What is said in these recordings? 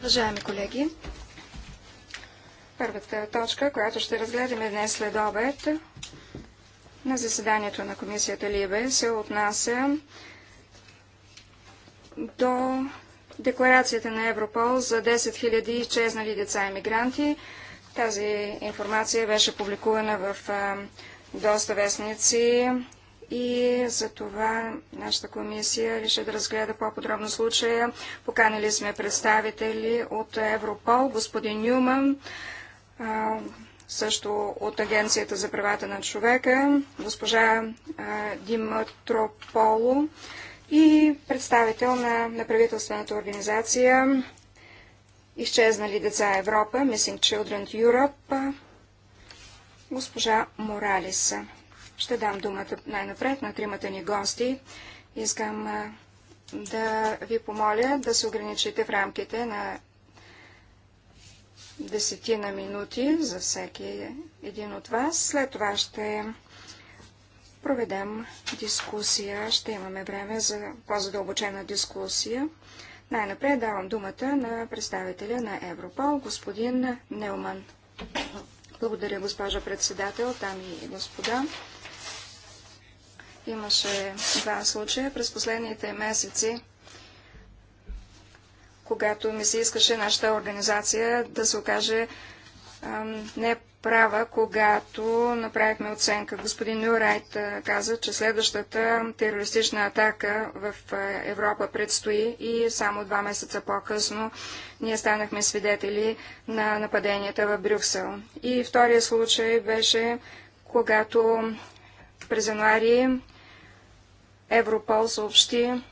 Уважаеми колеги, първата точка, която ще разгледаме днес след обед на заседанието на комисията Либе, се отнася до декларацията на Европол за 10 000 изчезнали деца и мигранти. Тази информация беше публикувана в доста вестници и за това нашата комисия реши да разгледа по-подробно случая. Поканили сме представители от Европол, господин Нюман, също от Агенцията за правата на човека, госпожа Диматрополо и представител на неправителствената организация Изчезнали деца Европа, Missing Children Europe, госпожа Моралиса. Ще дам думата най-напред на тримата ни гости. Искам да ви помоля да се ограничите в рамките на десетина минути за всеки един от вас. След това ще проведем дискусия. Ще имаме време за по-задълбочена дискусия. Най-напред давам думата на представителя на Европол, господин Нелман. Благодаря, госпожа председател, дами и господа. Имаше два случая през последните месеци, когато ми се искаше нашата организация да се окаже не права, когато направихме оценка. Господин Нюрайт каза, че следващата терористична атака в Европа предстои и само два месеца по-късно ние станахме свидетели на нападенията в Брюксел. И втория случай беше, когато през януари Европол съобщи,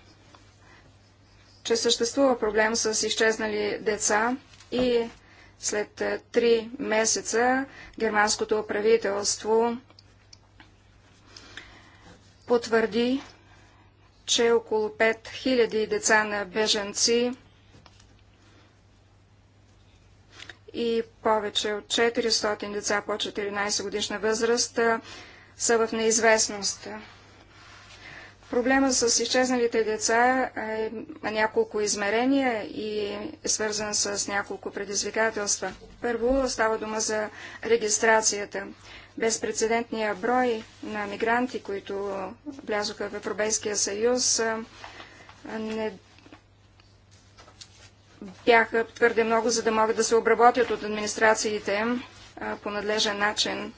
че съществува проблем с изчезнали деца и след е, три месеца германското правителство потвърди, че около 5000 деца на беженци и повече от 400 деца по 14 годишна възраст е, са в неизвестност. Проблема с изчезналите деца е на няколко измерения и е свързан с няколко предизвикателства. Първо става дума за регистрацията. Безпредседентния брой на мигранти, които влязоха в Европейския съюз, не бяха твърде много, за да могат да се обработят от администрациите по надлежен начин.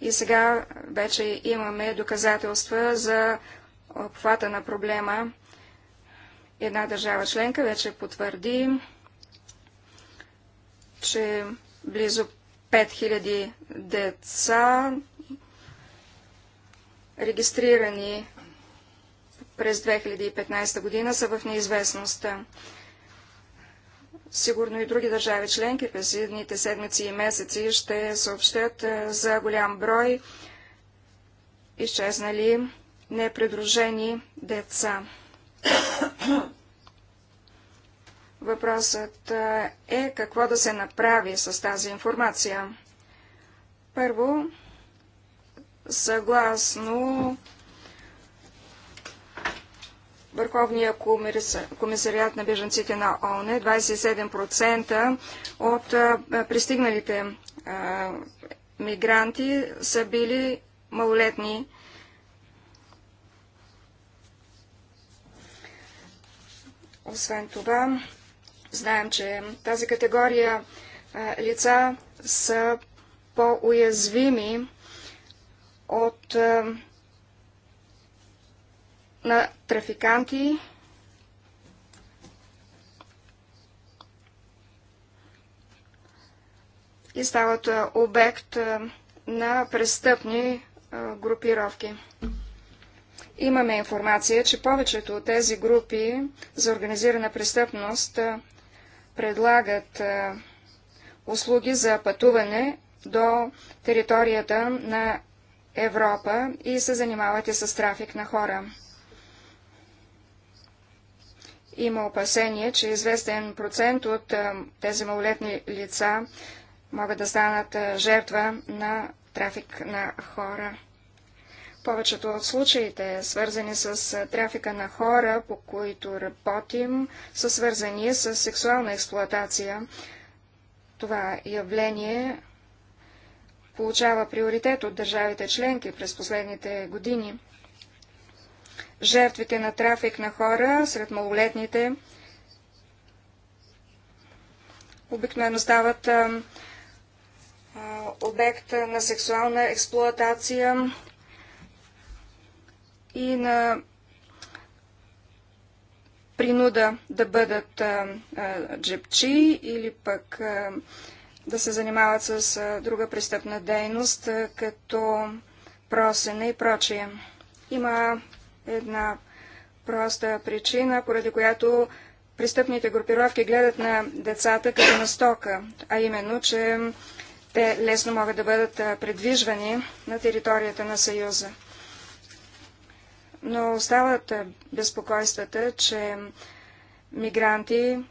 И сега вече имаме доказателства за обхвата на проблема. Една държава членка вече потвърди, че близо 5000 деца регистрирани през 2015 година са в неизвестността. Сигурно и други държави членки през едните седмици и месеци ще съобщат за голям брой изчезнали непредружени деца. Въпросът е какво да се направи с тази информация. Първо, съгласно Върховния комисариат на беженците на ОНЕ, 27% от пристигналите мигранти са били малолетни Освен това, знаем, че тази категория лица са по-уязвими от на трафиканти и стават обект на престъпни групировки. Имаме информация, че повечето от тези групи за организирана престъпност предлагат услуги за пътуване до територията на Европа и се занимават и с трафик на хора. Има опасение, че известен процент от тези малолетни лица могат да станат жертва на трафик на хора. Повечето от случаите, свързани с трафика на хора, по които работим, са свързани с сексуална експлоатация. Това явление получава приоритет от държавите членки през последните години. Жертвите на трафик на хора сред малолетните обикновено стават обект на сексуална експлоатация, и на принуда да бъдат а, а, джепчи или пък а, да се занимават с а, друга престъпна дейност, а, като просене и прочие. Има една проста причина, поради която престъпните групировки гледат на децата като на стока, а именно, че те лесно могат да бъдат предвижвани на територията на Съюза но остават е, безпокойствата, че мигранти, е,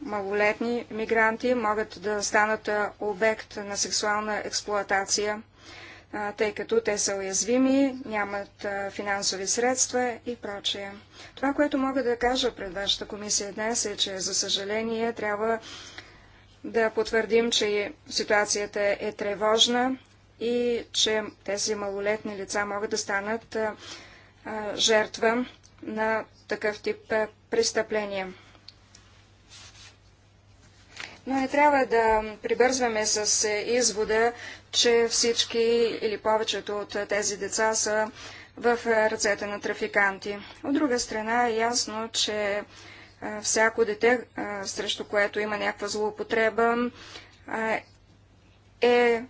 малолетни мигранти могат да станат е, обект на сексуална експлоатация, тъй като те са уязвими, нямат финансови средства и прочее. Това, което мога да кажа пред вашата комисия днес е, че за съжаление трябва да потвърдим, че ситуацията е тревожна и че тези малолетни лица могат да станат жертва на такъв тип престъпления. Но не трябва да прибързваме с извода, че всички или повечето от тези деца са в ръцете на трафиканти. От друга страна е ясно, че всяко дете, срещу което има някаква злоупотреба, е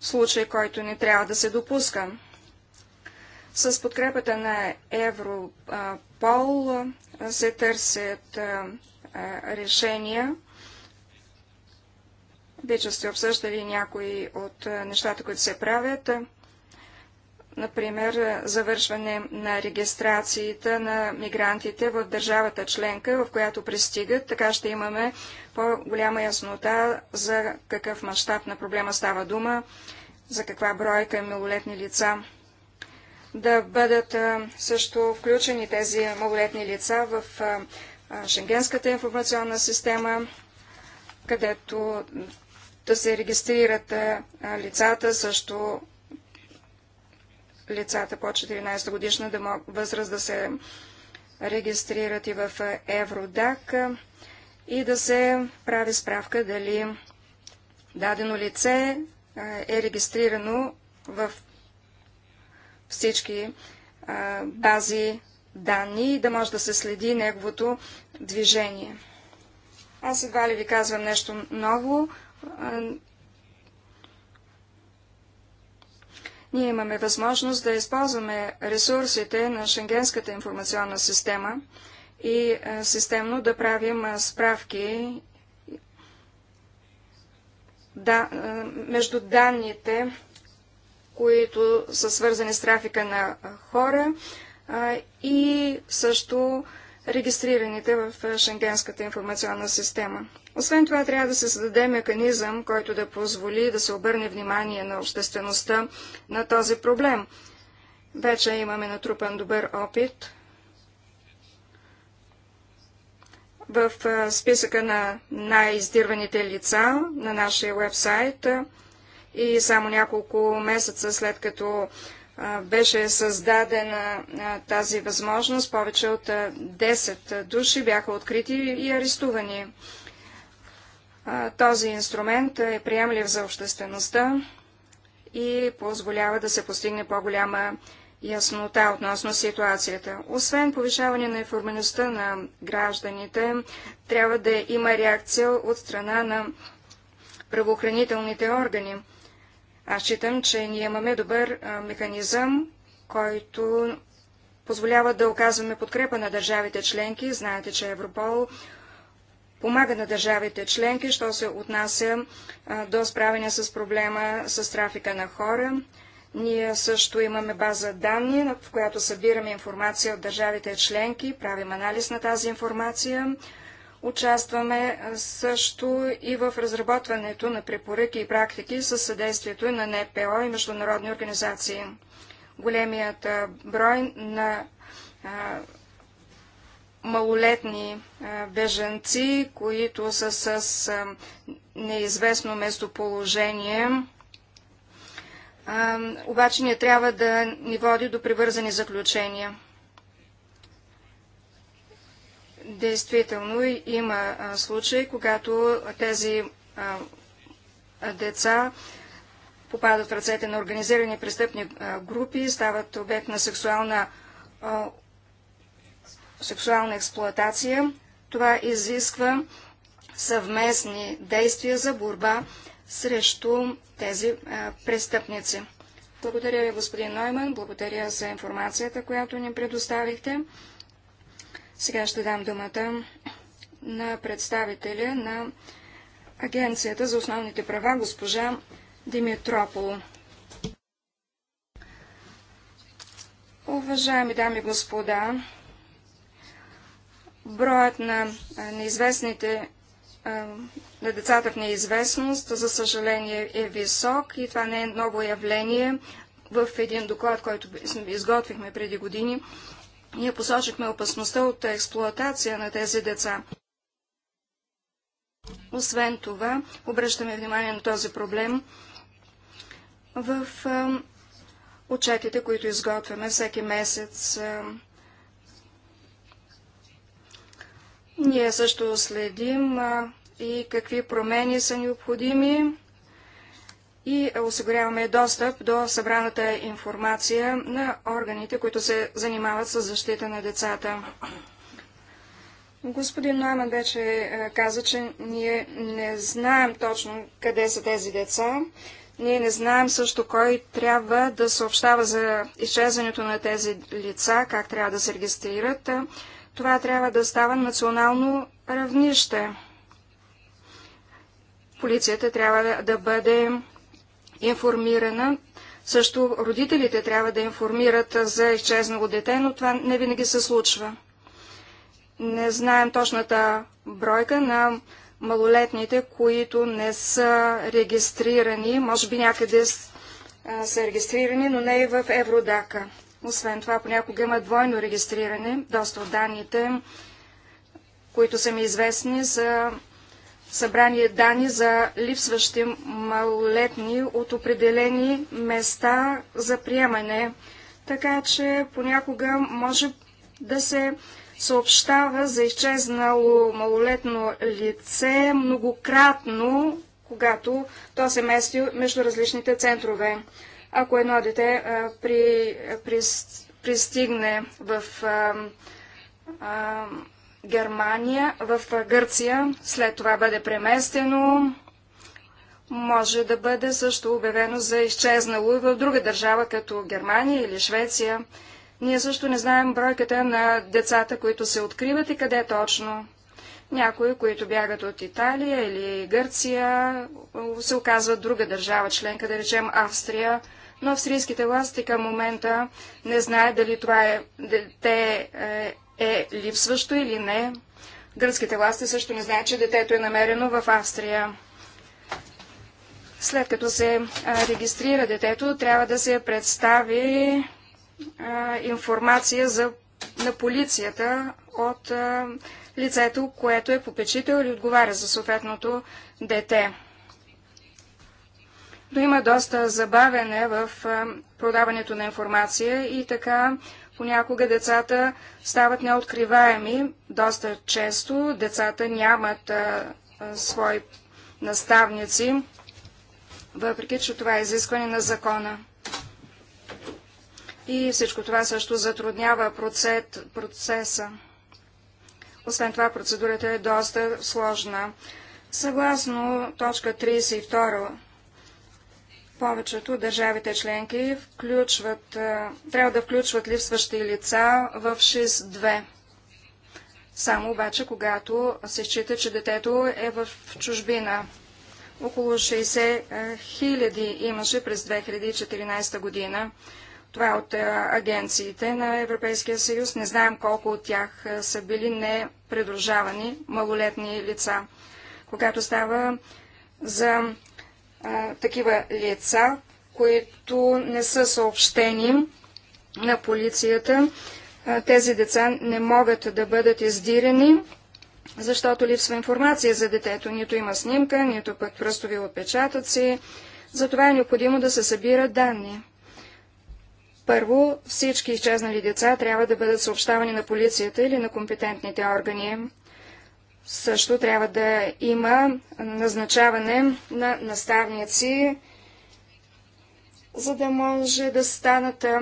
случай, който не трябва да се допуска. С подкрепата на Европол се търсят решения. Вече сте обсъждали някои от нещата, които се правят. Например, завършване на регистрацията на мигрантите в държавата членка, в която пристигат. Така ще имаме по-голяма яснота за какъв мащаб на проблема става дума, за каква бройка милолетни лица да бъдат също включени тези малолетни лица в Шенгенската информационна система, където да се регистрират лицата, също лицата по 14 годишна да мог, възраст да се регистрират и в Евродак и да се прави справка дали дадено лице е регистрирано в всички бази данни и да може да се следи неговото движение. Аз едва ли ви казвам нещо ново. ние имаме възможност да използваме ресурсите на Шенгенската информационна система и системно да правим справки да, между данните които са свързани с трафика на хора и също регистрираните в Шенгенската информационна система. Освен това, трябва да се създаде механизъм, който да позволи да се обърне внимание на обществеността на този проблем. Вече имаме натрупан добър опит в списъка на най-издирваните лица на нашия вебсайт – и само няколко месеца след като беше създадена тази възможност, повече от 10 души бяха открити и арестувани. Този инструмент е приемлив за обществеността и позволява да се постигне по-голяма яснота относно ситуацията. Освен повишаване на информеността на гражданите, трябва да има реакция от страна на правоохранителните органи. Аз считам, че ние имаме добър механизъм, който позволява да оказваме подкрепа на държавите членки. Знаете, че Европол помага на държавите членки, що се отнася до справяне с проблема с трафика на хора. Ние също имаме база данни, в която събираме информация от държавите членки, правим анализ на тази информация, Участваме също и в разработването на препоръки и практики със съдействието на НПО и международни организации. Големият брой на малолетни беженци, които са с неизвестно местоположение, обаче не трябва да ни води до привързани заключения. Действително има случаи, когато тези деца попадат в ръцете на организирани престъпни групи, стават обект на сексуална, сексуална експлоатация. Това изисква съвместни действия за борба срещу тези престъпници. Благодаря ви, господин Нойман. Благодаря за информацията, която ни предоставихте. Сега ще дам думата на представителя на Агенцията за основните права, госпожа Димитропол. Уважаеми дами и господа, броят на неизвестните на децата в неизвестност, за съжаление, е висок и това не е ново явление. В един доклад, който изготвихме преди години, ние посочихме опасността от експлоатация на тези деца. Освен това, обръщаме внимание на този проблем в а, отчетите, които изготвяме всеки месец. А, ние също следим а, и какви промени са необходими и осигуряваме достъп до събраната информация на органите, които се занимават с защита на децата. Господин Нойман вече е, каза, че ние не знаем точно къде са тези деца. Ние не знаем също кой трябва да съобщава за изчезването на тези лица, как трябва да се регистрират. Това трябва да става национално равнище. Полицията трябва да бъде информирана. Също родителите трябва да информират за изчезнало дете, но това не винаги се случва. Не знаем точната бройка на малолетните, които не са регистрирани. Може би някъде са регистрирани, но не и в Евродака. Освен това, понякога има двойно регистриране. Доста от данните, които са ми известни, са събрани данни за липсващи малолетни от определени места за приемане. Така че понякога може да се съобщава за изчезнало малолетно лице многократно, когато то се мести между различните центрове. Ако едно дете а, при, при, пристигне в а, а, Германия в Гърция, след това бъде преместено, може да бъде също обявено за изчезнало и в друга държава, като Германия или Швеция. Ние също не знаем бройката на децата, които се откриват и къде точно. Някои, които бягат от Италия или Гърция, се оказват друга държава членка, да речем Австрия, но австрийските власти към момента не знаят дали това е, дете е е липсващо или не. Гръцките власти също не знаят, че детето е намерено в Австрия. След като се регистрира детето, трябва да се представи информация за, на полицията от лицето, което е попечител или отговаря за съответното дете. Но има доста забавене в продаването на информация и така Понякога децата стават неоткриваеми. Доста често децата нямат а, а, свои наставници, въпреки че това е изискване на закона. И всичко това също затруднява процет, процеса. Освен това, процедурата е доста сложна. Съгласно точка 32 повечето държавите членки включват, е, трябва да включват липсващи лица в ШИС-2. Само обаче, когато се счита, че детето е в чужбина. Около 60 е, хиляди имаше през 2014 година. Това е от е, агенциите на Европейския съюз. Не знаем колко от тях са били непредружавани малолетни лица. Когато става за а, такива лица, които не са съобщени на полицията. А, тези деца не могат да бъдат издирени, защото липсва информация за детето. Нито има снимка, нито пък пръстови отпечатъци. Затова е необходимо да се събират данни. Първо, всички изчезнали деца трябва да бъдат съобщавани на полицията или на компетентните органи. Също трябва да има назначаване на наставници, за да може да станат а,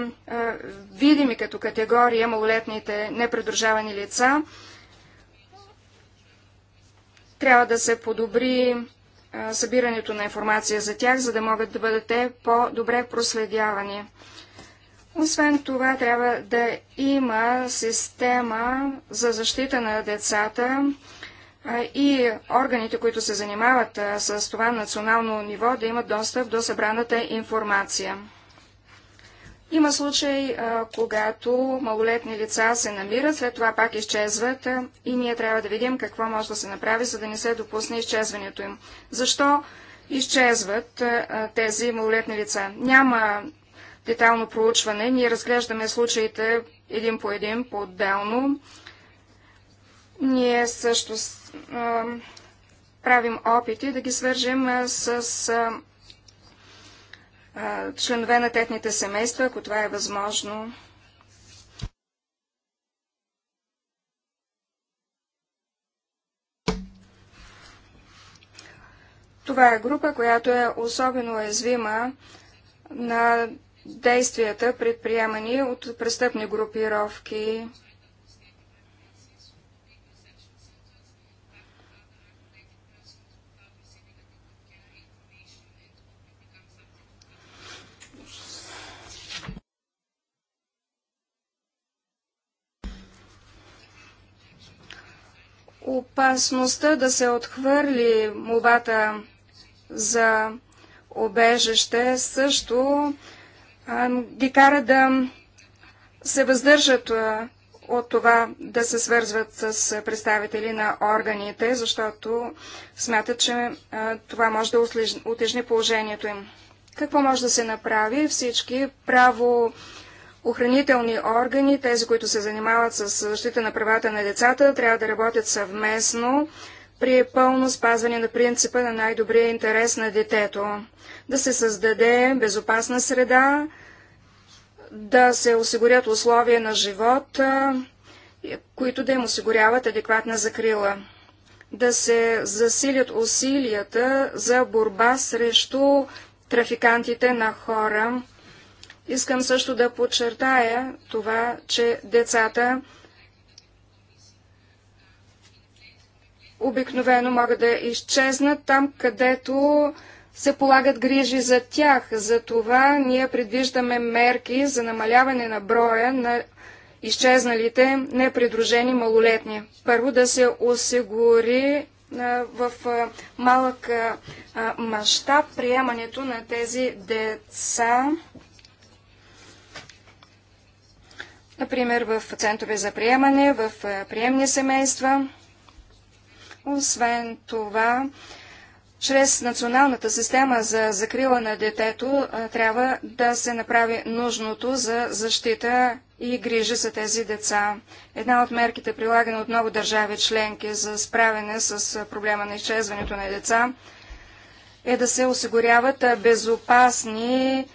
видими като категория малолетните непредружавани лица. Трябва да се подобри а, събирането на информация за тях, за да могат да бъдат те по-добре проследявани. Освен това, трябва да има система за защита на децата, и органите, които се занимават с това национално ниво, да имат достъп до събраната информация. Има случаи, когато малолетни лица се намират, след това пак изчезват и ние трябва да видим какво може да се направи, за да не се допусне изчезването им. Защо изчезват тези малолетни лица? Няма детално проучване. Ние разглеждаме случаите един по един, по-отделно. Ние също правим опити да ги свържем с членове на техните семейства, ако това е възможно. Това е група, която е особено уязвима на действията, предприемани от престъпни групировки, опасността да се отхвърли мовата за обежище също ги кара да се въздържат от това да се свързват с представители на органите, защото смятат, че това може да отежни положението им. Какво може да се направи? Всички право Охранителни органи, тези, които се занимават с защита на правата на децата, трябва да работят съвместно при пълно спазване на принципа на най-добрия интерес на детето. Да се създаде безопасна среда, да се осигурят условия на живот, които да им осигуряват адекватна закрила. Да се засилят усилията за борба срещу трафикантите на хора. Искам също да подчертая това, че децата обикновено могат да изчезнат там, където се полагат грижи за тях. За това ние предвиждаме мерки за намаляване на броя на изчезналите непридружени малолетни. Първо да се осигури в малък мащаб приемането на тези деца например в центрове за приемане, в приемни семейства. Освен това, чрез националната система за закрила на детето трябва да се направи нужното за защита и грижи за тези деца. Една от мерките, прилагани от много държави членки за справяне с проблема на изчезването на деца, е да се осигуряват безопасни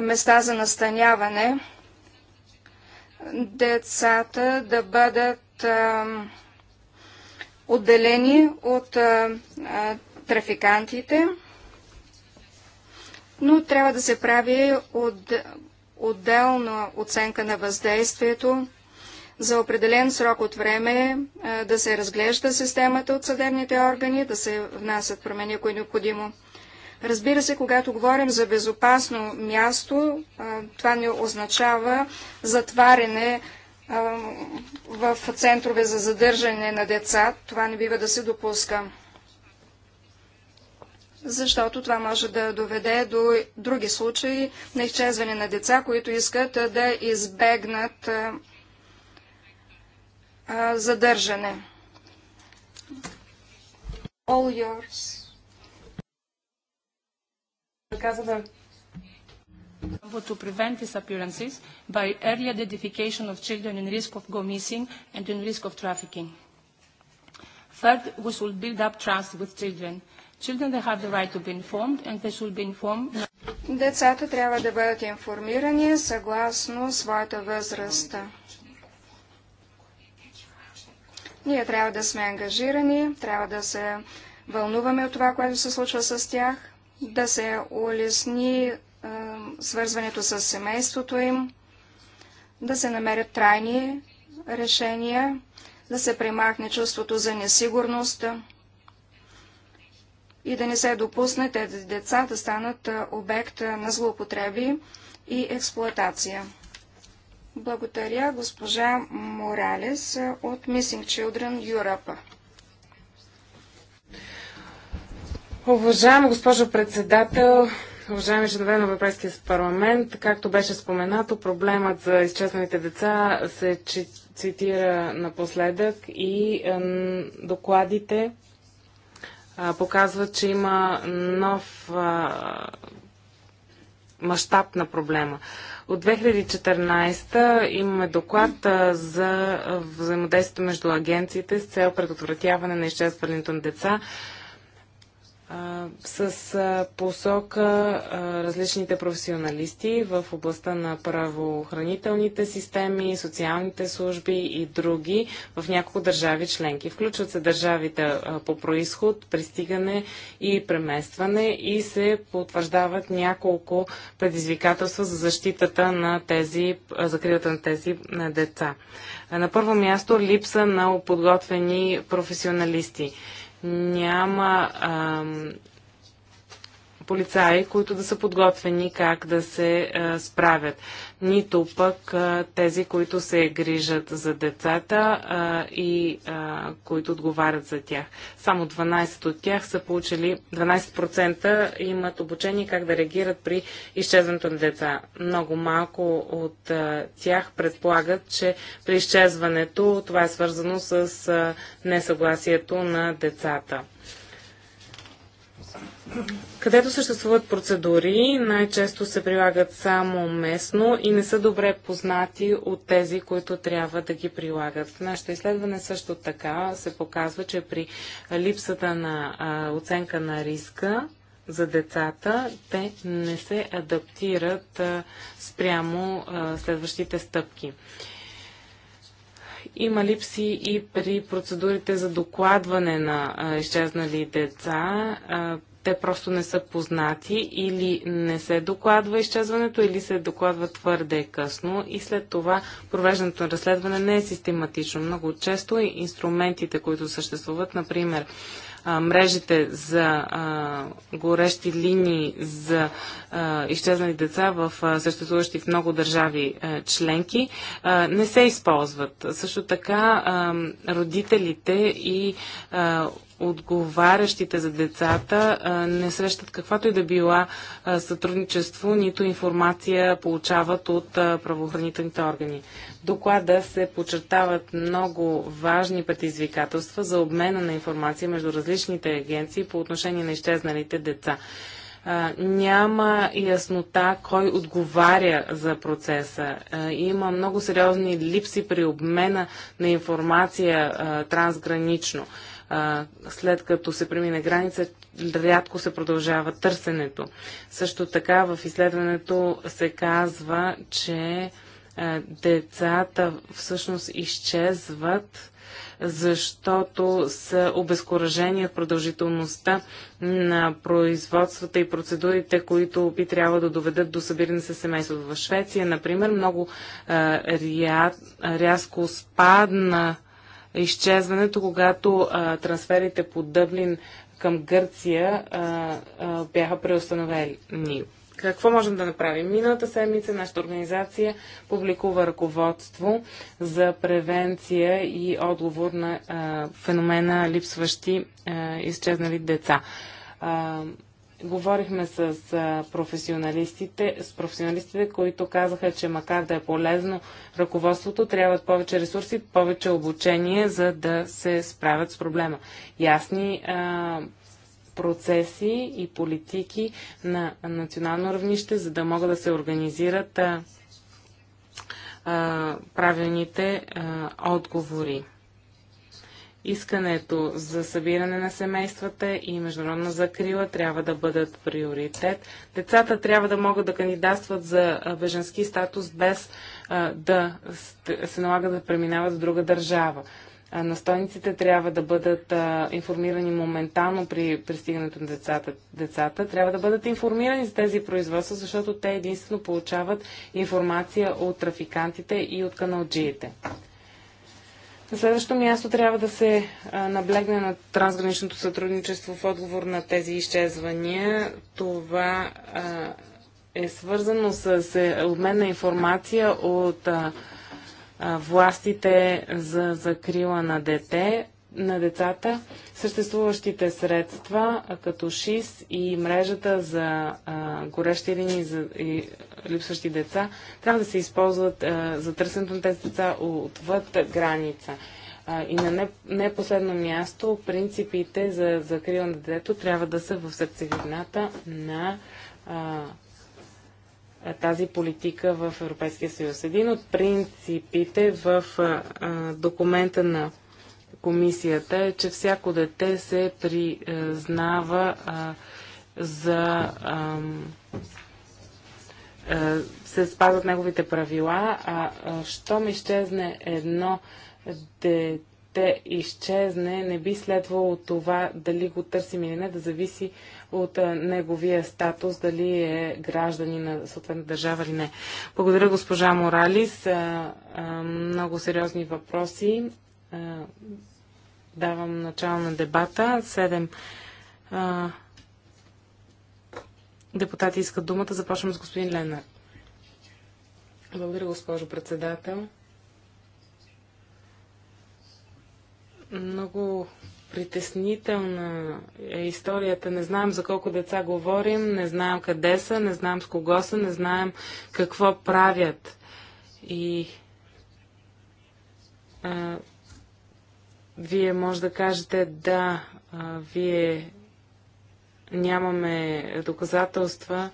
места за настаняване децата да бъдат отделени от трафикантите, но трябва да се прави от, отделна оценка на въздействието за определен срок от време да се разглежда системата от съдебните органи, да се внасят промени, ако е необходимо. Разбира се, когато говорим за безопасно място, това не означава затваряне в центрове за задържане на деца. Това не бива да се допуска. Защото това може да доведе до други случаи на изчезване на деца, които искат да избегнат задържане. All yours така за да to prevent disappearances by early identification of children in risk of go missing and in risk of trafficking. Third, we should build up trust with children. Children they have the right to be informed and they should be informed. Децата трябва да бъдат информирани съгласно своята възраст. Ние трябва да сме ангажирани, трябва да се вълнуваме от това, което се случва с тях да се улесни е, свързването с семейството им, да се намерят трайни решения, да се премахне чувството за несигурност и да не се допусне тези деца да станат обект на злоупотреби и експлоатация. Благодаря госпожа Моралес от Missing Children Europe. Уважаема госпожо председател, уважаеми членове на Европейския парламент, както беше споменато, проблемът за изчезналите деца се цитира напоследък и е, докладите е, показват, че има нов е, мащаб на проблема. От 2014 имаме доклад за взаимодействието между агенциите с цел предотвратяване на изчезването на деца с а, посока а, различните професионалисти в областта на правоохранителните системи, социалните служби и други в няколко държави членки. Включват се държавите а, по происход, пристигане и преместване и се потвърждават няколко предизвикателства за защитата на тези, закрилата на тези на деца. На първо място липса на подготвени професионалисти няма ам, полицаи, които да са подготвени как да се а, справят нито пък а, тези, които се грижат за децата а, и а, които отговарят за тях. Само 12 от тях са получили, 12% имат обучение как да реагират при изчезването на деца. Много малко от тях предполагат, че при изчезването това е свързано с несъгласието на децата където съществуват процедури, най-често се прилагат само местно и не са добре познати от тези, които трябва да ги прилагат. В нашето изследване също така се показва, че при липсата на а, оценка на риска за децата, те не се адаптират а, спрямо а, следващите стъпки. Има липси и при процедурите за докладване на изчезнали деца те просто не са познати или не се докладва изчезването, или се докладва твърде късно и след това провеждането на разследване не е систематично. Много често и инструментите, които съществуват, например мрежите за а, горещи линии за а, изчезнали деца в а, съществуващи в много държави членки не се използват. Също така родителите и отговарящите за децата не срещат каквато и да била сътрудничество, нито информация получават от правоохранителните органи. Доклада се подчертават много важни предизвикателства за обмена на информация между различните агенции по отношение на изчезналите деца. няма яснота кой отговаря за процеса. има много сериозни липси при обмена на информация трансгранично а, след като се премине граница, рядко се продължава търсенето. Също така в изследването се казва, че а, децата всъщност изчезват защото са обезкуражени от продължителността на производствата и процедурите, които би трябва да доведат до събиране с семейството. В Швеция, например, много а, ря... рязко спадна изчезването, когато а, трансферите по Дъблин към Гърция а, а, бяха преустановени. Какво можем да направим? Миналата седмица нашата организация публикува ръководство за превенция и отговор на а, феномена липсващи а, изчезнали деца. А, говорихме с професионалистите, с професионалистите, които казаха, че макар да е полезно ръководството, трябват повече ресурси, повече обучение, за да се справят с проблема. Ясни а, процеси и политики на национално равнище, за да могат да се организират а, а, правилните а, отговори искането за събиране на семействата и международна закрила трябва да бъдат приоритет. Децата трябва да могат да кандидатстват за беженски статус без да се налага да преминават в друга държава. настойниците трябва да бъдат а, информирани моментално при пристигането на децата. Децата трябва да бъдат информирани за тези производства, защото те единствено получават информация от трафикантите и от каналджиите. На следващо място трябва да се наблегне на трансграничното сътрудничество в отговор на тези изчезвания. Това е свързано с е, обмен на информация от властите за закрила на дете на децата съществуващите средства, като ШИС и мрежата за а, горещи линии за, и липсващи деца, трябва да се използват а, за търсенето на тези деца отвъд граница. А, и на не, не последно място, принципите за закрила на детето трябва да са в сърцевината на а, тази политика в Европейския съюз. Един от принципите в а, документа на комисията е, че всяко дете се признава а, за. А, се спазват неговите правила, а, а щом изчезне едно дете изчезне, не би следвало това дали го търсим или не, да зависи от а, неговия статус, дали е граждани на съответната държава или не. Благодаря госпожа Моралис. А, много сериозни въпроси Давам начало на дебата. Седем а, депутати искат думата. Започвам с господин Ленар. Благодаря, госпожо председател. Много притеснителна е историята. Не знаем за колко деца говорим, не знаем къде са, не знаем с кого са, не знаем какво правят. И а, вие може да кажете да, а, вие нямаме доказателства,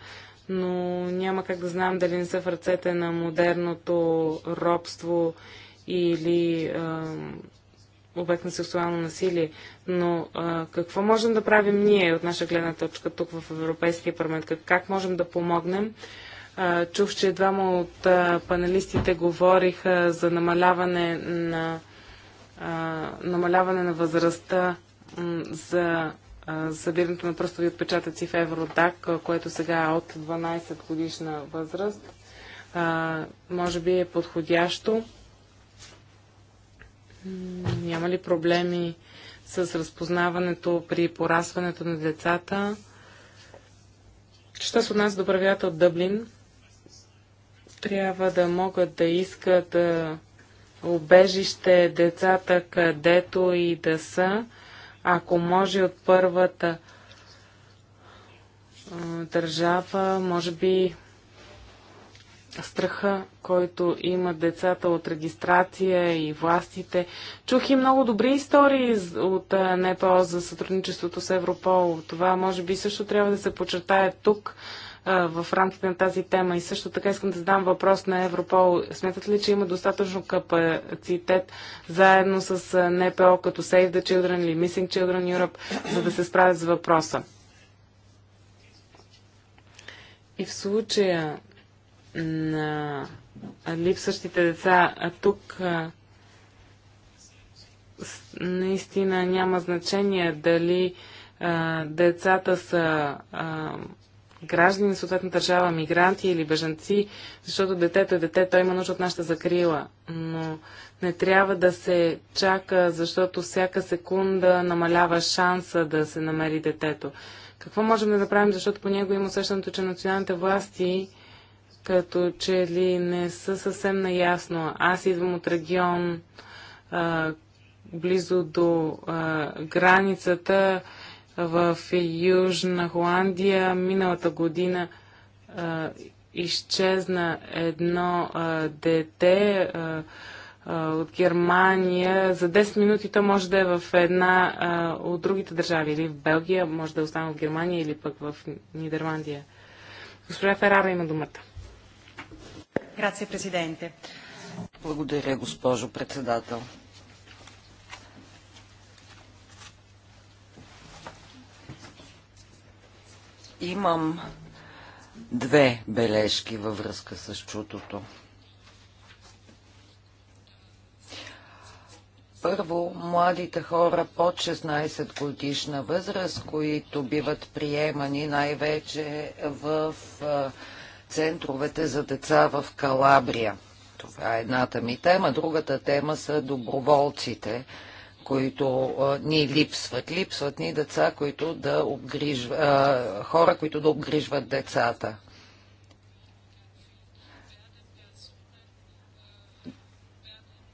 но няма как да знам дали не са в ръцете на модерното робство или а, обект на сексуално насилие. Но а, какво можем да правим ние от наша гледна точка тук в Европейския парламент? Как, как можем да помогнем? А, чух, че двама от а, панелистите говориха за намаляване на а, намаляване на възрастта за събирането на пръстови отпечатъци в Евродак, което сега е от 12 годишна възраст, а, може би е подходящо. Няма ли проблеми с разпознаването при порасването на децата? Що с от нас правилата от Дъблин, трябва да могат да искат да убежище децата където и да са, ако може от първата държава, може би страха, който имат децата от регистрация и властите. Чух и много добри истории от НПО за сътрудничеството с Европол. Това може би също трябва да се почертае тук, в рамките на тази тема. И също така искам да задам въпрос на Европол. Смятате ли, че има достатъчно капацитет заедно с НПО като Save the Children или Missing Children Europe, за да се справят с въпроса? И в случая на липсващите деца, а тук наистина няма значение дали а, децата са а, граждани на съответна държава, мигранти или бежанци, защото детето е дете, той има нужда от нашата закрила. Но не трябва да се чака, защото всяка секунда намалява шанса да се намери детето. Какво можем да направим, защото по него има усещането, че националните власти като че ли не са съвсем наясно. Аз идвам от регион а, близо до а, границата в Южна Холандия миналата година а, изчезна едно а, дете а, а, от Германия. За 10 минути то може да е в една а, от другите държави, или в Белгия, може да е в Германия, или пък в Нидерландия. Госпожа Ферара има думата. Грация, президенте. Благодаря, госпожо председател. Имам две бележки във връзка с чутото. Първо, младите хора под 16 годишна възраст, които биват приемани най-вече в центровете за деца в Калабрия. Това е едната ми тема. Другата тема са доброволците, които а, ни липсват. Липсват ни деца, които да обгрижва, а, хора, които да обгрижват децата.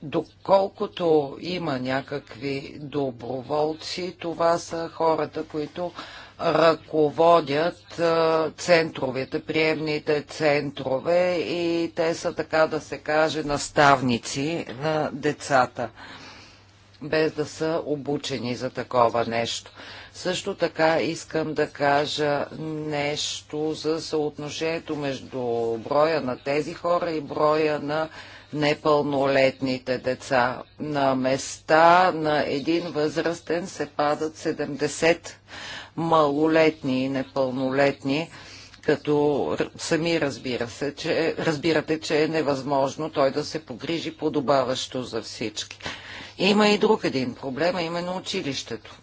Доколкото има някакви доброволци, това са хората, които ръководят центровете, приемните центрове и те са, така да се каже, наставници на децата без да са обучени за такова нещо. Също така искам да кажа нещо за съотношението между броя на тези хора и броя на непълнолетните деца. На места на един възрастен се падат 70 малолетни и непълнолетни, като сами разбира се, че, разбирате, че е невъзможно той да се погрижи подобаващо за всички. Има и друг един проблем, а именно училището.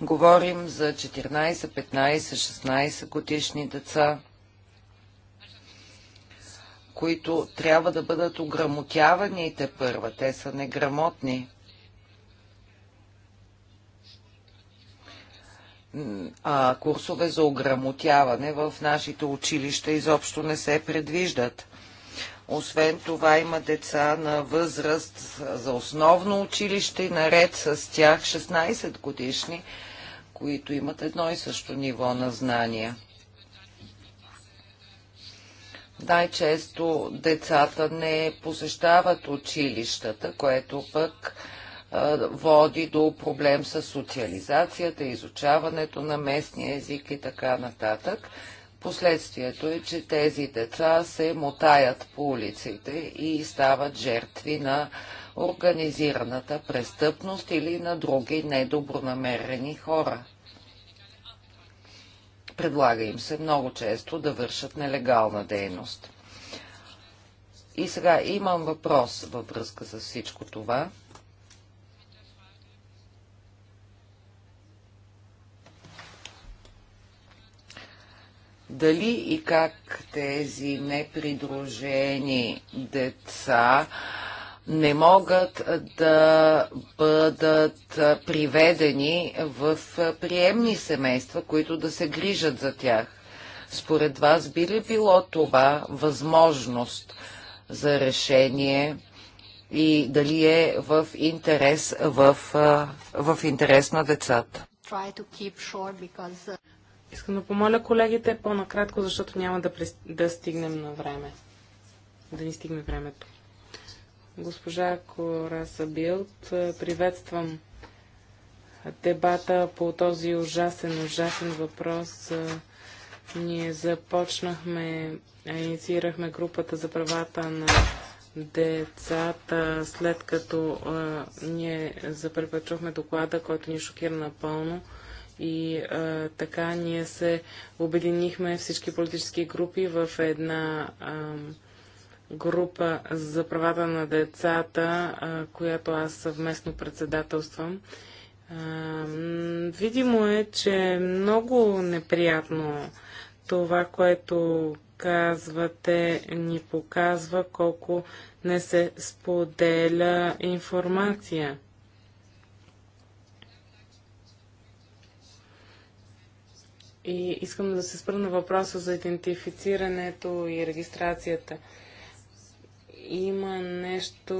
Говорим за 14, 15, 16 годишни деца, които трябва да бъдат ограмотявани и те първа. Те са неграмотни. а, курсове за ограмотяване в нашите училища изобщо не се предвиждат. Освен това има деца на възраст за основно училище и наред с тях 16 годишни, които имат едно и също ниво на знания. Най-често децата не посещават училищата, което пък води до проблем с социализацията, изучаването на местния език и така нататък. Последствието е, че тези деца се мотаят по улиците и стават жертви на организираната престъпност или на други недобронамерени хора. Предлага им се много често да вършат нелегална дейност. И сега имам въпрос във връзка с всичко това. дали и как тези непридружени деца не могат да бъдат приведени в приемни семейства, които да се грижат за тях. Според вас би ли било това възможност за решение и дали е в интерес, в, в интерес на децата? Because... Uh, Искам да помоля колегите по-накратко, защото няма да, при... да стигнем на време. Да ни стигне времето. Госпожа Кораса Билт, приветствам дебата по този ужасен, ужасен въпрос. Ние започнахме, инициирахме групата за правата на децата, след като а, ние запрепечухме доклада, който ни шокира напълно. И а, така ние се обединихме всички политически групи в една а, група за правата на децата, а, която аз съвместно председателствам. А, видимо е, че е много неприятно това, което казвате, ни показва колко не се споделя информация. И искам да се спра на въпроса за идентифицирането и регистрацията. Има нещо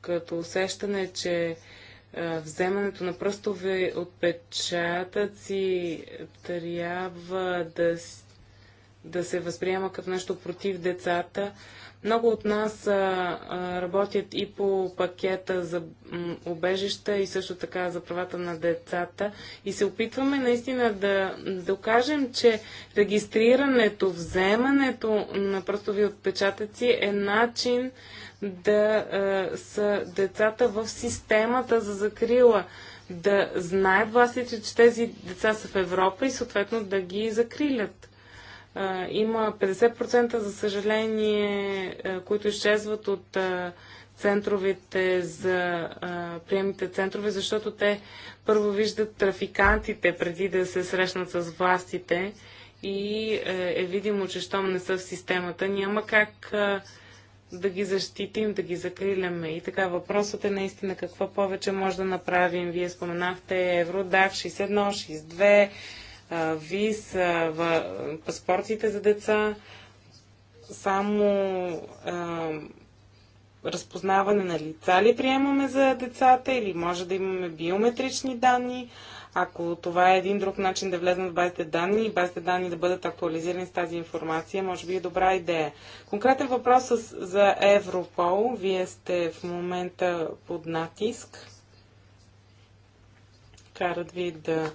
като усещане, че вземането на пръстови отпечатъци трябва да да се възприема като нещо против децата. Много от нас а, а, работят и по пакета за обежища и също така за правата на децата и се опитваме наистина да докажем, че регистрирането, вземането на пръстови отпечатъци е начин да а, са децата в системата за закрила да знаят властите, че тези деца са в Европа и съответно да ги закрилят има 50% за съжаление, които изчезват от центровете за приемните центрове, защото те първо виждат трафикантите преди да се срещнат с властите и е, видимо, че щом не са в системата, няма как да ги защитим, да ги закриляме. И така, въпросът е наистина какво повече може да направим. Вие споменахте Евро, Евродак 61, 62, виз, в, паспортите за деца, само а, разпознаване на лица ли приемаме за децата или може да имаме биометрични данни. Ако това е един друг начин да влезем в базите данни и базите данни да бъдат актуализирани с тази информация, може би е добра идея. Конкретен въпрос за Европол. Вие сте в момента под натиск. Карат ви да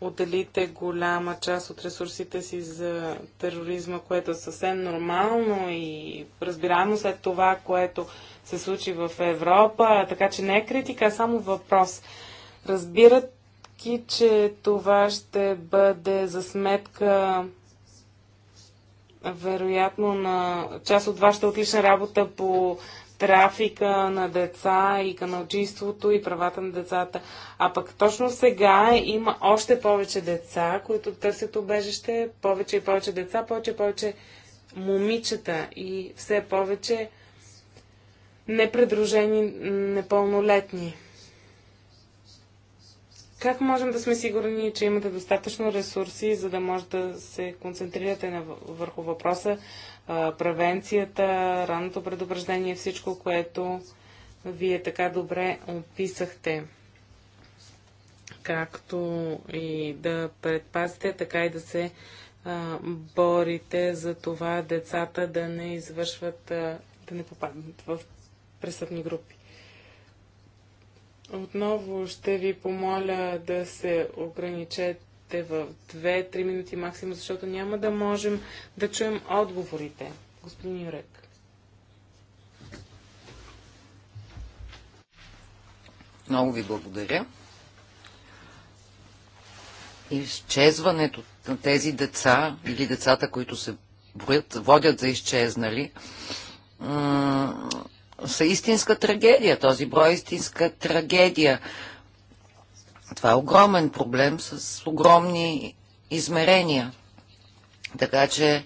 отделите голяма част от ресурсите си за тероризма, което е съвсем нормално и разбираемо след това, което се случи в Европа. Така че не е критика, а само въпрос. ки, че това ще бъде за сметка вероятно на част от вашата отлична работа по трафика на деца и каналчийството и правата на децата. А пък точно сега има още повече деца, които търсят убежище, повече и повече деца, повече и повече момичета и все повече непредружени непълнолетни. Как можем да сме сигурни, че имате достатъчно ресурси, за да може да се концентрирате на, върху въпроса превенцията, ранното предупреждение, всичко, което вие така добре описахте. Както и да предпазите, така и да се борите за това децата да не извършват, да не попаднат в престъпни групи. Отново ще ви помоля да се ограничете те в 2-3 минути максимум, защото няма да можем да чуем отговорите. Господин Юрек. Много ви благодаря. Изчезването на тези деца или децата, които се броят, водят за изчезнали, са истинска трагедия. Този брой е истинска трагедия. Това е огромен проблем с огромни измерения. Така че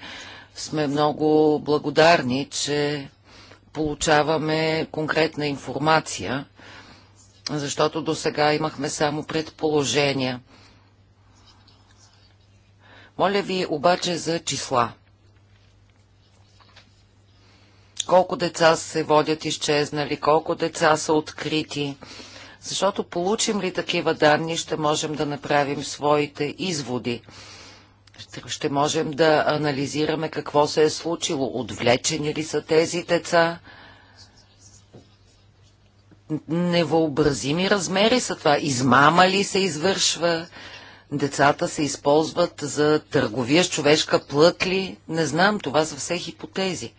сме много благодарни, че получаваме конкретна информация, защото до сега имахме само предположения. Моля ви обаче за числа. Колко деца се водят изчезнали, колко деца са открити, защото получим ли такива данни, ще можем да направим своите изводи. Ще можем да анализираме какво се е случило, отвлечени ли са тези деца. Невъобразими размери са това. Измама ли се извършва? Децата се използват за търговия с човешка плът ли? Не знам, това са все хипотези.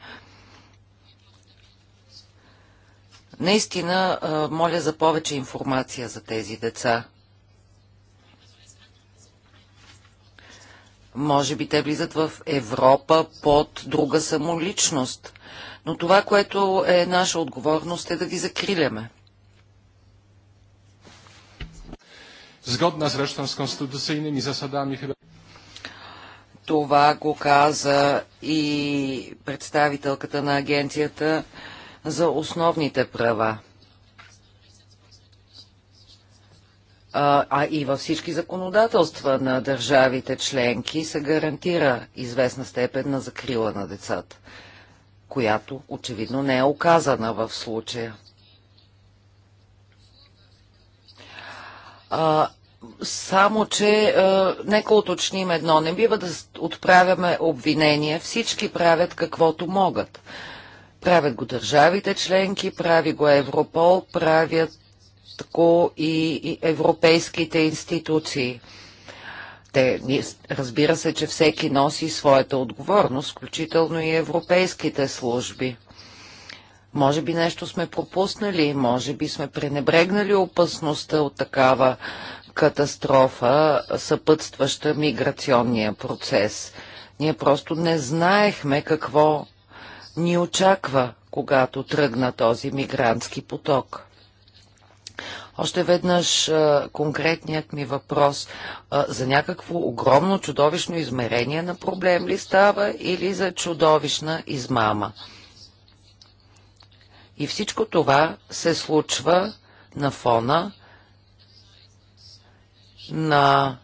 Наистина, моля за повече информация за тези деца. Може би те влизат в Европа под друга самоличност. Но това, което е наша отговорност, е да ги закриляме. Това го каза и представителката на агенцията за основните права. А, а и във всички законодателства на държавите членки се гарантира известна степен на закрила на децата, която очевидно не е оказана в случая. А, само, че а, нека уточним едно. Не бива да отправяме обвинения. Всички правят каквото могат. Правят го държавите членки, прави го Европол, правят го и европейските институции. Те, разбира се, че всеки носи своята отговорност, включително и европейските служби. Може би нещо сме пропуснали, може би сме пренебрегнали опасността от такава катастрофа, съпътстваща миграционния процес. Ние просто не знаехме какво ни очаква, когато тръгна този мигрантски поток. Още веднъж конкретният ми въпрос за някакво огромно чудовищно измерение на проблем ли става или за чудовищна измама? И всичко това се случва на фона на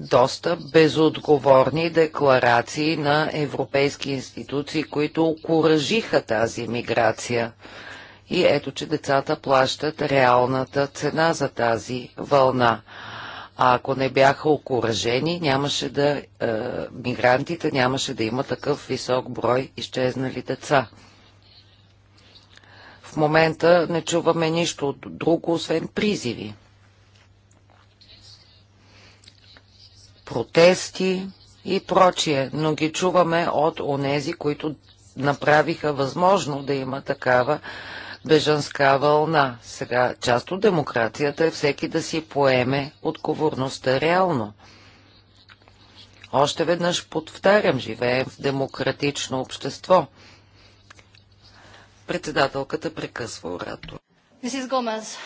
доста безотговорни декларации на европейски институции, които окоръжиха тази миграция. И ето, че децата плащат реалната цена за тази вълна. А ако не бяха окоръжени, нямаше да, е, мигрантите нямаше да има такъв висок брой изчезнали деца. В момента не чуваме нищо друго, освен призиви. протести и прочие, но ги чуваме от онези, които направиха възможно да има такава бежанска вълна. Сега част от демокрацията е всеки да си поеме отговорността реално. Още веднъж повтарям, живеем в демократично общество. Председателката прекъсва оратор. Мисис Гомес.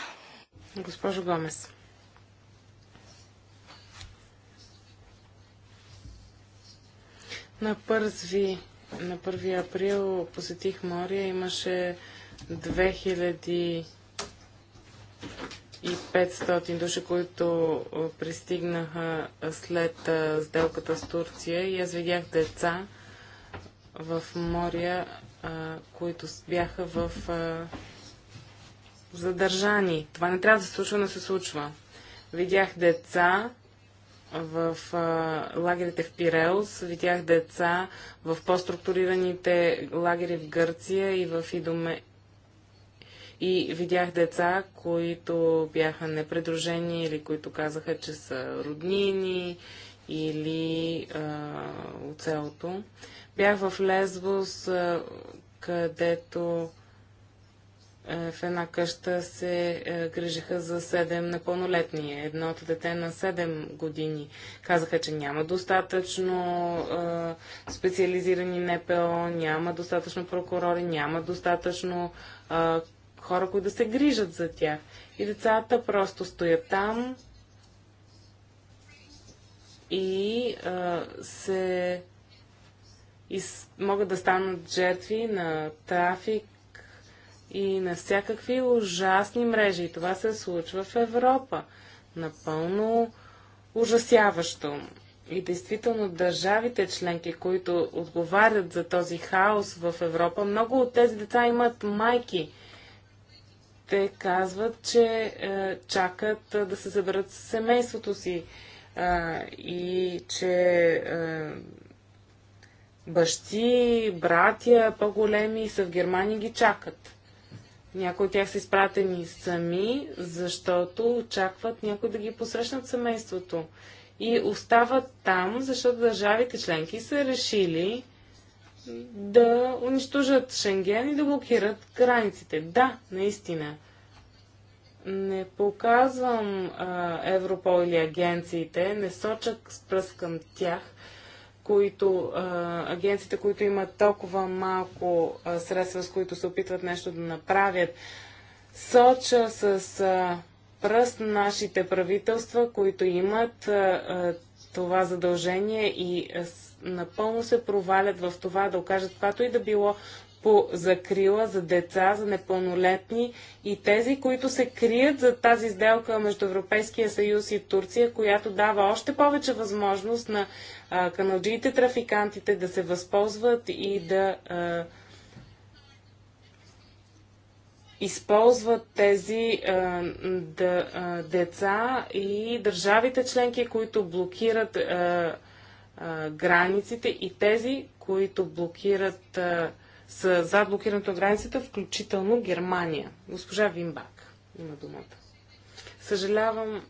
Госпожо Гомес. На 1, на 1 април посетих Мория. Имаше 2500 души, които пристигнаха след сделката с Турция. И аз видях деца в моря, които бяха в задържани. Това не трябва да се случва, но се случва. Видях деца, в а, лагерите в Пиреус, видях деца в по-структурираните лагери в Гърция и в Идоме... И видях деца, които бяха непредружени или които казаха, че са роднини или а, от селото. Бях в Лезбос, а, където е, в една къща се е, грижиха за 7 непълнолетни. Едното дете на 7 години казаха, че няма достатъчно е, специализирани НПО, няма достатъчно прокурори, няма достатъчно хора, които да се грижат за тях. И децата просто стоят там и се и могат да станат жертви на трафик, и на всякакви ужасни мрежи. И това се случва в Европа. Напълно ужасяващо. И действително държавите членки, които отговарят за този хаос в Европа, много от тези деца имат майки. Те казват, че е, чакат е, да се съберат с семейството си е, и че е, бащи, братя по-големи са в Германия ги чакат. Някои от тях са изпратени сами, защото очакват някой да ги посрещнат семейството. И остават там, защото държавите членки са решили да унищожат Шенген и да блокират границите. Да, наистина. Не показвам а, Европол или агенциите, не соча с пръст към тях, които, а, агенциите, които имат толкова малко а, средства, с които се опитват нещо да направят. Соча с а, пръст нашите правителства, които имат това задължение и напълно се провалят в това да окажат каквато и да било по закрила за деца, за непълнолетни и тези, които се крият за тази сделка между Европейския съюз и Турция, която дава още повече възможност на каналджиите, трафикантите да се възползват и да а, използват тези а, да, а, деца и държавите членки, които блокират а, а, границите и тези, които блокират а, са за блокирането на границата, включително Германия. Госпожа Вимбак има думата. Съжалявам,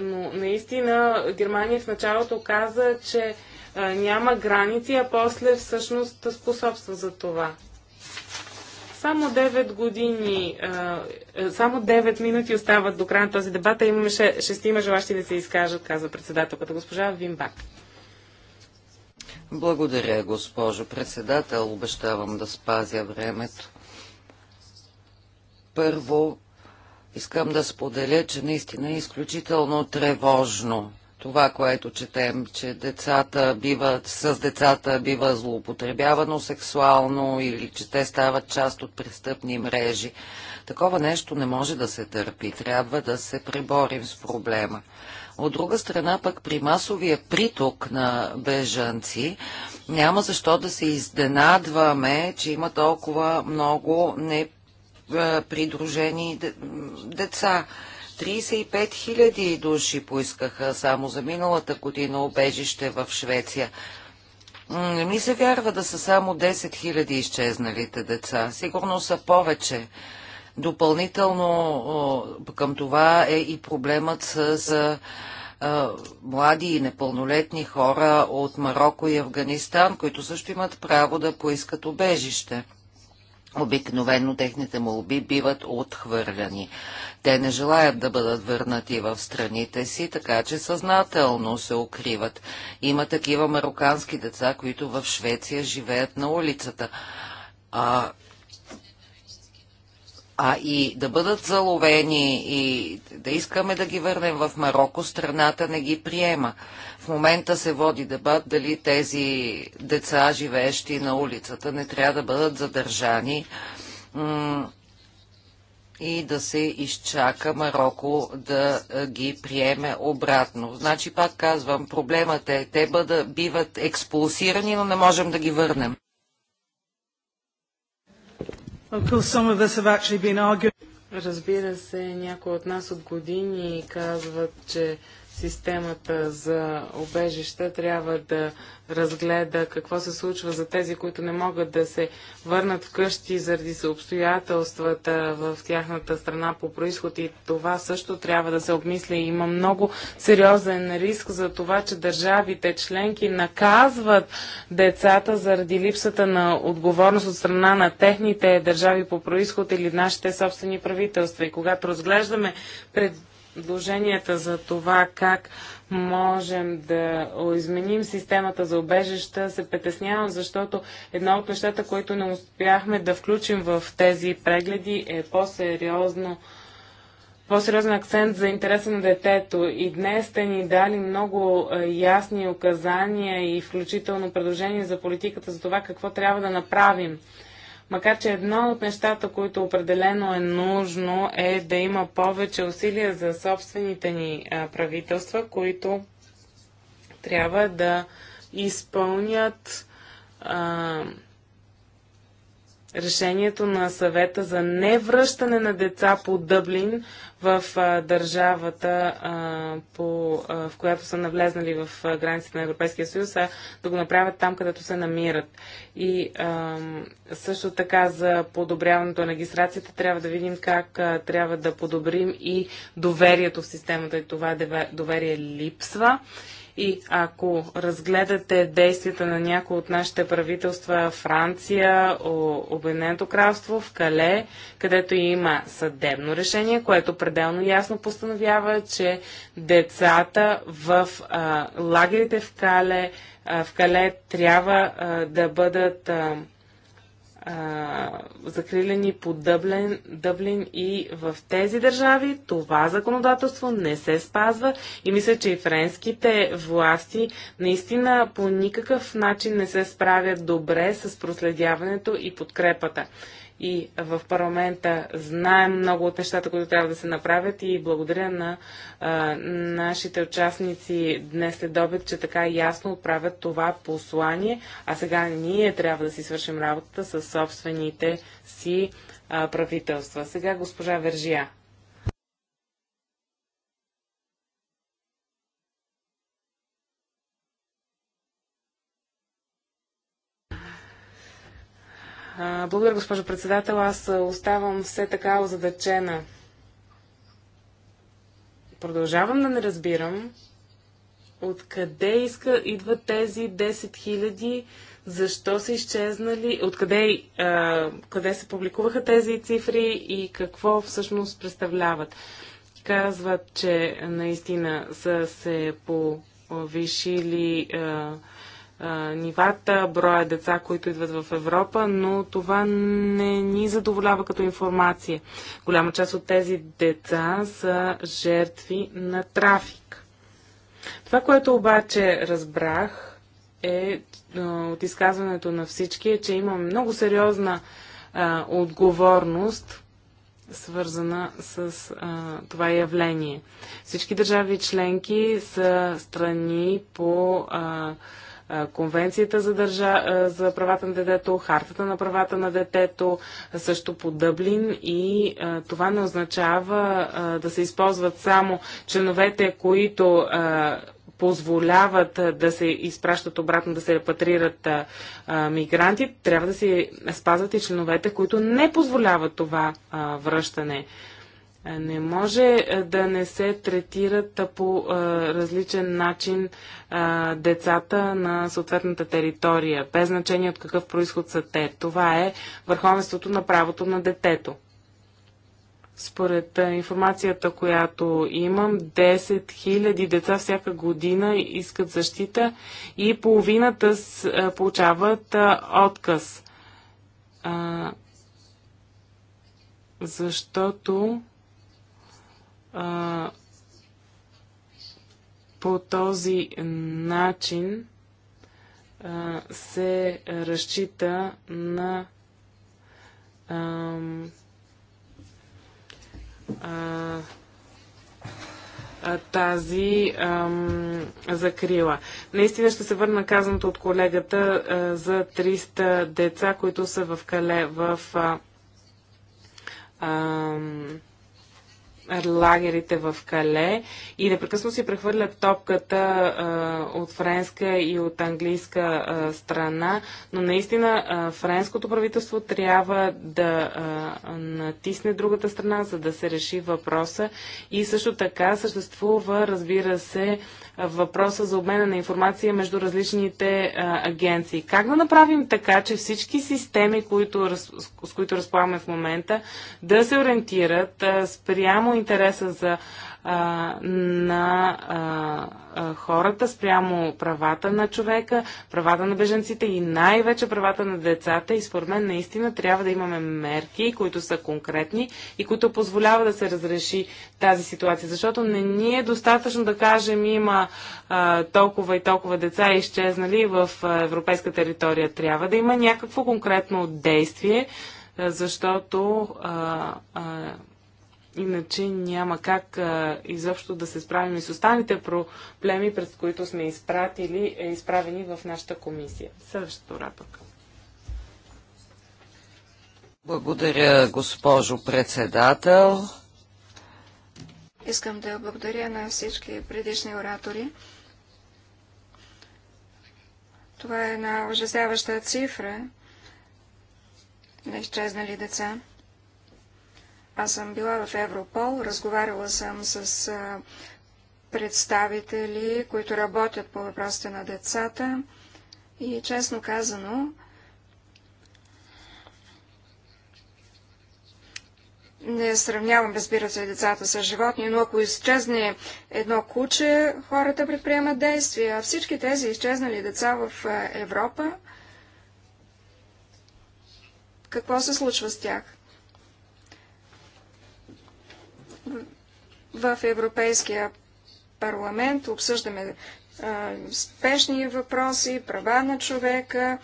но наистина Германия в началото каза, че няма граници, а после всъщност способства за това. Само 9 години, е, само 9 минути остават до края на този дебат, а имаме шестима желащи да се изкажат, казва председателката госпожа Вимбак. Благодаря, госпожо председател. Обещавам да спазя времето. Първо, искам да споделя, че наистина е изключително тревожно това, което четем, че децата биват, с децата бива злоупотребявано сексуално или че те стават част от престъпни мрежи. Такова нещо не може да се търпи. Трябва да се преборим с проблема. От друга страна пък при масовия приток на бежанци няма защо да се изденадваме, че има толкова много непридружени е, деца. 35 000 души поискаха само за миналата година обежище в Швеция. Не ми се вярва да са само 10 000 изчезналите деца. Сигурно са повече. Допълнително към това е и проблемът с млади и непълнолетни хора от Марокко и Афганистан, които също имат право да поискат убежище. Обикновено техните молби биват отхвърляни. Те не желаят да бъдат върнати в страните си, така че съзнателно се укриват. Има такива марокански деца, които в Швеция живеят на улицата. А а и да бъдат заловени и да искаме да ги върнем в Марокко, страната не ги приема. В момента се води дебат дали тези деца, живеещи на улицата, не трябва да бъдат задържани и да се изчака Марокко да ги приеме обратно. Значи, пак казвам, проблемът е, те бъда, биват експулсирани, но не можем да ги върнем. Разбира се, някои от нас от години казват, че системата за обежища трябва да разгледа какво се случва за тези, които не могат да се върнат вкъщи заради съобстоятелствата в тяхната страна по происход и това също трябва да се обмисли. Има много сериозен риск за това, че държавите членки наказват децата заради липсата на отговорност от страна на техните държави по происход или нашите собствени правителства. И когато разглеждаме пред предложенията за това как можем да изменим системата за обежища, се притеснявам, защото едно от нещата, които не успяхме да включим в тези прегледи е по-сериозно по-сериозен акцент за интереса на детето. И днес сте ни дали много ясни указания и включително предложения за политиката за това какво трябва да направим. Макар, че едно от нещата, които определено е нужно, е да има повече усилия за собствените ни правителства, които трябва да изпълнят а, решението на съвета за невръщане на деца по Дъблин в а, държавата, а, по, а, в която са навлезнали в границите на Европейския съюз, а да го направят там, където се намират. И също така за подобряването на регистрацията трябва да видим как трябва да подобрим и доверието в системата. И това доверие липсва. И ако разгледате действията на някои от нашите правителства, Франция, Обединеното кралство, в Кале, където има съдебно решение, което пределно ясно постановява, че децата в а, лагерите в Кале, а, в Кале трябва а, да бъдат. А, а, закрилени по Дъблин, Дъблин и в тези държави това законодателство не се спазва и мисля, че и френските власти наистина по никакъв начин не се справят добре с проследяването и подкрепата и в парламента знаем много от нещата, които трябва да се направят и благодаря на а, нашите участници днес след обед, че така ясно отправят това послание, а сега ние трябва да си свършим работата с собствените си а, правителства. Сега госпожа Вержия. благодаря, госпожо председател. Аз оставам все така озадачена. Продължавам да не разбирам откъде иска, идват тези 10 000 защо са изчезнали, откъде а, къде се публикуваха тези цифри и какво всъщност представляват. Казват, че наистина са се повишили а, нивата, броя деца, които идват в Европа, но това не ни задоволява като информация. Голяма част от тези деца са жертви на трафик. Това, което обаче разбрах е от изказването на всички, е, че има много сериозна а, отговорност, свързана с а, това явление. Всички държави членки са страни по а, Конвенцията за, държа, за правата на детето, Хартата на правата на детето, също по Дъблин и това не означава да се използват само членовете, които позволяват да се изпращат обратно, да се репатрират а, мигранти, трябва да се спазват и членовете, които не позволяват това а, връщане. Е, не може е, да не се третират по е, различен начин децата на съответната територия, без значение от какъв происход са те. Това е върховенството на правото на детето. Според информацията, която имам, 10 000 деца всяка година искат защита и половината получават отказ. Защото а, по този начин а, се разчита на а, а, тази закрила. Наистина ще се върна казаното от колегата а, за 300 деца, които са в Кале в а, лагерите в Кале и непрекъсно си прехвърлят топката а, от френска и от английска а, страна, но наистина а, френското правителство трябва да натисне другата страна, за да се реши въпроса и също така съществува, разбира се, въпроса за обмена на информация между различните а, агенции. Как да направим така, че всички системи, които, с които разполагаме в момента, да се ориентират а, спрямо интереса за а, на а, хората, спрямо правата на човека, правата на беженците и най-вече правата на децата. И според мен наистина трябва да имаме мерки, които са конкретни и които позволяват да се разреши тази ситуация. Защото не ни е достатъчно да кажем има а, толкова и толкова деца изчезнали в европейска територия. Трябва да има някакво конкретно действие, защото а, а, Иначе няма как а, изобщо да се справим и с останалите проблеми, пред които сме изпратили, е, изправени в нашата комисия. Следващата ораторка. Благодаря, госпожо председател. Искам да благодаря на всички предишни оратори. Това е една ужасяваща цифра на изчезнали деца. Аз съм била в Европол, разговаряла съм с а, представители, които работят по въпросите на децата и честно казано, не сравнявам, разбира се, децата с животни, но ако изчезне едно куче, хората предприемат действия. А всички тези изчезнали деца в Европа, какво се случва с тях? в Европейския парламент обсъждаме а, спешни въпроси, права на човека.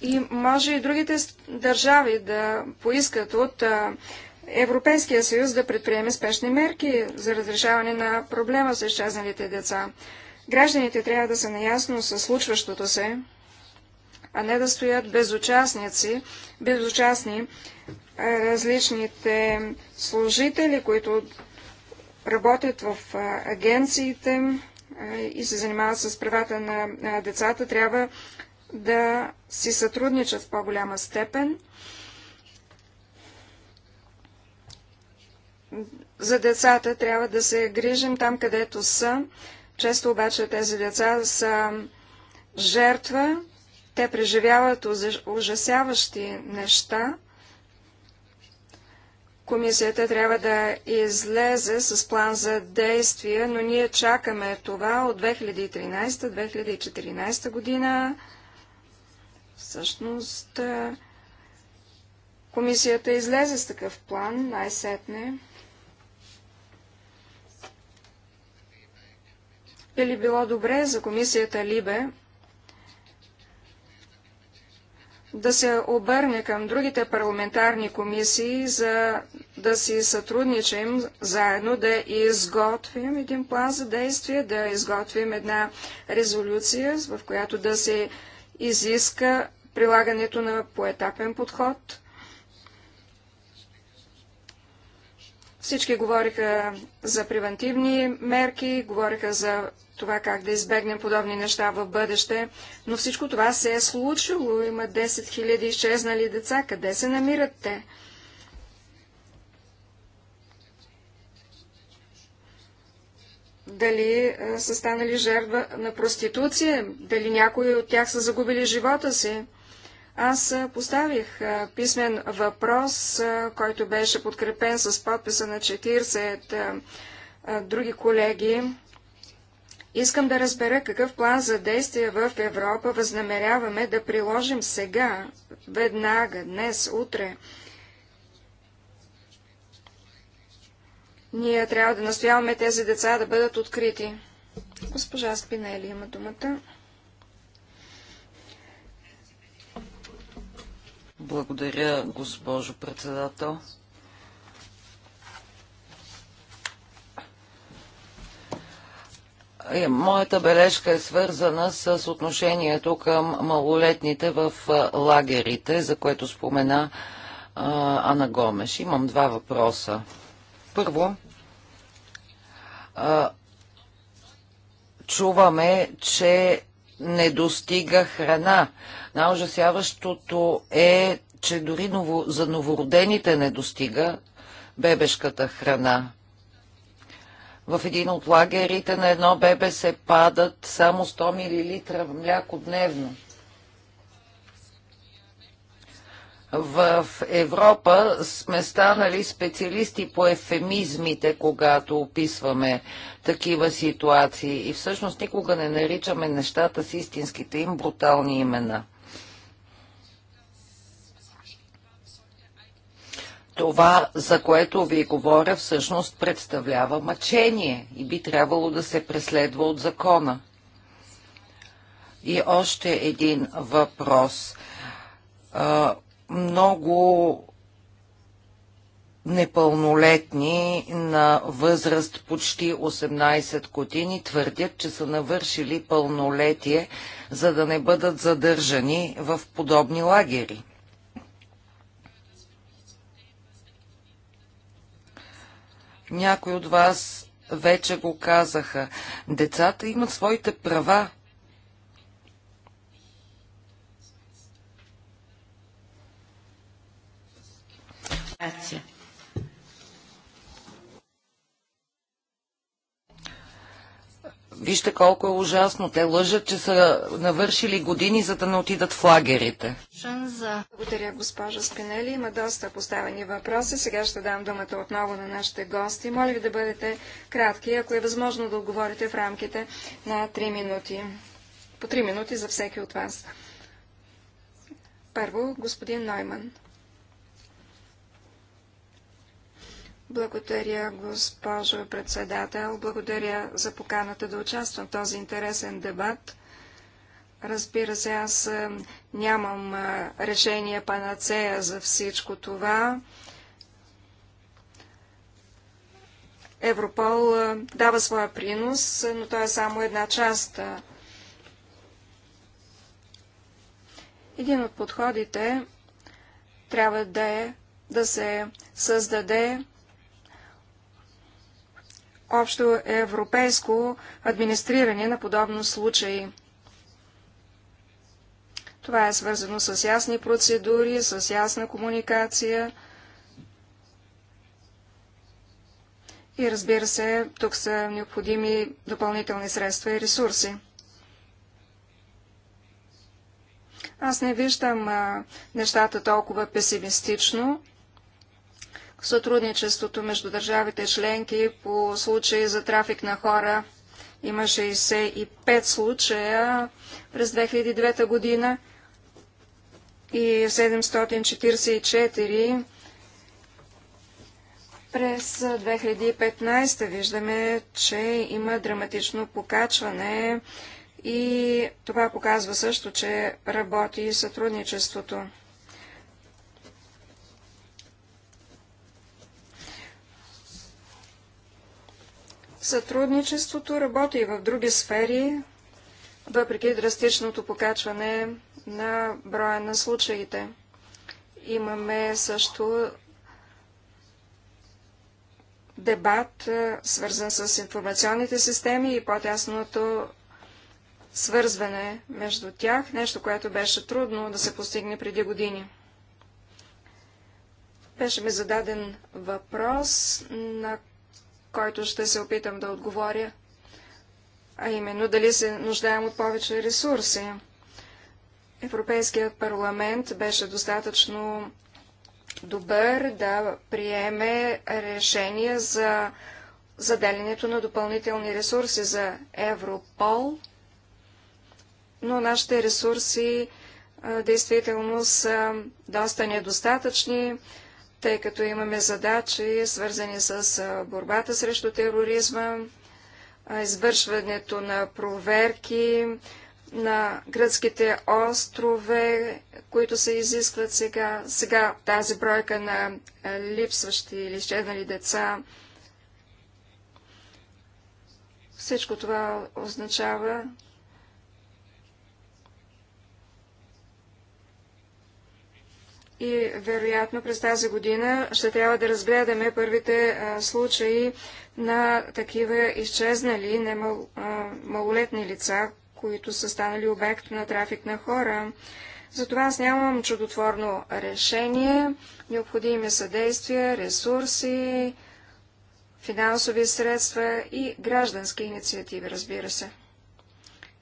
И може и другите държави да поискат от а, Европейския съюз да предприеме спешни мерки за разрешаване на проблема с изчезналите деца. Гражданите трябва да са наясно с случващото се, а не да стоят безучастници, безучастни различните служители, които работят в агенциите и се занимават с правата на децата, трябва да си сътрудничат в по-голяма степен. За децата трябва да се грижим там, където са. Често обаче тези деца са жертва. Те преживяват ужасяващи неща. Комисията трябва да излезе с план за действие, но ние чакаме това от 2013-2014 година. Всъщност, комисията излезе с такъв план най-сетне. Или било добре за комисията Либе да се обърне към другите парламентарни комисии, за да си сътрудничим заедно, да изготвим един план за действие, да изготвим една резолюция, в която да се изиска прилагането на поетапен подход Всички говориха за превентивни мерки, говориха за това как да избегнем подобни неща в бъдеще, но всичко това се е случило. Има 10 000 изчезнали деца. Къде се намират те? Дали са станали жертва на проституция? Дали някои от тях са загубили живота си? Аз поставих писмен въпрос, който беше подкрепен с подписа на 40 други колеги. Искам да разбера какъв план за действие в Европа възнамеряваме да приложим сега, веднага, днес, утре. Ние трябва да настояваме тези деца да бъдат открити. Госпожа Спинели има думата. Благодаря, госпожо председател. Е, моята бележка е свързана с отношението към малолетните в лагерите, за което спомена Ана Гомеш. Имам два въпроса. Първо, чуваме, че не достига храна. Най-ужасяващото е, че дори ново, за новородените не достига бебешката храна. В един от лагерите на едно бебе се падат само 100 мл мляко дневно. В Европа сме станали специалисти по ефемизмите, когато описваме такива ситуации и всъщност никога не наричаме нещата с истинските им брутални имена. Това, за което ви говоря, всъщност представлява мъчение и би трябвало да се преследва от закона. И още един въпрос много непълнолетни на възраст почти 18 години твърдят, че са навършили пълнолетие, за да не бъдат задържани в подобни лагери. Някои от вас вече го казаха. Децата имат своите права Grazie. Вижте колко е ужасно. Те лъжат, че са навършили години, за да не отидат в лагерите. Благодаря, госпожа Спинели. Има доста поставени въпроси. Сега ще дам думата отново на нашите гости. Моля ви да бъдете кратки, ако е възможно да отговорите в рамките на 3 минути. По 3 минути за всеки от вас. Първо, господин Нойман. Благодаря, госпожо председател. Благодаря за поканата да участвам в този интересен дебат. Разбира се, аз нямам решение панацея за всичко това. Европол дава своя принос, но той е само една част. Един от подходите трябва да е да се създаде общо европейско администриране на подобно случаи. Това е свързано с ясни процедури, с ясна комуникация. И разбира се, тук са необходими допълнителни средства и ресурси. Аз не виждам а, нещата толкова песимистично сътрудничеството между държавите членки по случаи за трафик на хора. Има 65 случая през 2009 година и 744 през 2015 виждаме, че има драматично покачване и това показва също, че работи сътрудничеството. Сътрудничеството работи и в други сфери, въпреки драстичното покачване на броя на случаите. Имаме също дебат, е, свързан с информационните системи и по-тясното свързване между тях, нещо, което беше трудно да се постигне преди години. Беше ми зададен въпрос, на който ще се опитам да отговоря, а именно дали се нуждаем от повече ресурси. Европейският парламент беше достатъчно добър да приеме решение за заделянето на допълнителни ресурси за Европол, но нашите ресурси действително са доста недостатъчни тъй като имаме задачи, свързани с борбата срещу тероризма, извършването на проверки на гръцките острове, които се изискват сега. Сега тази бройка на липсващи или изчезнали деца. Всичко това означава, и вероятно през тази година ще трябва да разгледаме първите а, случаи на такива изчезнали немал, а, малолетни лица, които са станали обект на трафик на хора. Затова аз нямам чудотворно решение. Необходими са действия, ресурси, финансови средства и граждански инициативи, разбира се.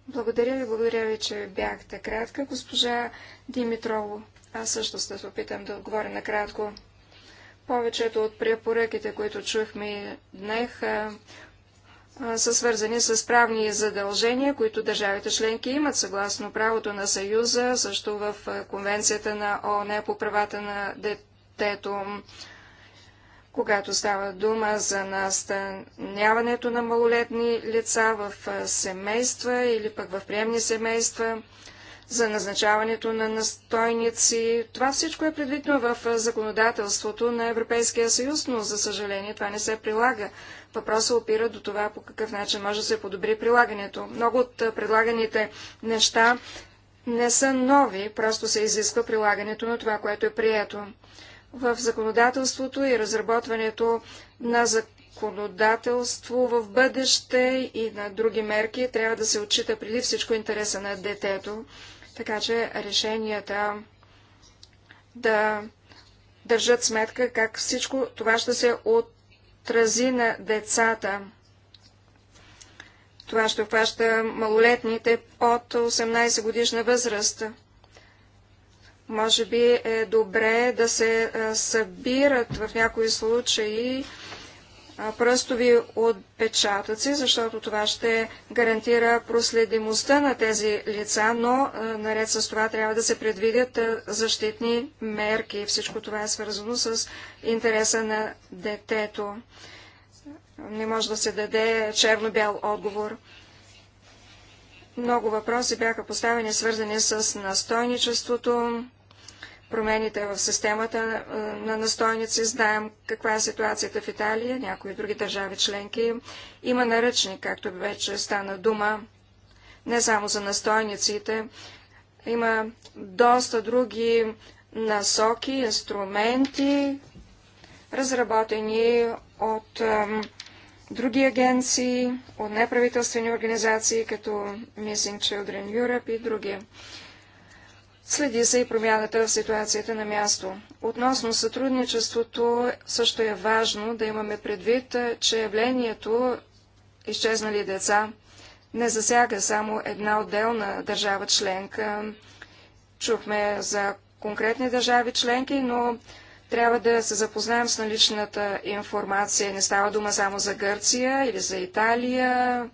Благодаря ви, благодаря ви, че бяхте кратка, госпожа Димитрово. Аз също ще се опитам да отговоря накратко. Повечето от препоръките, които чухме днес, са свързани с правни задължения, които държавите членки имат съгласно правото на Съюза, също в Конвенцията на ООН по правата на детето. Когато става дума за настаняването на малолетни лица в семейства или пък в приемни семейства, за назначаването на настойници. Това всичко е предвидено в законодателството на Европейския съюз, но за съжаление това не се прилага. Въпросът опира до това по какъв начин може да се подобри прилагането. Много от предлаганите неща не са нови, просто се изисква прилагането на това, което е прието. В законодателството и разработването на законодателство в бъдеще и на други мерки трябва да се отчита преди всичко интереса на детето така че решенията да държат сметка как всичко това ще се отрази на децата. Това ще обхваща малолетните от 18 годишна възраст. Може би е добре да се събират в някои случаи пръстови отпечатъци, защото това ще гарантира проследимостта на тези лица, но наред с това трябва да се предвидят защитни мерки. Всичко това е свързано с интереса на детето. Не може да се даде черно-бял отговор. Много въпроси бяха поставени, свързани с настойничеството, промените в системата е, на настойници. Знаем каква е ситуацията в Италия, някои други държави членки. Има наръчник, както вече стана дума, не само за настойниците. Има доста други насоки, инструменти, разработени от е, други агенции, от неправителствени организации, като Missing Children Europe и други. Следи се и промяната в ситуацията на място. Относно сътрудничеството също е важно да имаме предвид, е, че явлението изчезнали деца не засяга само една отделна държава членка. Чухме за конкретни държави членки, но трябва да се запознаем с наличната информация. Не става дума само за Гърция или за Италия.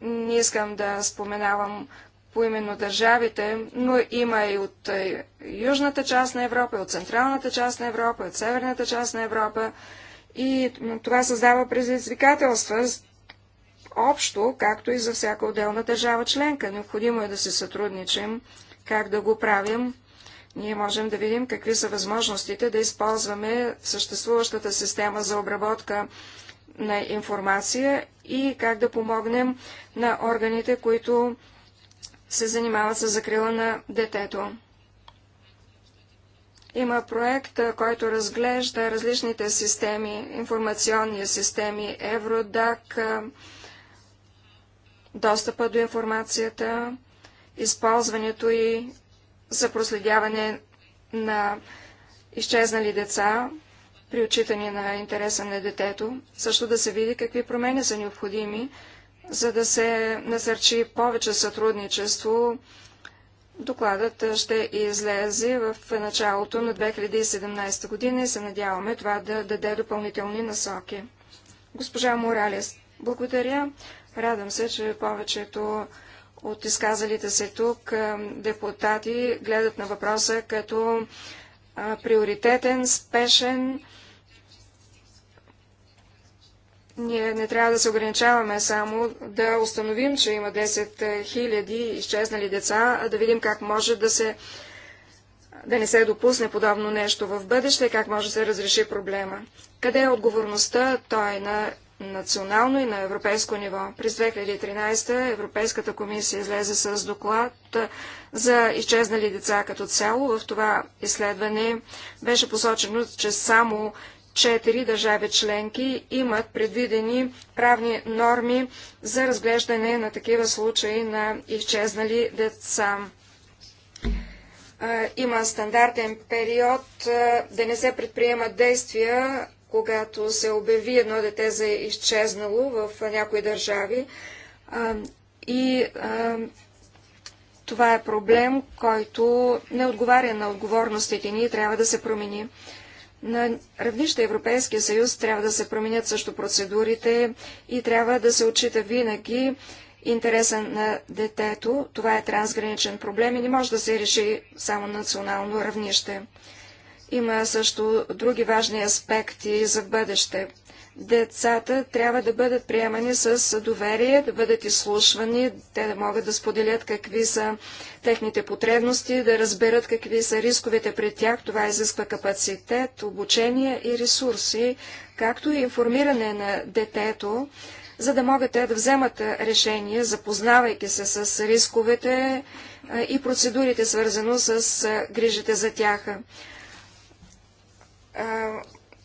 Не искам да споменавам поименно държавите, но има и от е, южната част на Европа, и от централната част на Европа, и от северната част на Европа. И това създава предизвикателства общо, както и за всяка отделна държава членка. Необходимо е да се сътрудничим, как да го правим. Ние можем да видим какви са възможностите да използваме съществуващата система за обработка на информация и как да помогнем на органите, които се занимават с закрила на детето. Има проект, който разглежда различните системи, информационни системи, Евродак, достъпа до информацията, използването и за проследяване на изчезнали деца при отчитане на интереса на детето, също да се види какви промени са необходими, за да се насърчи повече сътрудничество. Докладът ще излезе в началото на 2017 година и се надяваме това да даде допълнителни насоки. Госпожа Моралес, благодаря. Радвам се, че повечето от изказалите се тук депутати гледат на въпроса като приоритетен, спешен, ние не трябва да се ограничаваме само да установим, че има 10 000 е, изчезнали деца, а да видим как може да се да не се допусне подобно нещо в бъдеще, как може да се разреши проблема. Къде е отговорността? Той е на национално и на европейско ниво. През 2013 Европейската комисия излезе с доклад е, за изчезнали деца като цяло. В това изследване беше посочено, че само четири държави членки имат предвидени правни норми за разглеждане на такива случаи на изчезнали деца. Има стандартен период да не се предприемат действия, когато се обяви едно дете за изчезнало в някои държави. И това е проблем, който не отговаря на отговорностите ни и трябва да се промени. На равнище Европейския съюз трябва да се променят също процедурите и трябва да се отчита винаги интереса на детето. Това е трансграничен проблем и не може да се реши само национално равнище. Има също други важни аспекти за бъдеще. Децата трябва да бъдат приемани с доверие, да бъдат изслушвани, те да могат да споделят какви са техните потребности, да разберат какви са рисковете пред тях. Това изисква капацитет, обучение и ресурси, както и информиране на детето, за да могат те да вземат решение, запознавайки се с рисковете и процедурите, свързано с грижите за тях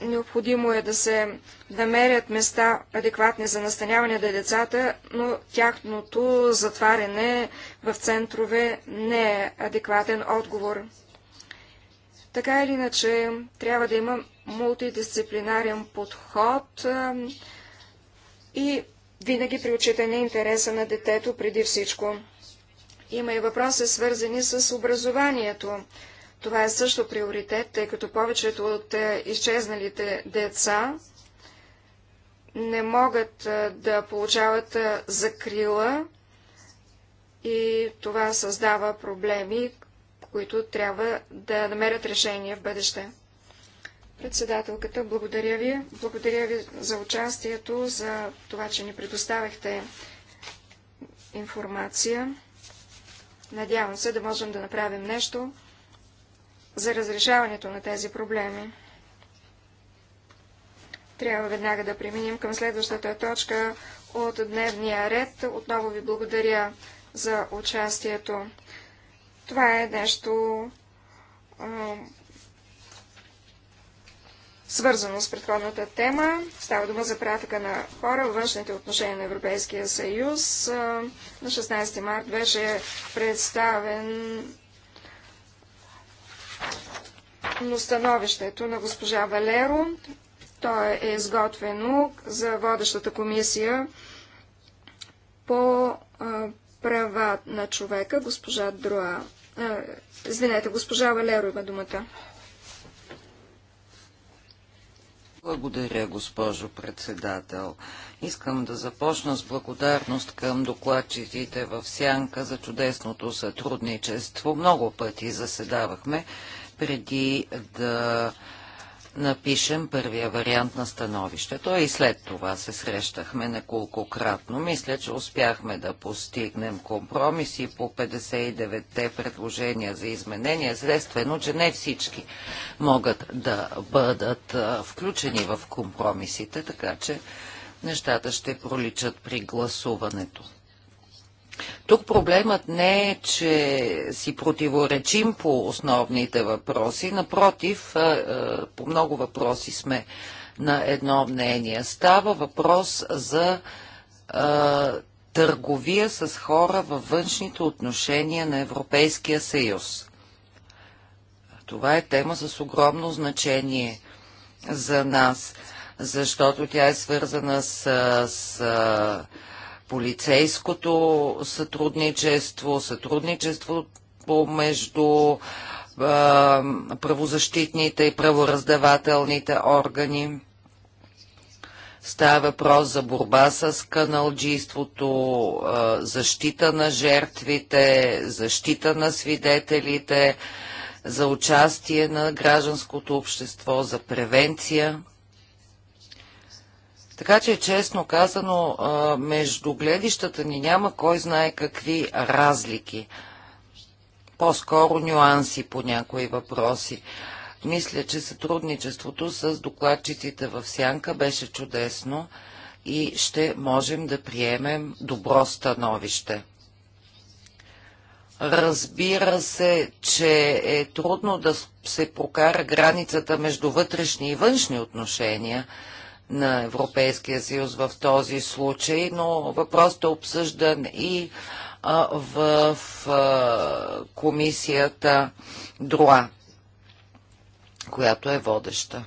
Необходимо е да се намерят места адекватни за настаняване на децата, но тяхното затваряне в центрове не е адекватен отговор. Така или иначе, трябва да има мултидисциплинарен подход и винаги при отчитане интереса на детето преди всичко. Има и въпроси, свързани с образованието. Това е също приоритет, тъй като повечето от е, изчезналите деца не могат е, да получават е, закрила и това създава проблеми, които трябва да намерят решение в бъдеще. Председателката, благодаря ви. Благодаря ви за участието, за това, че ни предоставихте информация. Надявам се да можем да направим нещо за разрешаването на тези проблеми. Трябва веднага да преминем към следващата точка от дневния ред. Отново ви благодаря за участието. Това е нещо свързано с предходната тема. Става дума за пратъка на хора в външните отношения на Европейския съюз. на 16 март беше представен но становището на госпожа Валеро. То е изготвено за водещата комисия по а, права на човека, госпожа Друа. А, извинете, госпожа Валеро има думата. Благодаря, госпожо председател. Искам да започна с благодарност към докладчиците в Сянка за чудесното сътрудничество. Много пъти заседавахме преди да напишем първия вариант на становището и след това се срещахме неколкократно. Мисля, че успяхме да постигнем компромиси по 59-те предложения за изменения. Следствено, че не всички могат да бъдат включени в компромисите, така че нещата ще проличат при гласуването. Тук проблемът не е, че си противоречим по основните въпроси. Напротив, по много въпроси сме на едно мнение. Става въпрос за търговия с хора във външните отношения на Европейския съюз. Това е тема с огромно значение за нас, защото тя е свързана с, с полицейското сътрудничество, сътрудничество между правозащитните и правораздавателните органи. Става въпрос за борба с каналджийството, защита на жертвите, защита на свидетелите, за участие на гражданското общество, за превенция – така че, честно казано, между гледищата ни няма кой знае какви разлики. По-скоро нюанси по някои въпроси. Мисля, че сътрудничеството с докладчиците в Сянка беше чудесно и ще можем да приемем добро становище. Разбира се, че е трудно да се прокара границата между вътрешни и външни отношения – на Европейския съюз в този случай, но въпросът е обсъждан и а, в а, комисията ДРУА, която е водеща.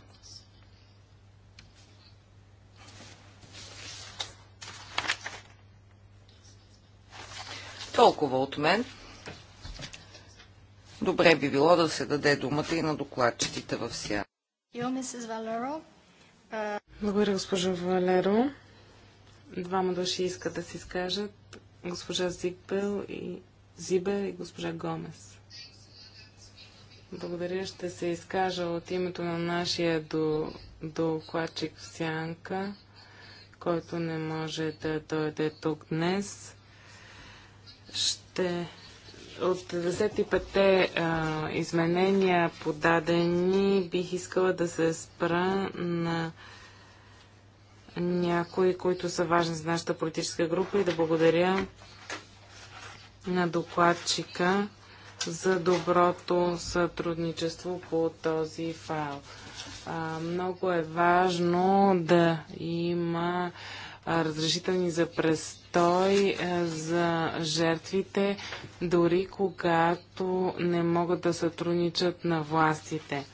Толкова от мен. Добре би било да се даде думата и на докладчетите в сянка. You, Mrs. Благодаря, госпожо Валеро. Двама души искат да се изкажат. Госпожа Зигбел и Зибе и госпожа Гомес. Благодаря. Ще се изкажа от името на нашия докладчик в Сянка, който не може да дойде тук днес. Ще от 95-те изменения подадени бих искала да се спра на някои, които са важни за нашата политическа група и да благодаря на докладчика за доброто сътрудничество по този файл. А, много е важно да има разрешителни за престой за жертвите, дори когато не могат да сътрудничат на властите.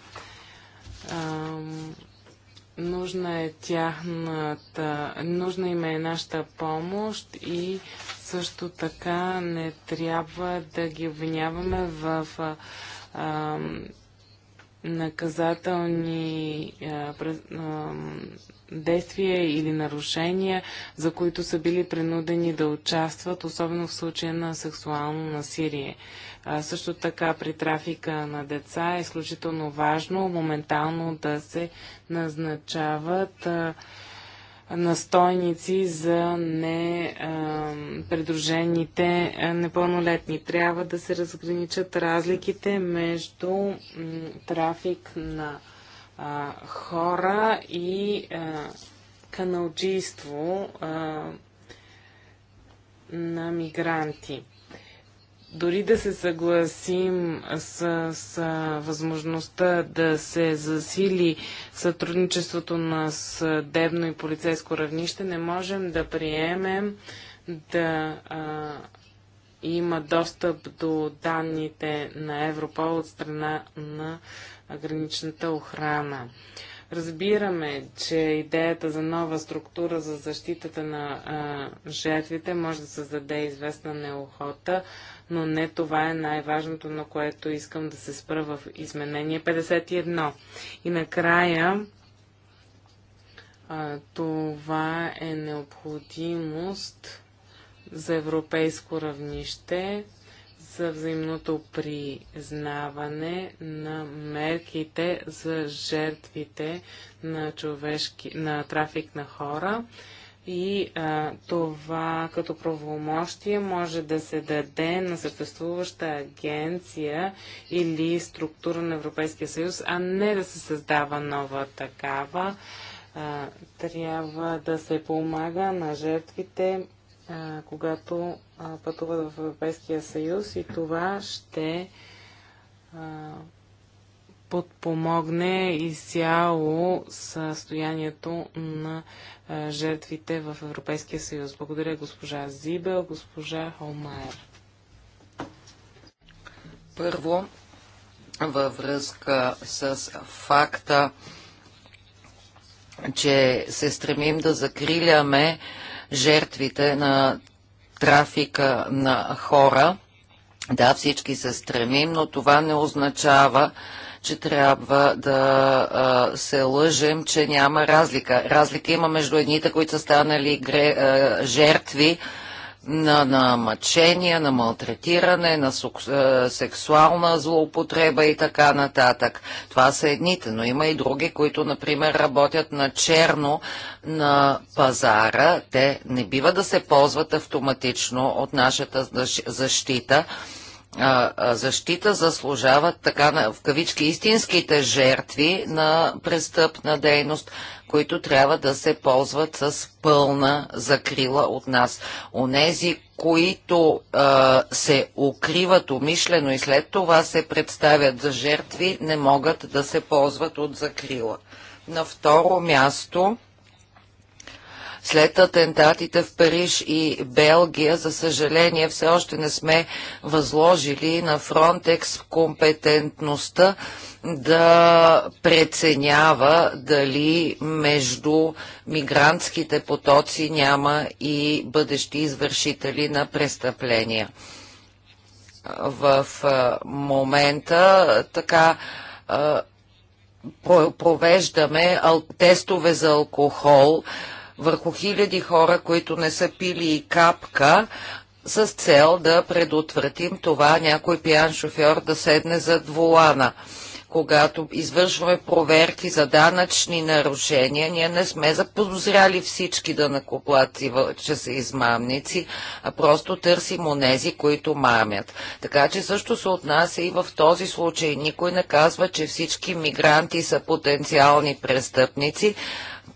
Нужна е тяхната, нужна им е нашата помощ и също така не трябва да ги обвиняваме в наказателни а, през, а, действия или нарушения, за които са били принудени да участват, особено в случая на сексуално насилие. А, също така при трафика на деца е изключително важно моментално да се назначават а, настойници за непредружените непълнолетни. Трябва да се разграничат разликите между трафик на а, хора и а, каналджийство а, на мигранти. Дори да се съгласим с, с възможността да се засили сътрудничеството на съдебно и полицейско равнище, не можем да приемем да а, има достъп до данните на Европол от страна на граничната охрана. Разбираме, че идеята за нова структура за защитата на а, жертвите може да създаде известна неохота, но не това е най-важното, на което искам да се спра в изменение 51. И накрая а, това е необходимост за европейско равнище за взаимното признаване на мерките за жертвите на, човешки, на трафик на хора. И а, това като правомощие може да се даде на съществуваща агенция или структура на Европейския съюз, а не да се създава нова такава. А, трябва да се помага на жертвите когато пътуват в Европейския съюз и това ще подпомогне изцяло състоянието на жертвите в Европейския съюз. Благодаря госпожа Зибел, госпожа Холмайер. Първо, във връзка с факта, че се стремим да закриляме жертвите на трафика на хора. Да, всички се стремим, но това не означава, че трябва да а, се лъжем, че няма разлика. Разлика има между едните, които са станали гре, а, жертви, на, на мъчения, на малтретиране, на е, сексуална злоупотреба и така нататък. Това са едните, но има и други, които, например, работят на черно на пазара. Те не бива да се ползват автоматично от нашата защита защита заслужават така в кавички истинските жертви на престъпна дейност, които трябва да се ползват с пълна закрила от нас. Онези, които а, се укриват умишлено и след това се представят за жертви, не могат да се ползват от закрила. На второ място след атентатите в Париж и Белгия, за съжаление, все още не сме възложили на Фронтекс компетентността да преценява дали между мигрантските потоци няма и бъдещи извършители на престъпления. В момента така провеждаме тестове за алкохол върху хиляди хора, които не са пили и капка, с цел да предотвратим това някой пиян шофьор да седне зад вулана. Когато извършваме проверки за данъчни нарушения, ние не сме заподозряли всички данъкоплаци, че са измамници, а просто търсим онези, които мамят. Така че също се отнася и в този случай. Никой не казва, че всички мигранти са потенциални престъпници,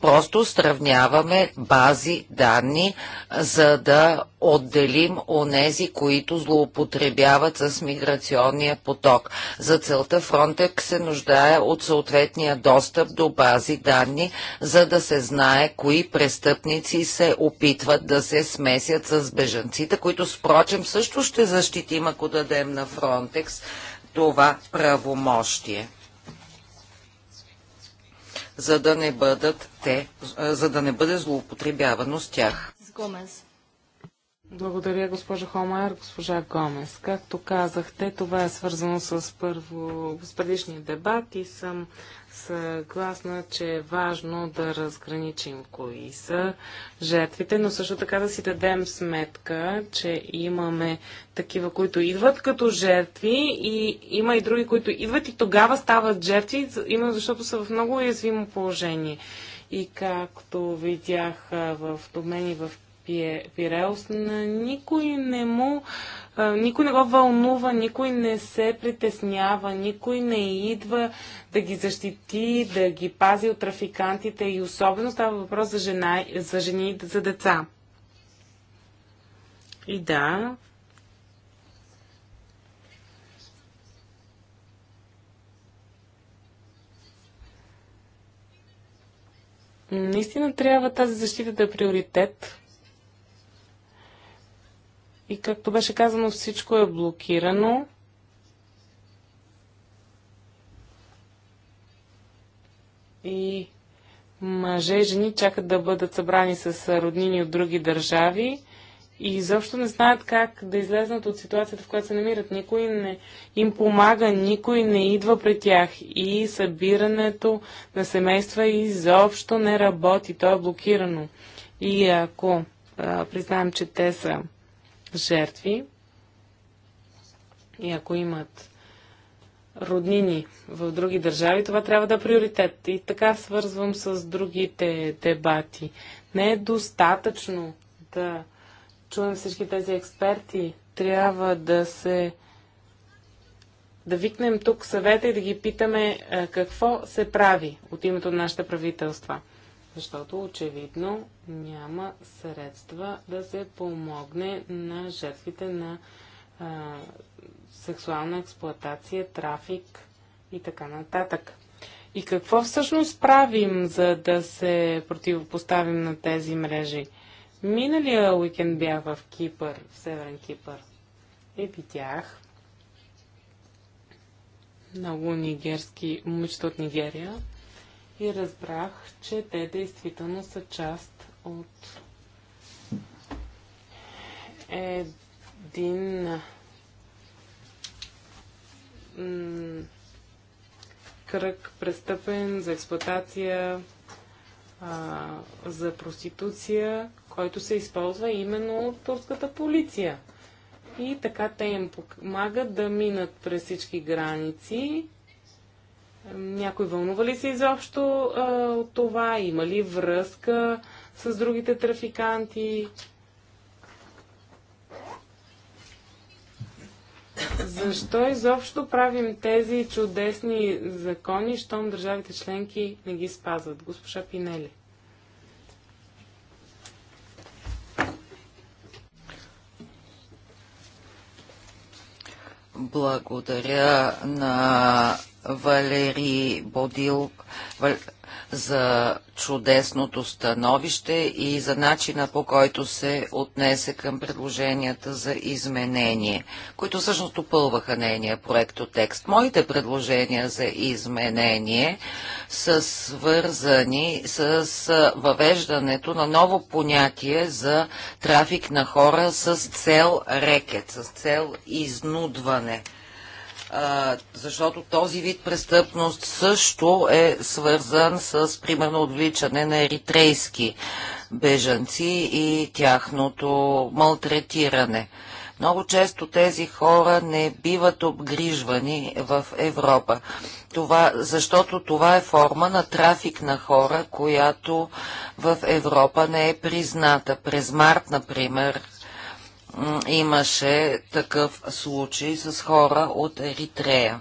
Просто сравняваме бази данни, за да отделим онези, които злоупотребяват с миграционния поток. За целта Frontex се нуждае от съответния достъп до бази данни, за да се знае кои престъпници се опитват да се смесят с бежанците, които спрочем също ще защитим, ако дадем на Фронтекс това правомощие за да не, бъдат те, за да не бъде злоупотребявано с тях. Благодаря, госпожа Хомайер. Госпожа Гомес, както казахте, това е свързано с, първо, с предишния дебат и съм съгласна, че е важно да разграничим кои са жертвите, но също така да си дадем сметка, че имаме такива, които идват като жертви и има и други, които идват и тогава стават жертви, именно защото са в много уязвимо положение. И както видях в Домен и в Вирелс, на никой не му, никой не го вълнува, никой не се притеснява, никой не идва да ги защити, да ги пази от трафикантите и особено става въпрос за, жена, за жени и за деца. И да, наистина трябва тази защита да е приоритет. И както беше казано, всичко е блокирано. И мъже и жени чакат да бъдат събрани с роднини от други държави и изобщо не знаят как да излезнат от ситуацията, в която се намират. Никой не им помага, никой не идва при тях и събирането на семейства изобщо не работи, то е блокирано. И ако а, признаем, че те са жертви и ако имат роднини в други държави, това трябва да е приоритет. И така свързвам с другите дебати. Не е достатъчно да чуем всички тези експерти. Трябва да се да викнем тук съвета и да ги питаме какво се прави от името на нашите правителства защото очевидно няма средства да се помогне на жертвите на а, сексуална експлоатация, трафик и така нататък. И какво всъщност правим, за да се противопоставим на тези мрежи? Миналия уикенд бях в Кипър, в Северен Кипър, и видях много нигерски момичета от Нигерия, и разбрах, че те действително са част от един кръг престъпен за експлуатация, за проституция, който се използва именно от турската полиция. И така те им помагат да минат през всички граници някой вълнува ли се изобщо а, от това? Има ли връзка с другите трафиканти? Защо изобщо правим тези чудесни закони, щом държавите членки не ги спазват? Госпожа Пинели. Благодаря на Валери Бодил за чудесното становище и за начина по който се отнесе към предложенията за изменение, които всъщност опълваха нейния текст. Моите предложения за изменение са свързани с въвеждането на ново понятие за трафик на хора с цел рекет, с цел изнудване – защото този вид престъпност също е свързан с, примерно, отвличане на еритрейски бежанци и тяхното малтретиране. Много често тези хора не биват обгрижвани в Европа, това, защото това е форма на трафик на хора, която в Европа не е призната. През март, например, имаше такъв случай с хора от Еритрея.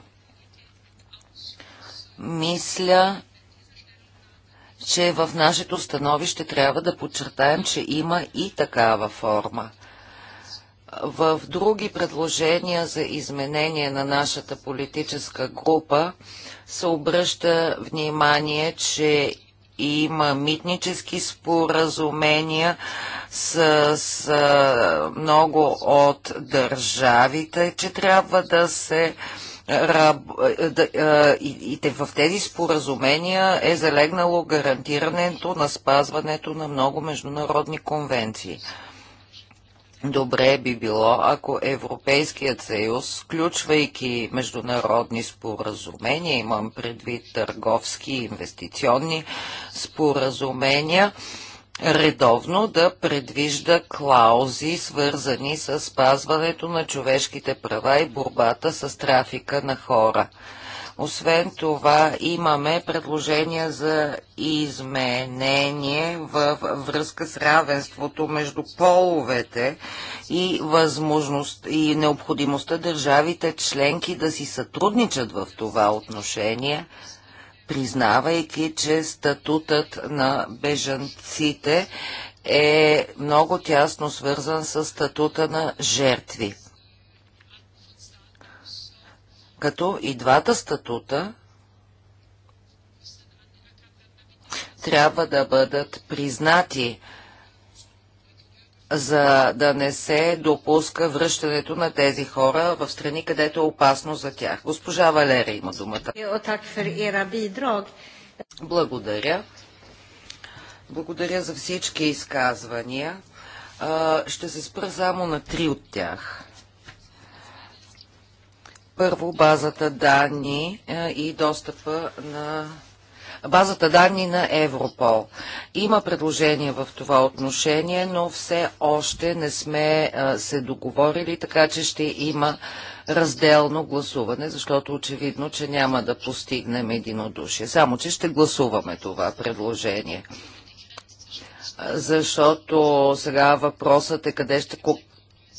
Мисля, че в нашето становище трябва да подчертаем, че има и такава форма. В други предложения за изменение на нашата политическа група се обръща внимание, че има митнически споразумения с, с много от държавите, че трябва да се е, е, и в тези споразумения е залегнало гарантирането на спазването на много международни конвенции. Добре би било, ако Европейският съюз, включвайки международни споразумения, имам предвид търговски и инвестиционни споразумения, редовно да предвижда клаузи, свързани с спазването на човешките права и борбата с трафика на хора. Освен това имаме предложения за изменение във връзка с равенството между половете и, възможност, и необходимостта държавите членки да си сътрудничат в това отношение, признавайки, че статутът на бежанците е много тясно свързан с статута на жертви като и двата статута трябва да бъдат признати, за да не се допуска връщането на тези хора в страни, където е опасно за тях. Госпожа Валерия има думата. Е, Благодаря. Благодаря за всички изказвания. Ще се спра само на три от тях. Първо, базата данни е, и достъпа на базата данни на Европол. Има предложение в това отношение, но все още не сме е, се договорили, така че ще има разделно гласуване, защото очевидно, че няма да постигнем единодушие. Само, че ще гласуваме това предложение защото сега въпросът е къде ще,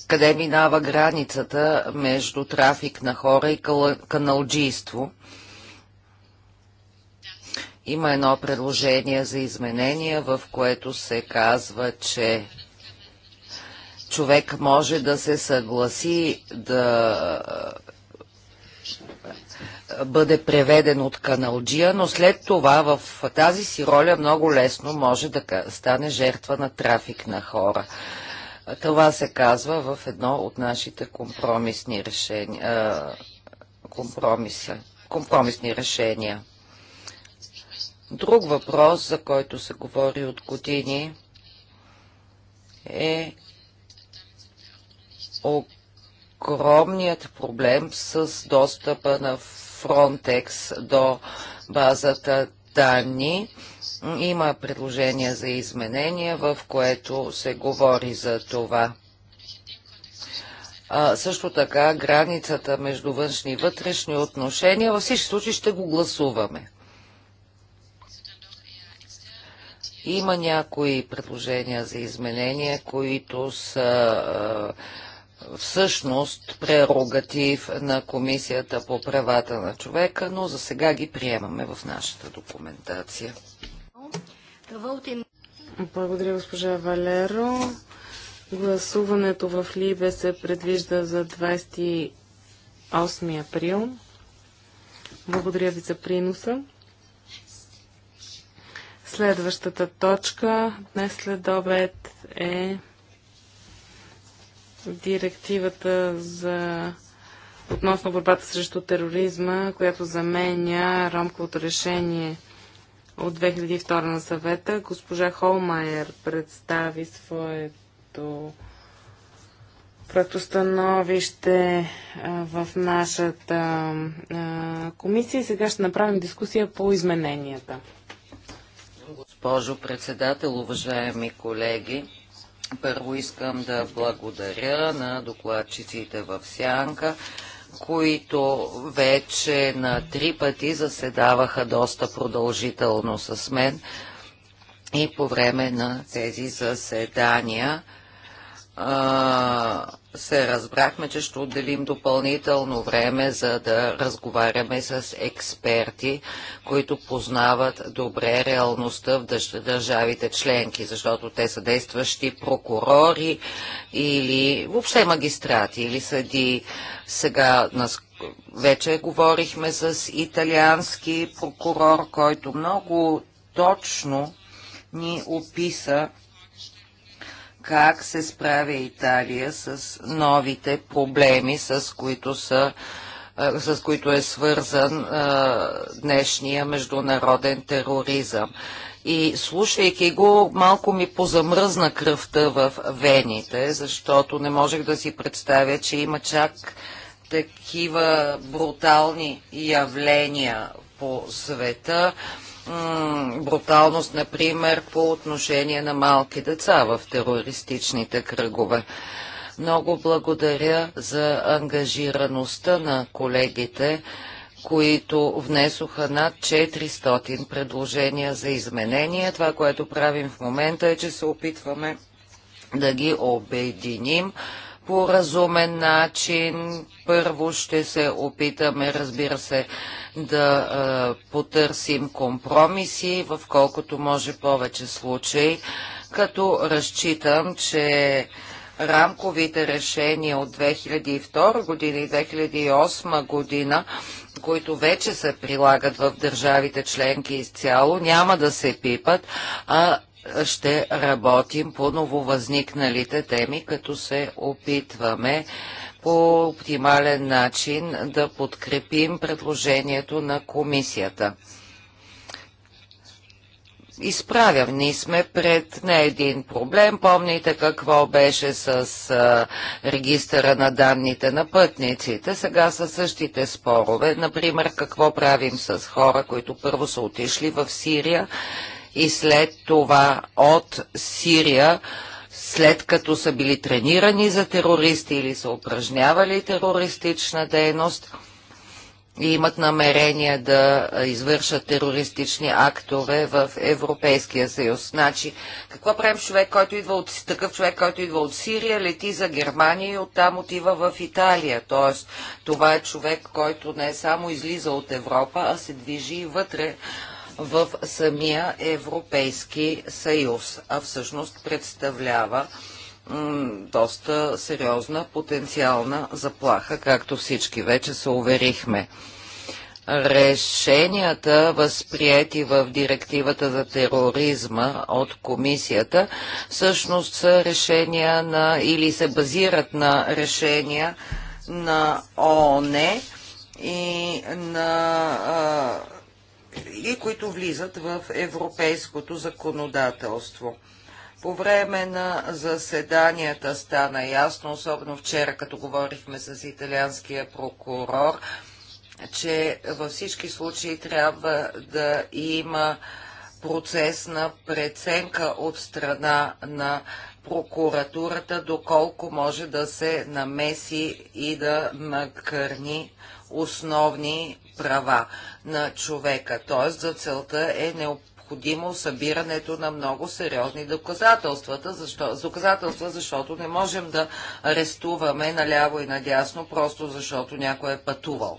къде минава границата между трафик на хора и каналджийство. Има едно предложение за изменение, в което се казва, че човек може да се съгласи да бъде преведен от каналджия, но след това в тази си роля много лесно може да стане жертва на трафик на хора. Това се казва в едно от нашите компромисни решения, компромиса, компромисни решения. Друг въпрос, за който се говори от години, е огромният проблем с достъпа на Frontex до базата данни има предложение за изменение, в което се говори за това. А, също така границата между външни и вътрешни отношения, във всички случаи ще го гласуваме. Има някои предложения за изменения, които са всъщност прерогатив на Комисията по правата на човека, но за сега ги приемаме в нашата документация. Благодаря, госпожа Валеро. Гласуването в Либе се предвижда за 28 април. Благодаря ви за приноса. Следващата точка днес след обед е директивата за относно борбата срещу тероризма, която заменя рамковото решение от 2002 на съвета. Госпожа Холмайер представи своето проектостановище в нашата комисия и сега ще направим дискусия по измененията. Госпожо председател, уважаеми колеги, първо искам да благодаря на докладчиците в Сянка които вече на три пъти заседаваха доста продължително с мен и по време на тези заседания а, се разбрахме, че ще отделим допълнително време, за да разговаряме с експерти, които познават добре реалността в държавите членки, защото те са действащи прокурори или въобще магистрати или съди. Сега вече говорихме с италиански прокурор, който много точно ни описа как се справя Италия с новите проблеми, с които, са, е, с които е свързан а, е, днешния международен тероризъм. И слушайки го, малко ми позамръзна кръвта в вените, защото не можех да си представя, че има чак такива брутални явления по света. А, бруталност, например, по отношение на малки деца в терористичните кръгове. Много благодаря за ангажираността на колегите, които внесоха над 400 предложения за изменения. Това, което правим в момента е, че се опитваме да ги обединим по разумен начин. Първо ще се опитаме, разбира се, да а, потърсим компромиси в колкото може повече случаи, като разчитам, че рамковите решения от 2002 година и 2008 година, които вече се прилагат в държавите членки изцяло, няма да се пипат, а ще работим по нововъзникналите теми, като се опитваме по оптимален начин да подкрепим предложението на комисията. Изправяни сме пред не един проблем. Помните какво беше с а, регистъра на данните на пътниците. Сега са същите спорове. Например, какво правим с хора, които първо са отишли в Сирия и след това от Сирия, след като са били тренирани за терористи или са упражнявали терористична дейност и имат намерение да извършат терористични актове в Европейския съюз. Значи, какво правим човек, който идва от, такъв човек, който идва от Сирия, лети за Германия и оттам отива в Италия. Тоест, това е човек, който не е само излиза от Европа, а се движи и вътре в самия Европейски съюз, а всъщност представлява доста сериозна потенциална заплаха, както всички вече се уверихме. Решенията, възприяти в директивата за тероризма от комисията, всъщност са решения на, или се базират на решения на ООН и на а, и които влизат в европейското законодателство. По време на заседанията стана ясно, особено вчера, като говорихме с италианския прокурор, че във всички случаи трябва да има процес на преценка от страна на прокуратурата, доколко може да се намеси и да накърни основни права на човека. Т.е. за целта е необходимо събирането на много сериозни доказателствата, защо, доказателства, защото не можем да арестуваме наляво и надясно, просто защото някой е пътувал.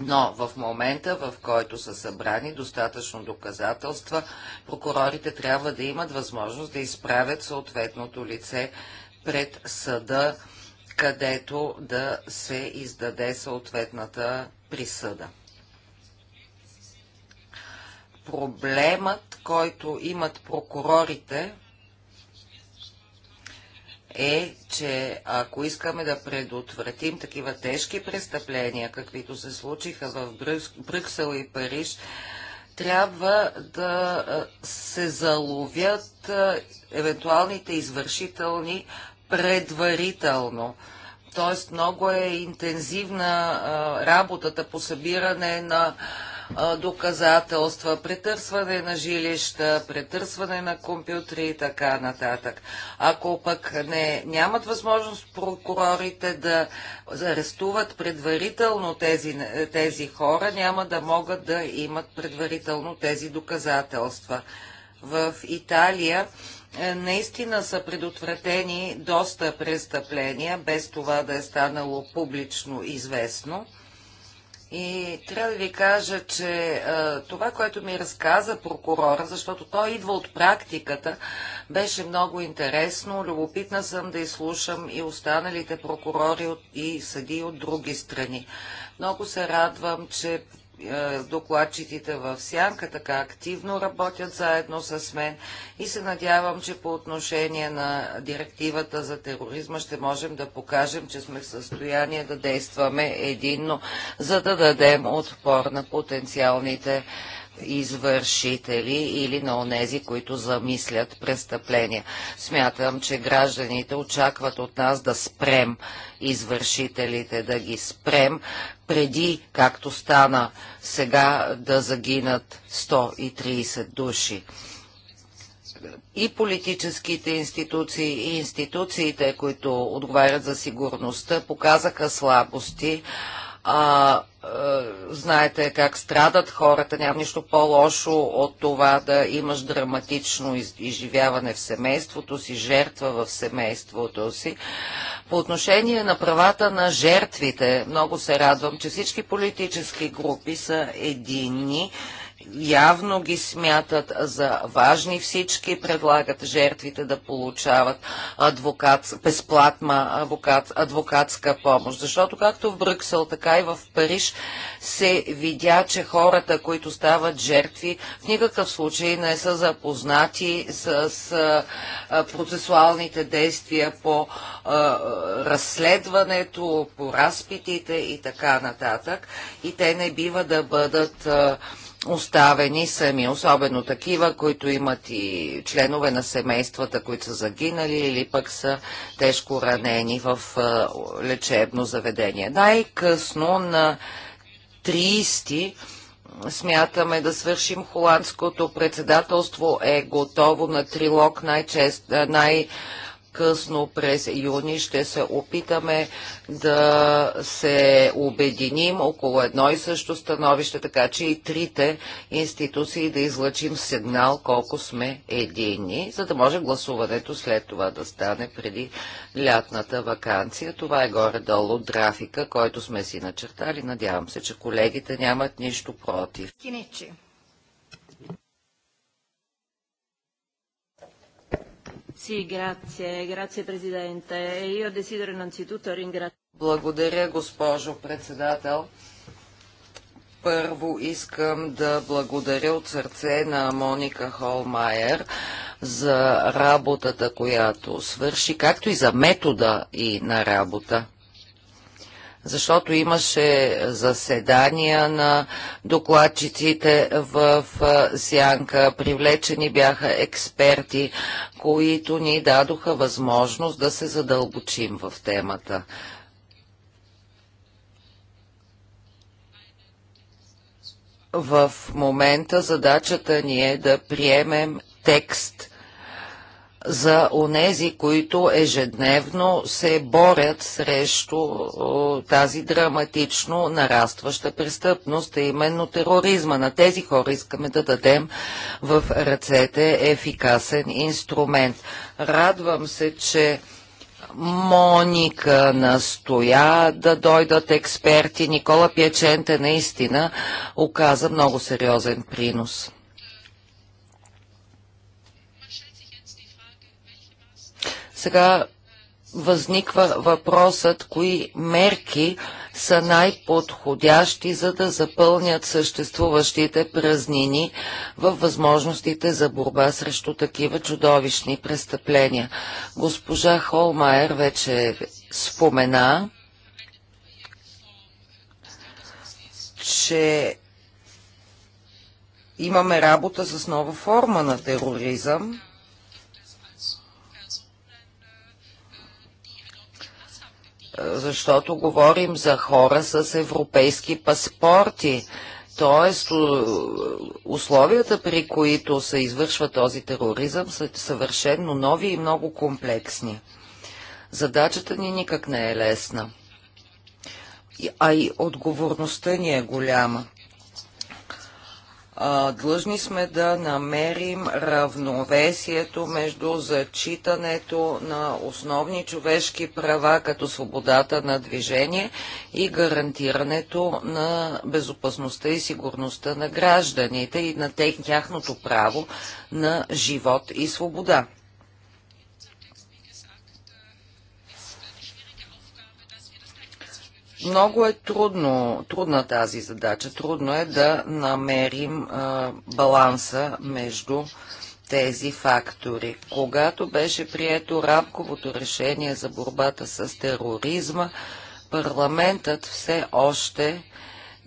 Но в момента, в който са събрани достатъчно доказателства, прокурорите трябва да имат възможност да изправят съответното лице пред съда, където да се издаде съответната присъда. Проблемът, който имат прокурорите, е, че ако искаме да предотвратим такива тежки престъпления, каквито се случиха в Брюксел и Париж, трябва да се заловят евентуалните извършителни предварително т.е. много е интензивна а, работата по събиране на а, доказателства, претърсване на жилища, претърсване на компютри и така нататък. Ако пък не, нямат възможност прокурорите да арестуват предварително тези, тези хора, няма да могат да имат предварително тези доказателства. В Италия е, наистина са предотвратени доста престъпления, без това да е станало публично известно. И трябва да ви кажа, че а, е, това, което ми разказа прокурора, защото той идва от практиката, беше много интересно. Любопитна съм да изслушам и останалите прокурори от, и съди от други страни. Много се радвам, че е, докладчиците в Сянка така активно работят заедно с мен и се надявам, че по отношение на директивата за тероризма ще можем да покажем, че сме в състояние да действаме единно, за да дадем отпор на потенциалните извършители или на онези, които замислят престъпления. Смятам, че гражданите очакват от нас да спрем извършителите, да ги спрем преди, както стана сега, да загинат 130 души и политическите институции и институциите, които отговарят за сигурността, показаха слабости, а, е, знаете как страдат хората, няма нищо по-лошо от това да имаш драматично изживяване в семейството си, жертва в семейството си. По отношение на правата на жертвите, много се радвам, че всички политически групи са единни явно ги смятат за важни всички, предлагат жертвите да получават адвокат, безплатна адвокат, адвокатска помощ. Защото както в Брюксел, така и в Париж се видя, че хората, които стават жертви, в никакъв случай не са запознати с, с процесуалните действия по а, разследването, по разпитите и така нататък. И те не бива да бъдат а, оставени сами, особено такива, които имат и членове на семействата, които са загинали или пък са тежко ранени в лечебно заведение. Най-късно на 30 смятаме да свършим холандското председателство е готово на трилог най често най късно през юни ще се опитаме да се обединим около едно и също становище, така че и трите институции да излъчим сигнал колко сме едини, за да може гласуването след това да стане преди лятната вакансия. Това е горе-долу драфика, който сме си начертали. Надявам се, че колегите нямат нищо против. Киничи. E благодаря, госпожо председател. Първо искам да благодаря от сърце на Моника Холмайер за работата, която свърши, както и за метода и на работа защото имаше заседания на докладчиците в Сянка, привлечени бяха експерти, които ни дадоха възможност да се задълбочим в темата. В момента задачата ни е да приемем текст – за онези, които ежедневно се борят срещу тази драматично нарастваща престъпност, а именно тероризма. На тези хора искаме да дадем в ръцете ефикасен инструмент. Радвам се, че Моника настоя да дойдат експерти. Никола Пяченте наистина оказа много сериозен принос. Сега възниква въпросът, кои мерки са най-подходящи, за да запълнят съществуващите празнини в възможностите за борба срещу такива чудовищни престъпления. Госпожа Холмайер вече спомена, че имаме работа с нова форма на тероризъм, защото говорим за хора с европейски паспорти. Тоест, условията, при които се извършва този тероризъм, са съвършенно нови и много комплексни. Задачата ни никак не е лесна. А и отговорността ни е голяма. Длъжни сме да намерим равновесието между зачитането на основни човешки права, като свободата на движение и гарантирането на безопасността и сигурността на гражданите и на тяхното право на живот и свобода. Много е трудно, трудна тази задача. Трудно е да намерим а, баланса между тези фактори. Когато беше прието рамковото решение за борбата с тероризма, парламентът все още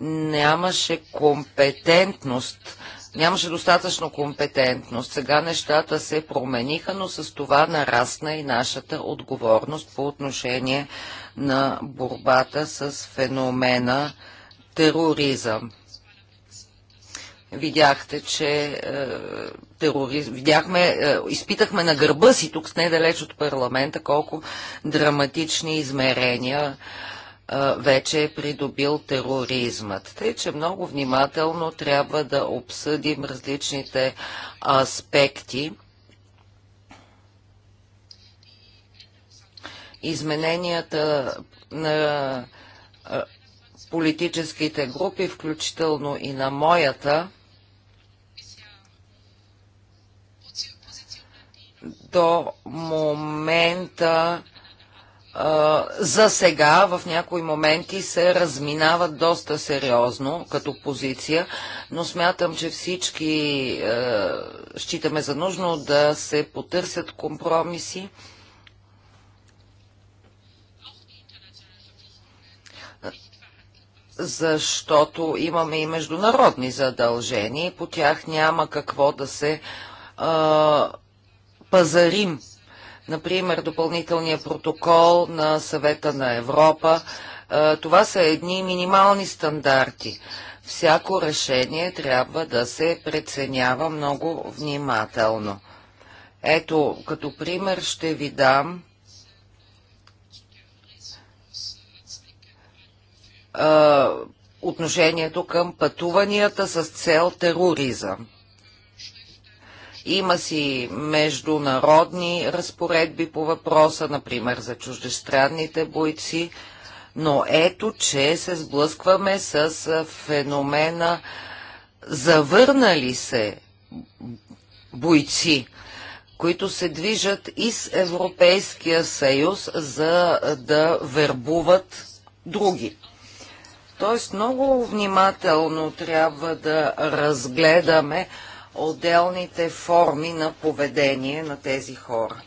нямаше компетентност нямаше достатъчно компетентност. Сега нещата се промениха, но с това нарасна и нашата отговорност по отношение на борбата с феномена тероризъм. Видяхте, че е, видяхме, е, изпитахме на гърба си тук, с недалеч от парламента, колко драматични измерения вече е придобил тероризмът. Тъй, че много внимателно трябва да обсъдим различните аспекти. Измененията на политическите групи, включително и на моята, до момента за сега в някои моменти се разминават доста сериозно като позиция, но смятам, че всички е, считаме за нужно да се потърсят компромиси. защото имаме и международни задължения и по тях няма какво да се а, е, пазарим например допълнителния протокол на съвета на Европа. Е, това са едни минимални стандарти. Всяко решение трябва да се преценява много внимателно. Ето, като пример ще ви дам е, отношението към пътуванията с цел тероризъм. Има си международни разпоредби по въпроса, например за чуждестранните бойци, но ето, че се сблъскваме с феномена завърнали се бойци, които се движат из Европейския съюз, за да вербуват други. Тоест много внимателно трябва да разгледаме отделните форми на поведение на тези хора.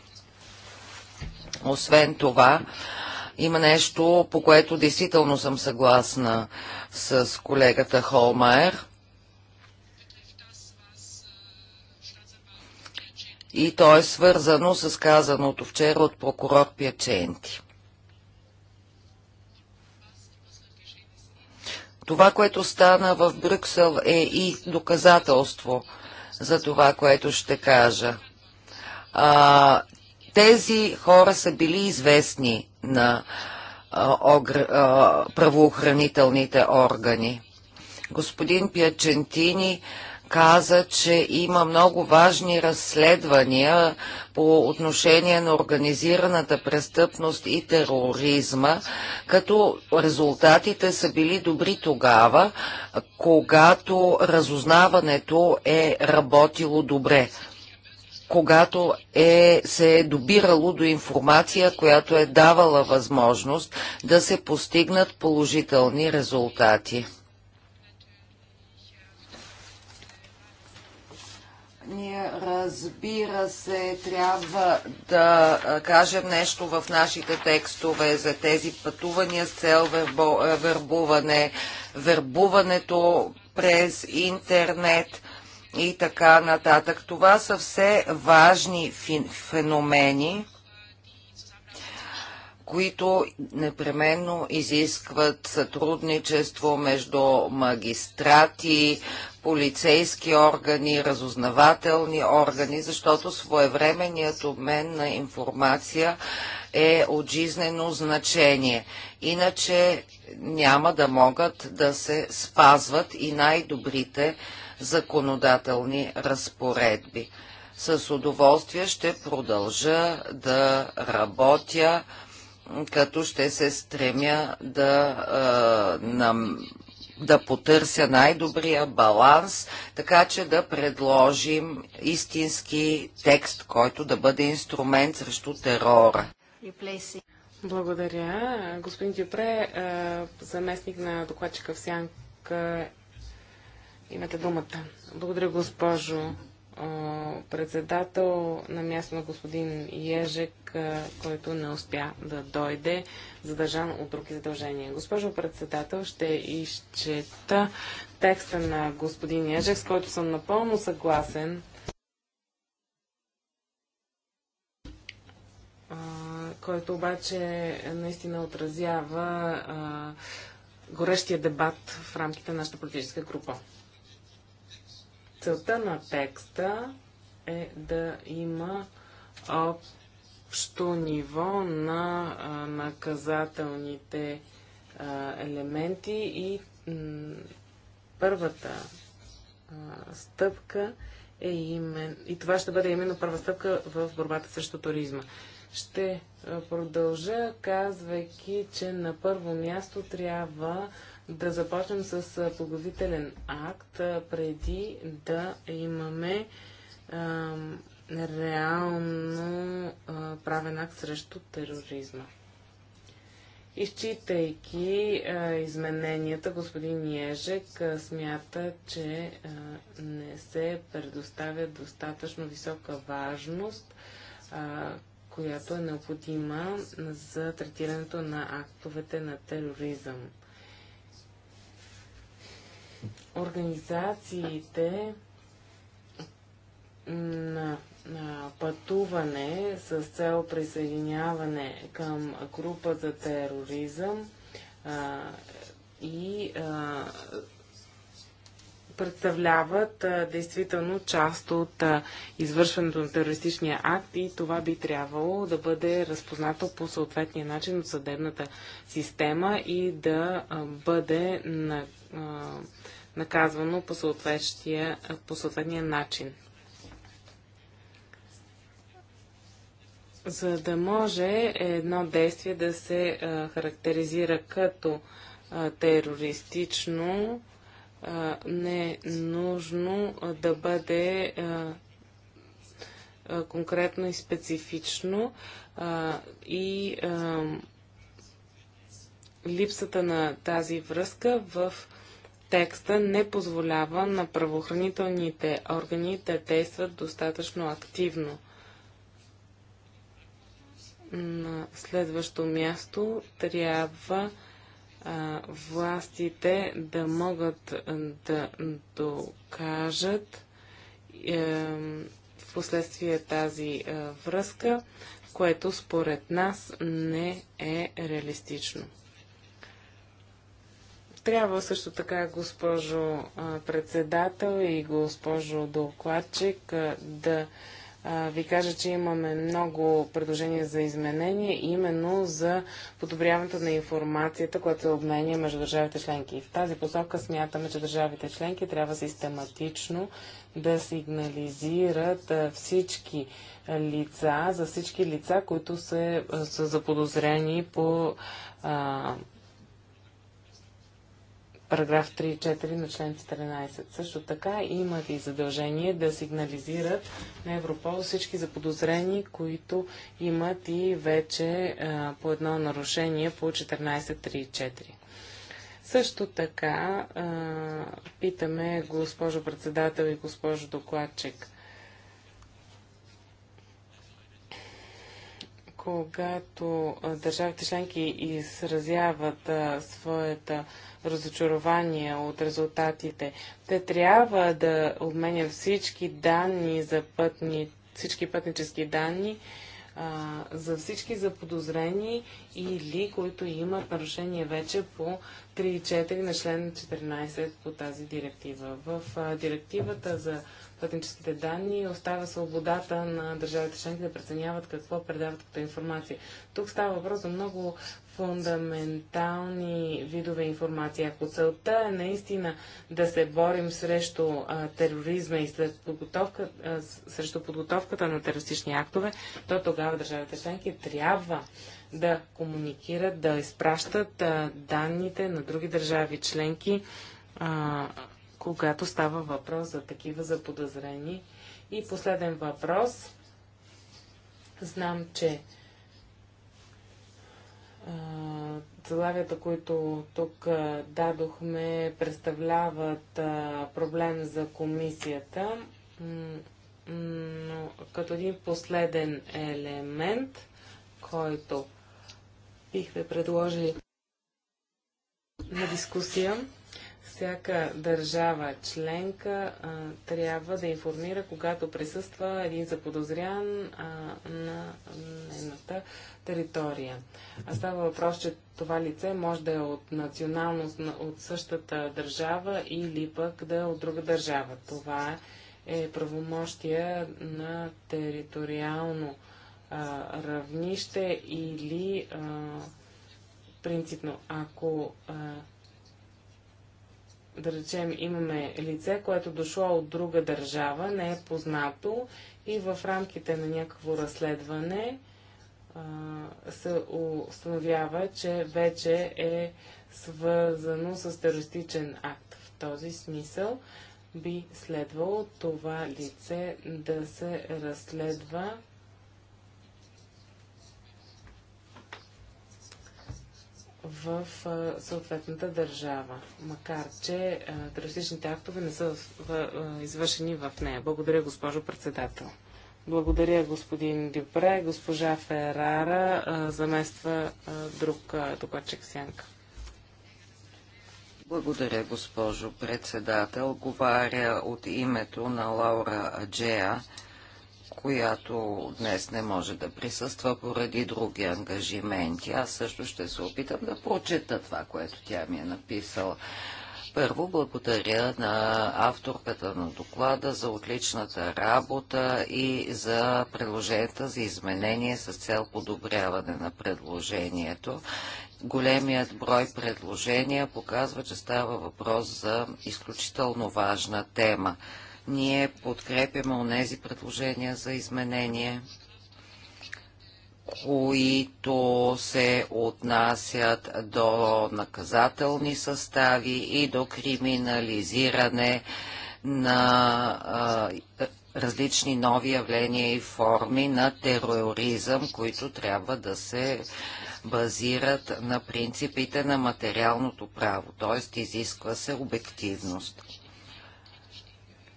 Освен това, има нещо, по което действително съм съгласна с колегата Холмайер. И то е свързано с казаното вчера от прокурор Пяченти. Това, което стана в Брюксел е и доказателство – за това, което ще кажа. А, тези хора са били известни на а, огр, а, правоохранителните органи. Господин Пячентини а, каза, че има много важни разследвания по отношение на организираната престъпност и тероризма, като резултатите са били добри тогава, когато разузнаването е работило добре когато е, се е добирало до информация, която е давала възможност да се постигнат положителни резултати. Ние, разбира се, трябва да кажем нещо в нашите текстове за тези пътувания с цел вербуване, вербуването през интернет и така нататък. Това са все важни феномени, които непременно изискват сътрудничество между магистрати, полицейски органи, разузнавателни органи, защото своевременният обмен на информация е от жизнено значение. Иначе няма да могат да се спазват и най-добрите законодателни разпоредби. С удоволствие ще продължа да работя, като ще се стремя да е, нам да потърся най-добрия баланс, така че да предложим истински текст, който да бъде инструмент срещу терора. Благодаря. Господин Дюпре, заместник на докладчика в Сянка, имате думата. Благодаря, госпожо председател на място на господин Ежек, който не успя да дойде, задържан от други задължения. Госпожо председател, ще изчета текста на господин Ежек, с който съм напълно съгласен. който обаче наистина отразява горещия дебат в рамките на нашата политическа група. Целта на текста е да има общо ниво на наказателните елементи и първата стъпка е имен... И това ще бъде именно първа стъпка в борбата срещу туризма. Ще продължа, казвайки, че на първо място трябва да започнем с поглавителен акт, преди да имаме реално правен акт срещу тероризма. Изчитайки а, измененията, господин Ежек а, смята, че а, не се предоставя достатъчно висока важност, а, която е необходима за третирането на актовете на тероризъм организациите на, на пътуване с цел присъединяване към група за тероризъм а, и а, представляват а, действително част от а, извършването на терористичния акт и това би трябвало да бъде разпознато по съответния начин от съдебната система и да а, бъде на, а, наказвано по, по съответния начин. За да може едно действие да се а, характеризира като а, терористично, а, не е нужно да бъде конкретно и специфично и липсата на тази връзка в текста не позволява на правоохранителните органи да действат достатъчно активно. На следващо място трябва а, властите да могат да докажат е, в последствие тази е, връзка, което според нас не е реалистично. Трябва също така, госпожо председател и госпожо докладчик, да ви кажа, че имаме много предложения за изменение, именно за подобряването на информацията, която се обменя между държавите членки. И в тази посока смятаме, че държавите членки трябва систематично да сигнализират всички лица, за всички лица, които са заподозрени по а, параграф 3 и 4 на член 14. Също така имат и задължение да сигнализират на Европол всички заподозрени, които имат и вече а, по едно нарушение по 14 и 4. Също така а, питаме госпожо председател и госпожо докладчик. Когато а, държавите членки изразяват а, своята Разочарование от резултатите. Те трябва да обменят всички данни за пътни, всички пътнически данни а, за всички заподозрени или които имат нарушение вече по 3 4 на член 14 по тази директива. В а, директивата за пътническите данни остава свободата на държавите членки да преценяват какво предават като информация. Тук става въпрос за много фундаментални видове информация. Ако целта е наистина да се борим срещу а, тероризма и след подготовка, а, срещу подготовката на терористични актове, то тогава държавите членки трябва да комуникират, да изпращат а, данните на други държави членки, а, когато става въпрос за такива заподозрени. И последен въпрос. Знам, че Заглавията, които тук дадохме, представляват проблем за комисията. Но като един последен елемент, който бихме предложили на дискусия, всяка държава членка а, трябва да информира, когато присъства един заподозрян а, на нейната територия. А става въпрос, че това лице може да е от националност от същата държава или пък да е от друга държава. Това е правомощие на териториално а, равнище или а, принципно, ако а, да речем, имаме лице, което дошло от друга държава, не е познато и в рамките на някакво разследване а, се установява, че вече е свързано с терористичен акт. В този смисъл би следвало това лице да се разследва в съответната държава, макар че терористичните актове не са извършени в нея. Благодаря, госпожо председател. Благодаря, господин Дюпре. Госпожа Ферара замества друг докладчик Сянка. Благодаря, госпожо председател. Говаря от името на Лаура Аджея, която днес не може да присъства поради други ангажименти. Аз също ще се опитам да прочета това, което тя ми е написала. Първо благодаря на авторката на доклада за отличната работа и за предложенията за изменение с цел подобряване на предложението. Големият брой предложения показва, че става въпрос за изключително важна тема ние подкрепяме онези предложения за изменение, които се отнасят до наказателни състави и до криминализиране на а, различни нови явления и форми на тероризъм, които трябва да се базират на принципите на материалното право, т.е. изисква се обективност.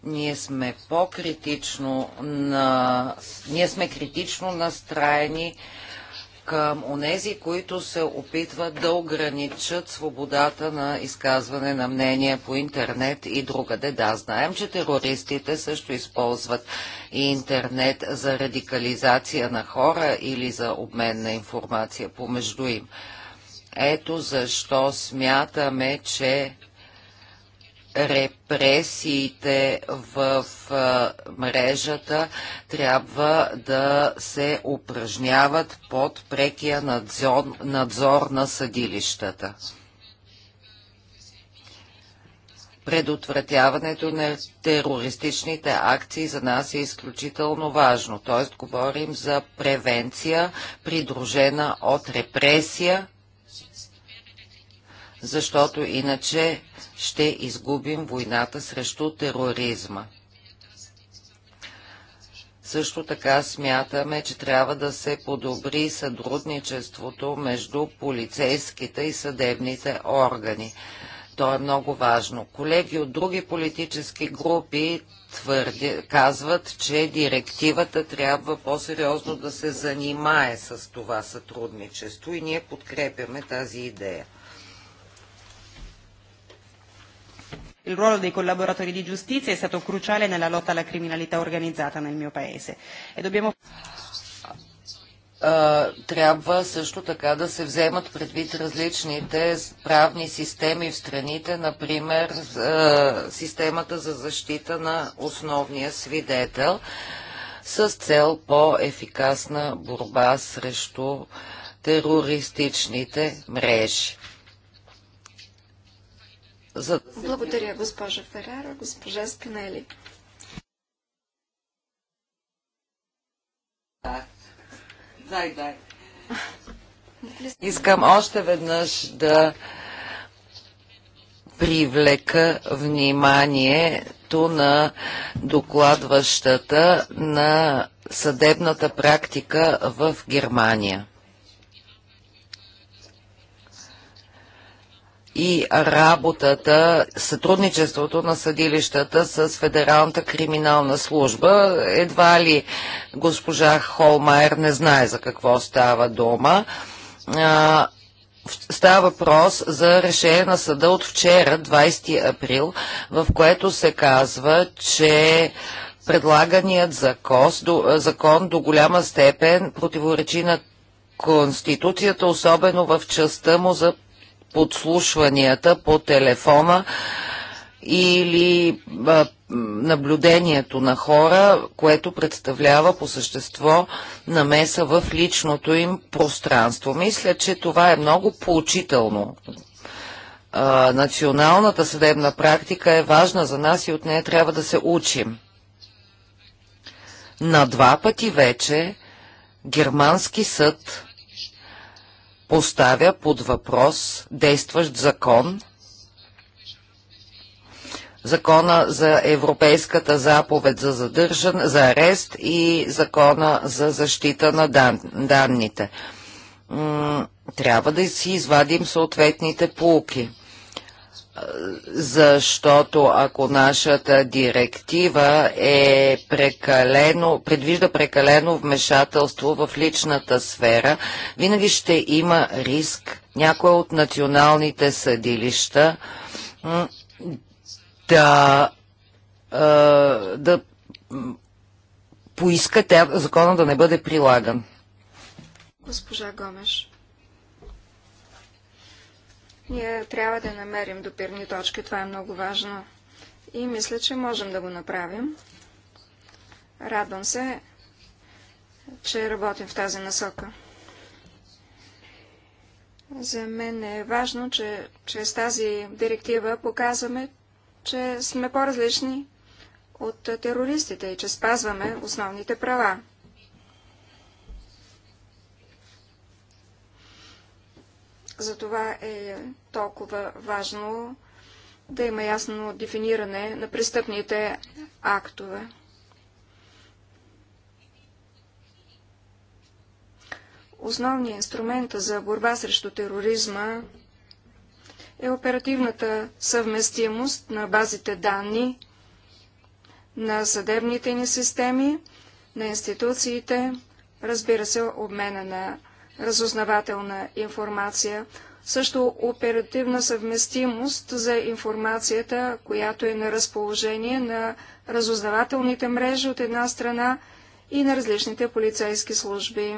Ние сме по-критично на... Ние сме критично настроени към онези, които се опитват да ограничат свободата на изказване на мнение по интернет и другаде. Да, знаем, че терористите също използват и интернет за радикализация на хора или за обмен на информация помежду им. Ето защо смятаме, че репресиите в мрежата трябва да се упражняват под прекия надзор, надзор на съдилищата. Предотвратяването на терористичните акции за нас е изключително важно, т.е. говорим за превенция, придружена от репресия, защото иначе ще изгубим войната срещу тероризма. Също така смятаме, че трябва да се подобри сътрудничеството между полицейските и съдебните органи. То е много важно. Колеги от други политически групи твърди, казват, че директивата трябва по-сериозно да се занимае с това сътрудничество и ние подкрепяме тази идея. Il ruolo dei collaboratori di giustizia è stato cruciale nella lotta alla criminalità organizzata nel mio paese. E dobbiamo трябва също така да се вземат предвид различните правни системи в страните, например системата за защита на основния свидетел с цел по-ефикасна борба срещу терористичните мрежи. За... Благодаря, госпожа Ферара, госпожа Спинели. Дай, дай. Искам още веднъж да привлека вниманието на докладващата на съдебната практика в Германия. и работата, сътрудничеството на съдилищата с Федералната криминална служба. Едва ли госпожа Холмайер не знае за какво става дума. Става въпрос за решение на съда от вчера, 20 април, в което се казва, че предлаганият закон до голяма степен противоречи на Конституцията, особено в частта му за подслушванията по телефона или а, наблюдението на хора, което представлява по същество намеса в личното им пространство. Мисля, че това е много поучително. А, националната съдебна практика е важна за нас и от нея трябва да се учим. На два пъти вече германски съд поставя под въпрос действащ закон, закона за Европейската заповед за задържан, за арест и закона за защита на дан, данните. М трябва да си извадим съответните полки защото ако нашата директива е прекалено, предвижда прекалено вмешателство в личната сфера, винаги ще има риск някой от националните съдилища да, да поиска закона да не бъде прилаган. Госпожа Гомеш. Ние трябва да намерим допирни точки, това е много важно. И мисля, че можем да го направим. Радвам се, че работим в тази насока. За мен е важно, че чрез тази директива показваме, че сме по-различни от терористите и че спазваме основните права. Затова е толкова важно да има ясно дефиниране на престъпните актове. Основният инструмент за борба срещу тероризма е оперативната съвместимост на базите данни, на съдебните ни системи, на институциите, разбира се, обмена на разузнавателна информация. Също оперативна съвместимост за информацията, която е на разположение на разузнавателните мрежи от една страна и на различните полицейски служби.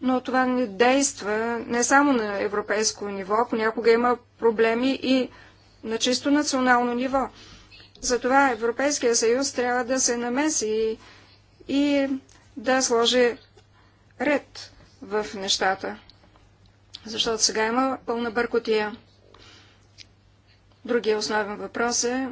Но това не действа не само на европейско ниво, понякога има проблеми и на чисто национално ниво. Затова Европейския съюз трябва да се намеси и, и да сложи ред в нещата. Защото сега има пълна бъркотия. Другия основен въпрос е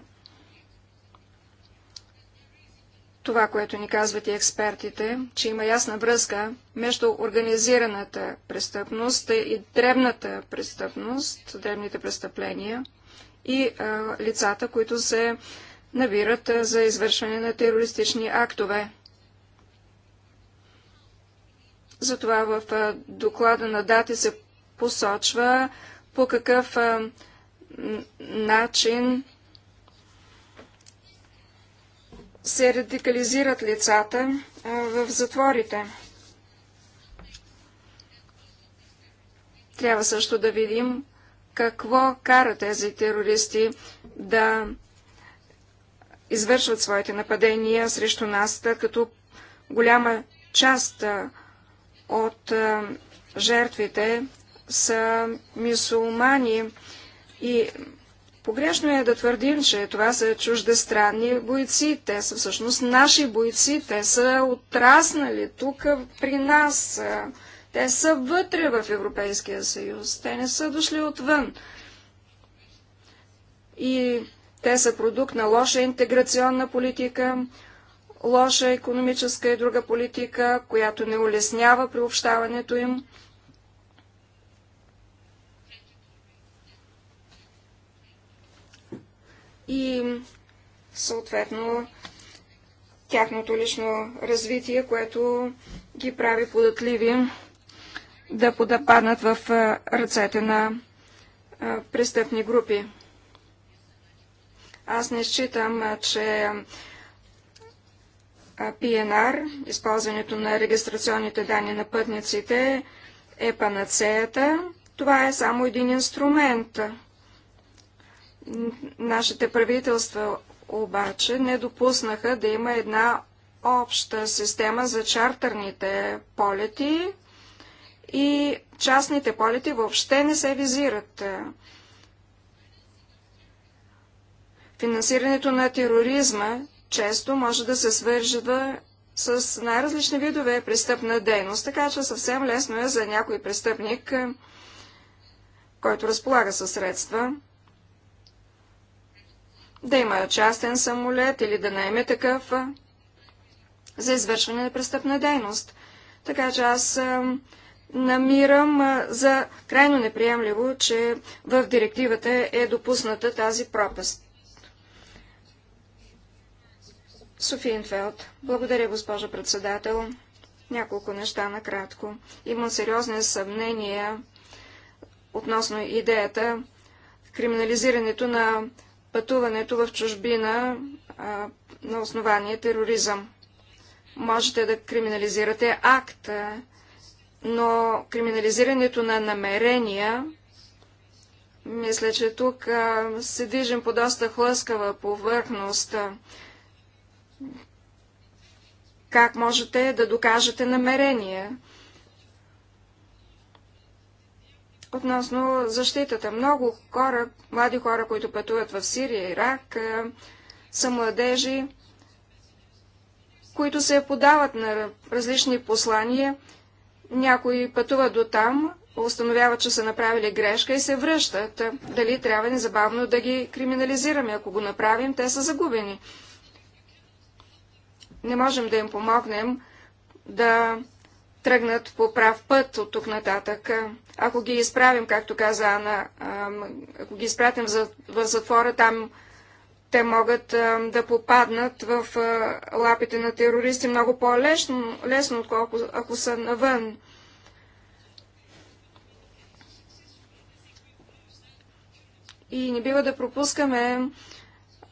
това, което ни казват и експертите, че има ясна връзка между организираната престъпност и древната престъпност, древните престъпления и а, лицата, които се набират а, за извършване на терористични актове. Затова в доклада на дати се посочва по какъв начин се радикализират лицата в затворите. Трябва също да видим какво кара тези терористи да извършват своите нападения срещу нас, като голяма част от жертвите са мисулмани и погрешно е да твърдим, че това са чуждестранни бойци. Те са всъщност наши бойци, те са отраснали тук при нас. Те са вътре в Европейския съюз, те не са дошли отвън. И те са продукт на лоша интеграционна политика, лоша економическа и друга политика, която не улеснява приобщаването им. И съответно тяхното лично развитие, което ги прави податливи да подападнат в ръцете на престъпни групи. Аз не считам, че PNR, използването на регистрационните данни на пътниците е панацеята. Това е само един инструмент. Нашите правителства обаче не допуснаха да има една обща система за чартерните полети и частните полети въобще не се визират. Финансирането на тероризма често може да се свържва с най-различни видове престъпна дейност, така че съвсем лесно е за някой престъпник, е, който разполага със средства, да има частен самолет или да найме такъв е, за извършване на престъпна дейност. Така че аз е, намирам за крайно неприемливо, че в директивата е допусната тази пропаст. Софиенфелд. Благодаря, госпожа председател. Няколко неща накратко. Имам сериозни съмнения относно идеята криминализирането на пътуването в чужбина а, на основание тероризъм. Можете да криминализирате акта, но криминализирането на намерения, мисля, че тук а, се движим по доста хлъскава повърхност. Как можете да докажете намерения? Относно защитата. Много хора, млади хора, които пътуват в Сирия, Ирак, е, са младежи, които се подават на различни послания. Някои пътуват до там, установяват, че са направили грешка и се връщат. Дали трябва незабавно да ги криминализираме? Ако го направим, те са загубени не можем да им помогнем да тръгнат по прав път от тук нататък. Ако ги изправим, както каза Ана, ако ги изпратим в затвора, там те могат да попаднат в лапите на терористи много по-лесно, лесно, отколкото ако са навън. И не бива да пропускаме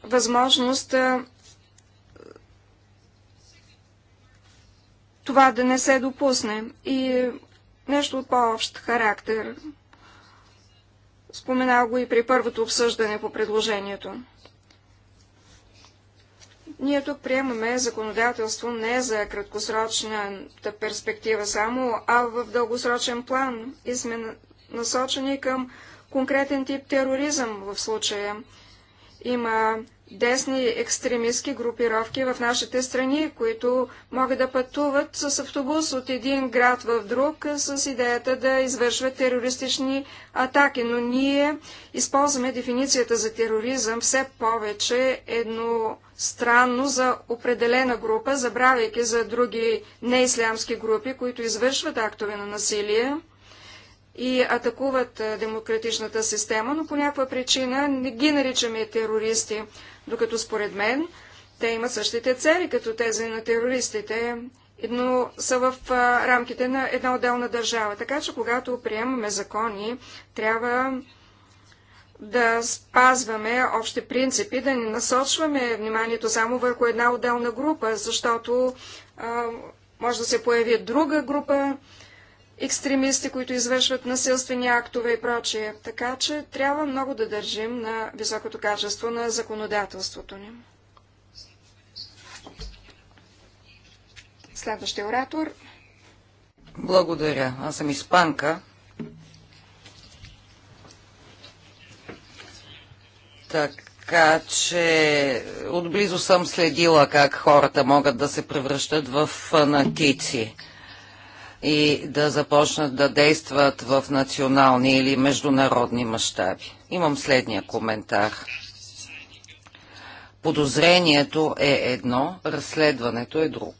възможност това да не се допусне. И нещо от по-общ характер. Споменал го и при първото обсъждане по предложението. Ние тук приемаме законодателство не за краткосрочната перспектива само, а в дългосрочен план и сме насочени към конкретен тип тероризъм в случая. Има десни екстремистски групировки в нашите страни, които могат да пътуват с автобус от един град в друг с идеята да извършват терористични атаки. Но ние използваме дефиницията за тероризъм все повече едно странно за определена група, забравяйки за други неислямски групи, които извършват актове на насилие и атакуват демократичната система, но по някаква причина не ги наричаме терористи, докато според мен те имат същите цели, като тези на терористите, но са в рамките на една отделна държава. Така че, когато приемаме закони, трябва да спазваме общи принципи, да не насочваме вниманието само върху една отделна група, защото а, може да се появи друга група екстремисти, които извършват насилствени актове и прочие. Така че трябва много да държим на високото качество на законодателството ни. Следващия оратор. Благодаря. Аз съм испанка. Така че отблизо съм следила как хората могат да се превръщат в фанатици и да започнат да действат в национални или международни мащаби. Имам следния коментар. Подозрението е едно, разследването е друго.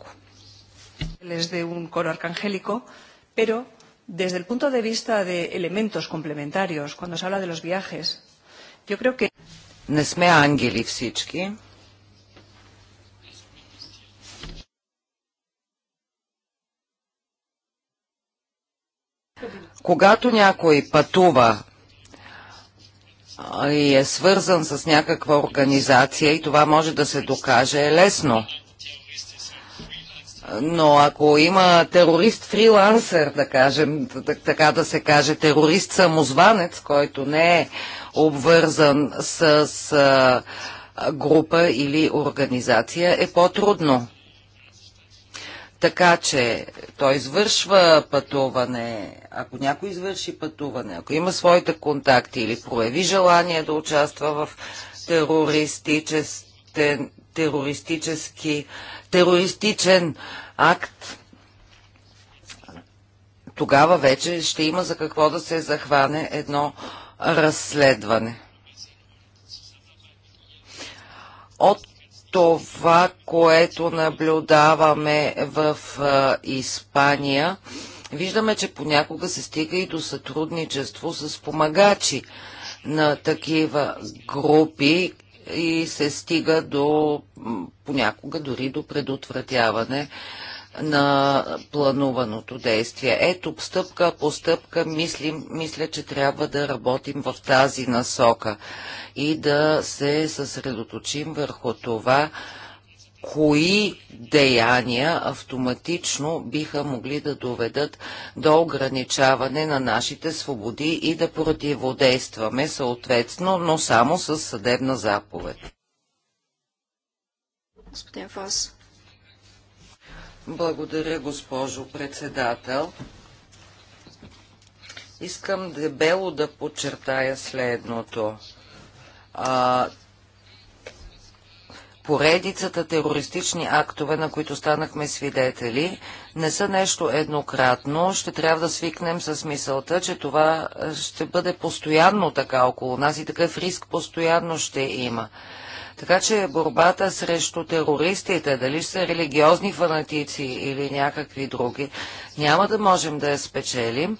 Desde un coro arcangélico, pero desde el punto de vista de elementos complementarios, cuando se habla de los viajes, yo creo que... Не сме ангели всички. Когато някой пътува и е свързан с някаква организация и това може да се докаже е лесно. Но ако има терорист-фрилансер, да кажем, така да се каже, терорист-самозванец, който не е обвързан с група или организация, е по-трудно. Така че той извършва пътуване, ако някой извърши пътуване, ако има своите контакти или прояви желание да участва в терористически, терористичен акт, тогава вече ще има за какво да се захване едно разследване. От това, което наблюдаваме в а, Испания, виждаме, че понякога се стига и до сътрудничество с помагачи на такива групи и се стига до понякога дори до предотвратяване на плануваното действие. Ето, стъпка по стъпка мислим, мисля, че трябва да работим в тази насока и да се съсредоточим върху това, кои деяния автоматично биха могли да доведат до ограничаване на нашите свободи и да противодействаме съответно, но само с съдебна заповед. Господин Фос, благодаря, госпожо председател. Искам дебело да подчертая следното. А, поредицата терористични актове, на които станахме свидетели, не са нещо еднократно. Ще трябва да свикнем с мисълта, че това ще бъде постоянно така около нас и такъв риск постоянно ще има. Така че борбата срещу терористите, дали са религиозни фанатици или някакви други, няма да можем да я спечелим,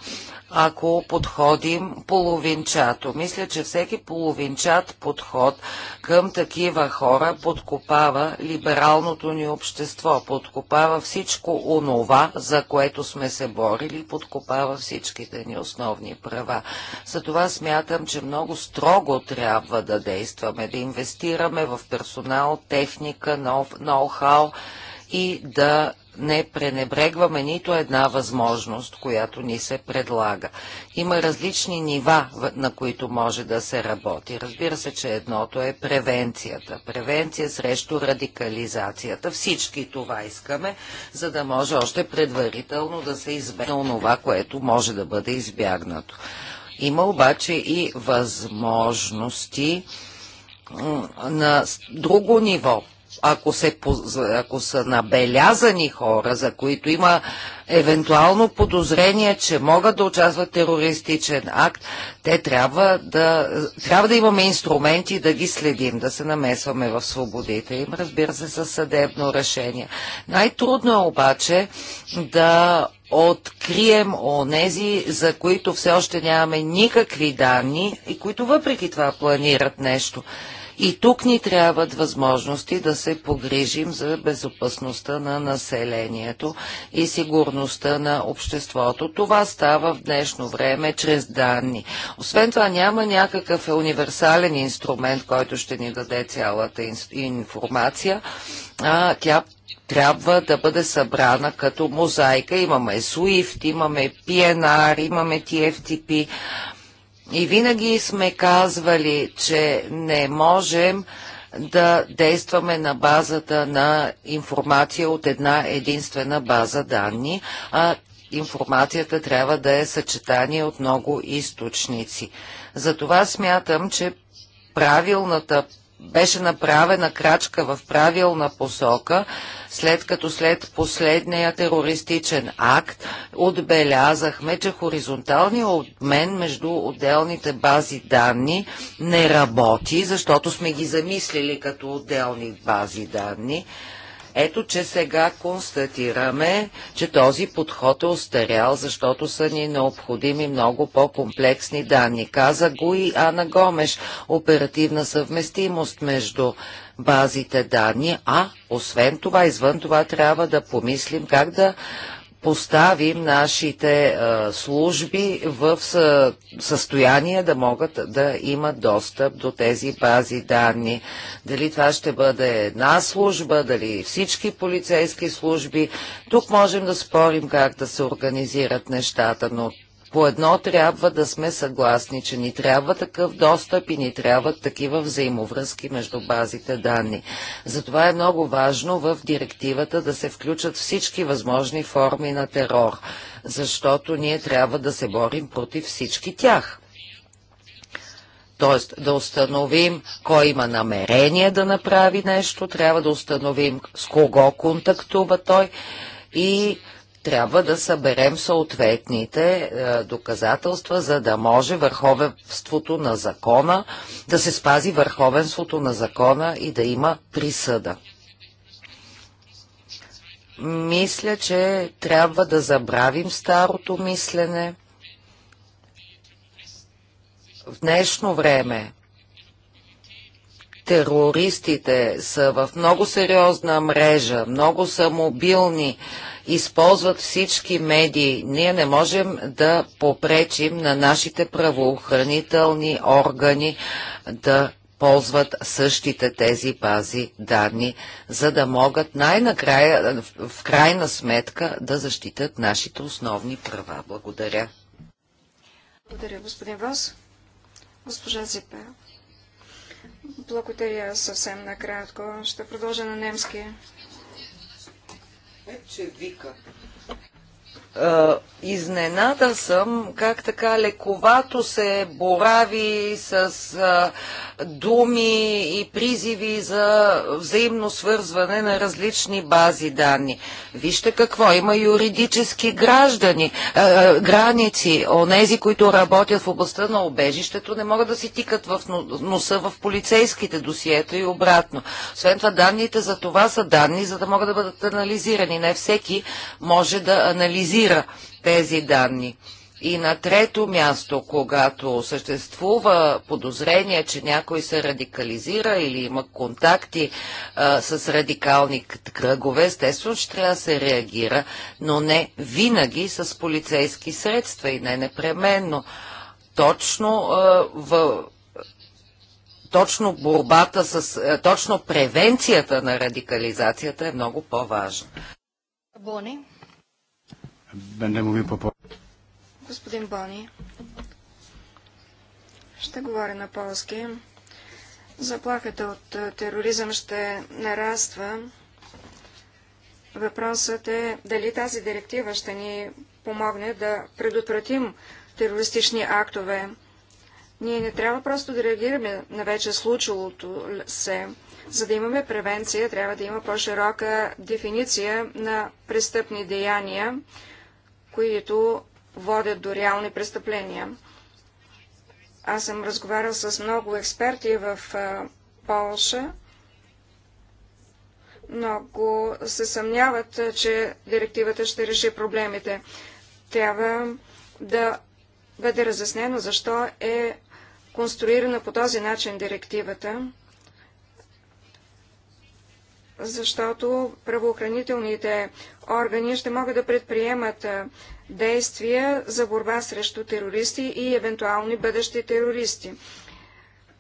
ако подходим половинчато. Мисля, че всеки половинчат подход към такива хора подкопава либералното ни общество, подкопава всичко онова, за което сме се борили, подкопава всичките ни основни права. Затова смятам, че много строго трябва да действаме, да инвестираме в персонал, техника, ноу-хау и да не пренебрегваме нито една възможност, която ни се предлага. Има различни нива, на които може да се работи. Разбира се, че едното е превенцията. Превенция срещу радикализацията. Всички това искаме, за да може още предварително да се избегне това, което може да бъде избягнато. Има обаче и възможности на друго ниво ако, се, ако са набелязани хора, за които има евентуално подозрение, че могат да участват терористичен акт, те трябва да, трябва да имаме инструменти да ги следим, да се намесваме в свободите им, разбира се, със съдебно решение. Най-трудно е обаче да открием онези, за които все още нямаме никакви данни и които въпреки това планират нещо. И тук ни трябват възможности да се погрижим за безопасността на населението и сигурността на обществото. Това става в днешно време чрез данни. Освен това няма някакъв универсален инструмент, който ще ни даде цялата информация. А, тя трябва да бъде събрана като мозайка. Имаме SWIFT, имаме PNR, имаме TFTP. И винаги сме казвали, че не можем да действаме на базата на информация от една единствена база данни, а информацията трябва да е съчетание от много източници. Затова смятам, че правилната беше направена крачка в правилна посока, след като след последния терористичен акт отбелязахме, че хоризонталният обмен между отделните бази данни не работи, защото сме ги замислили като отделни бази данни, ето, че сега констатираме, че този подход е устарял, защото са ни необходими много по-комплексни данни. Каза го и Ана Гомеш. Оперативна съвместимост между базите данни, а освен това, извън това трябва да помислим как да поставим нашите а, е, служби в е, състояние да могат да имат достъп до тези бази данни. Дали това ще бъде една служба, дали всички полицейски служби. Тук можем да спорим как да се организират нещата, но по едно трябва да сме съгласни, че ни трябва такъв достъп и ни трябват такива взаимовръзки между базите данни. Затова е много важно в директивата да се включат всички възможни форми на терор, защото ние трябва да се борим против всички тях. Тоест да установим кой има намерение да направи нещо, трябва да установим с кого контактува той и трябва да съберем съответните е, доказателства, за да може върховенството на закона, да се спази върховенството на закона и да има присъда. Мисля, че трябва да забравим старото мислене. В днешно време Терористите са в много сериозна мрежа, много са мобилни, използват всички медии. Ние не можем да попречим на нашите правоохранителни органи да ползват същите тези бази данни, за да могат най-накрая, в крайна сметка, да защитат нашите основни права. Благодаря. Благодаря, господин Вас. Госпожа Зипева. Благодаря съвсем накратко. Ще продължа на немски. Е, че вика. Е, изненада съм как така лековато се борави с е, думи и призиви за взаимно свързване на различни бази данни. Вижте какво има юридически граждани, а, е, граници, онези, които работят в областта на обежището, не могат да си тикат в носа в полицейските досиета и обратно. Освен това, данните за това са данни, за да могат да бъдат анализирани. Не всеки може да анализира събира тези данни. И на трето място, когато съществува подозрение, че някой се радикализира или има контакти а, с радикални кръгове, естествено ще трябва да се реагира, но не винаги с полицейски средства и не непременно. Точно а, в точно борбата с, точно превенцията на радикализацията е много по-важна. Będę mówił po Господин Бони, ще говоря на полски. Заплахата от е, тероризъм ще нараства. Въпросът е дали тази директива ще ни помогне да предотвратим терористични актове. Ние не трябва просто да реагираме на вече случилото се. За да имаме превенция, трябва да има по-широка дефиниция на престъпни деяния, които водят до реални престъпления. Аз съм разговарял с много експерти в Полша. Много се съмняват, че директивата ще реши проблемите. Трябва да бъде разяснено защо е конструирана по този начин директивата защото правоохранителните органи ще могат да предприемат действия за борба срещу терористи и евентуални бъдещи терористи.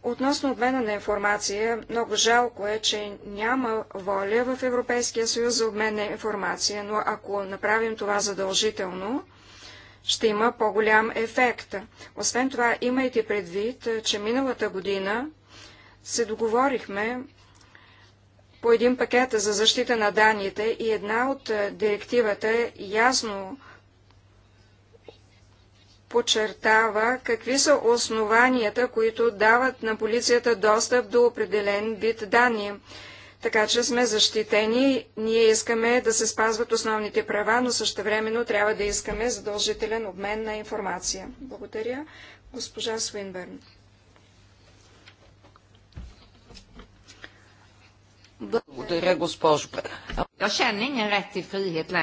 Относно обмена на информация, много жалко е, че няма воля в Европейския съюз за обмен на информация, но ако направим това задължително, ще има по-голям ефект. Освен това, имайте предвид, че миналата година се договорихме по един пакет за защита на данните и една от е, директивата ясно подчертава какви са основанията, които дават на полицията достъп до определен вид данни. Така че сме защитени, ние искаме да се спазват основните права, но същевременно трябва да искаме задължителен обмен на информация. Благодаря, госпожа Свинберн. Благодаря, госпожо.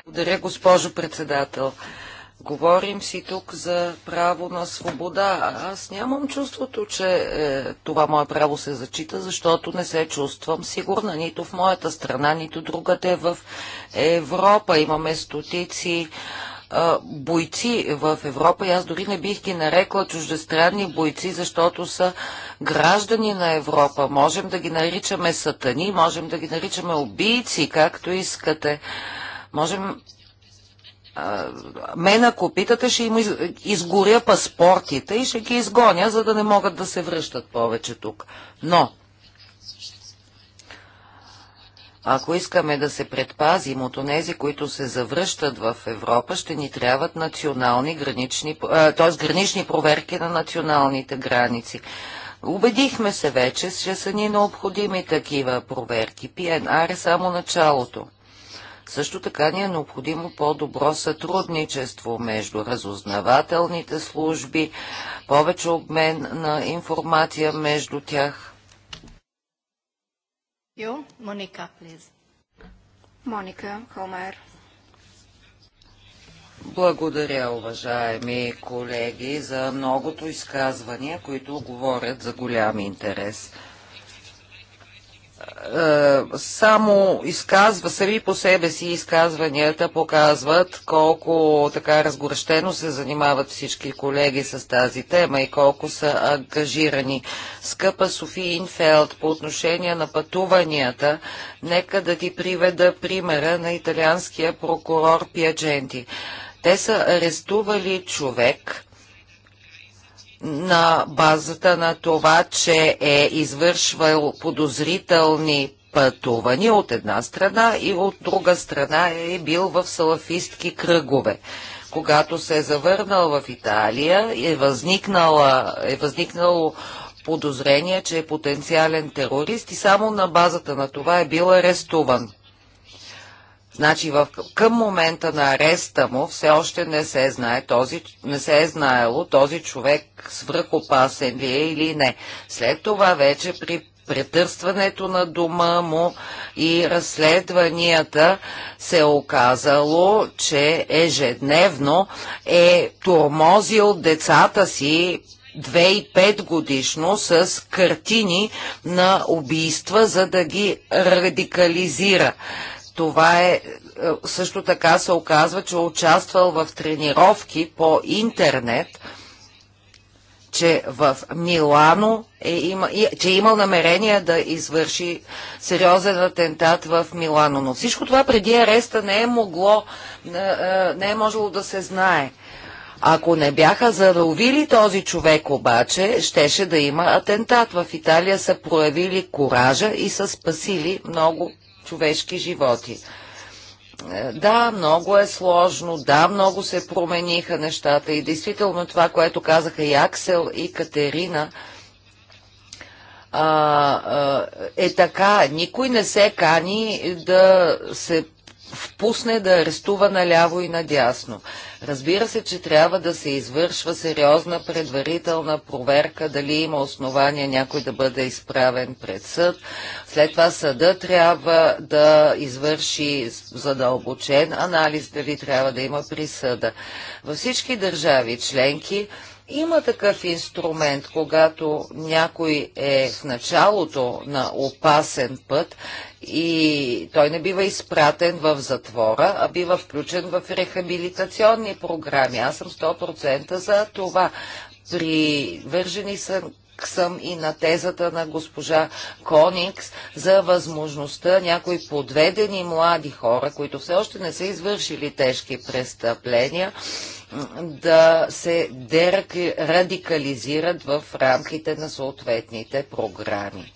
Благодаря, госпожо председател. Говорим си тук за право на свобода. Аз нямам чувството, че е, това мое право се зачита, защото не се чувствам сигурна нито в моята страна, нито е в Европа. Имаме стотици бойци в Европа и аз дори не бих ги нарекла чуждестранни бойци, защото са граждани на Европа. Можем да ги наричаме сатани, можем да ги наричаме убийци, както искате. Можем мен ако питате, ще им изгоря паспортите и ще ги изгоня, за да не могат да се връщат повече тук. Но ако искаме да се предпазим от онези, които се завръщат в Европа, ще ни трябват национални гранични, т.е. гранични проверки на националните граници. Убедихме се вече, че са ни необходими такива проверки. ПНР е само началото. Също така ни е необходимо по-добро сътрудничество между разузнавателните служби, повече обмен на информация между тях you. Monica, please. Благодаря, уважаеми колеги, за многото изказвания, които говорят за голям интерес. Е, само изказва, сами по себе си изказванията показват колко така разгорещено се занимават всички колеги с тази тема и колко са ангажирани. Скъпа Софи Инфелд, по отношение на пътуванията, нека да ти приведа примера на италианския прокурор Пиадженти. Те са арестували човек, на базата на това, че е извършвал подозрителни пътувания от една страна и от друга страна е бил в салафистки кръгове. Когато се е завърнал в Италия, е, възникнала, е възникнало подозрение, че е потенциален терорист и само на базата на това е бил арестуван. Значи в, към момента на ареста му все още не се, знае този, не се е знаело този човек свръхопасен ли е или не. След това вече при претърстването на дома му и разследванията се е оказало, че ежедневно е тормозил децата си 2 и 5 годишно с картини на убийства, за да ги радикализира. Това е, е, също така се оказва, че участвал в тренировки по интернет, че в Милано е има, че е имал намерение да извърши сериозен атентат в Милано. Но всичко това преди ареста не е могло, е, е, не е можело да се знае. Ако не бяха заровили този човек обаче, щеше да има атентат. В Италия са проявили коража и са спасили много човешки животи. Е, да, много е сложно, да, много се промениха нещата и действително това, което казаха и Аксел, и Катерина, а, а, е така. Никой не се кани да се впусне да арестува наляво и надясно. Разбира се, че трябва да се извършва сериозна предварителна проверка дали има основания някой да бъде изправен пред съд. След това съда трябва да извърши задълбочен анализ дали трябва да има присъда. Във всички държави членки има такъв инструмент, когато някой е в началото на опасен път и той не бива изпратен в затвора, а бива включен в рехабилитационни програми. Аз съм 100% за това. Привържени съм съм и на тезата на госпожа Коникс за възможността някои подведени млади хора, които все още не са извършили тежки престъпления, да се дерадикализират в рамките на съответните програми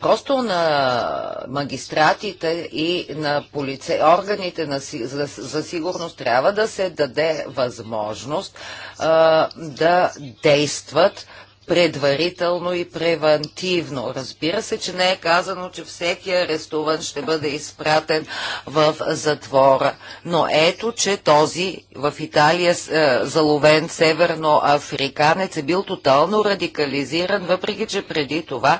просто на магистратите и на полице, органите на, за, за сигурност трябва да се даде възможност а, да действат предварително и превентивно. Разбира се, че не е казано, че всеки арестуван ще бъде изпратен в затвора. Но ето, че този в Италия е, заловен северноафриканец е бил тотално радикализиран, въпреки, че преди това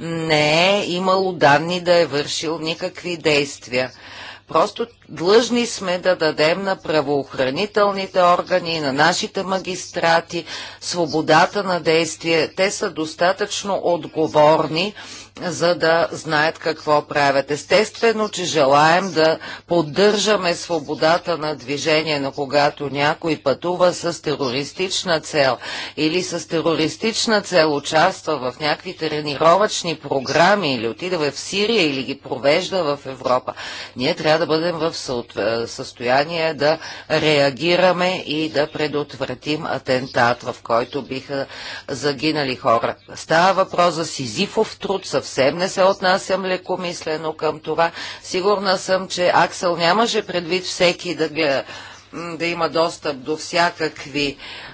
не е имало данни да е вършил никакви действия. Просто длъжни сме да дадем на правоохранителните органи, на нашите магистрати свободата на действие. Те са достатъчно отговорни за да знаят какво правят. Естествено, че желаем да поддържаме свободата на движение, но когато някой пътува с терористична цел или с терористична цел участва в някакви тренировъчни програми или отида в Сирия или ги провежда в Европа, ние трябва да бъдем в състояние да реагираме и да предотвратим атентат, в който биха загинали хора. Става въпрос за Сизифов труд, съвсем не се отнасям лекомислено към това. Сигурна съм, че Аксел нямаше предвид всеки да, гля, да има достъп до всякакви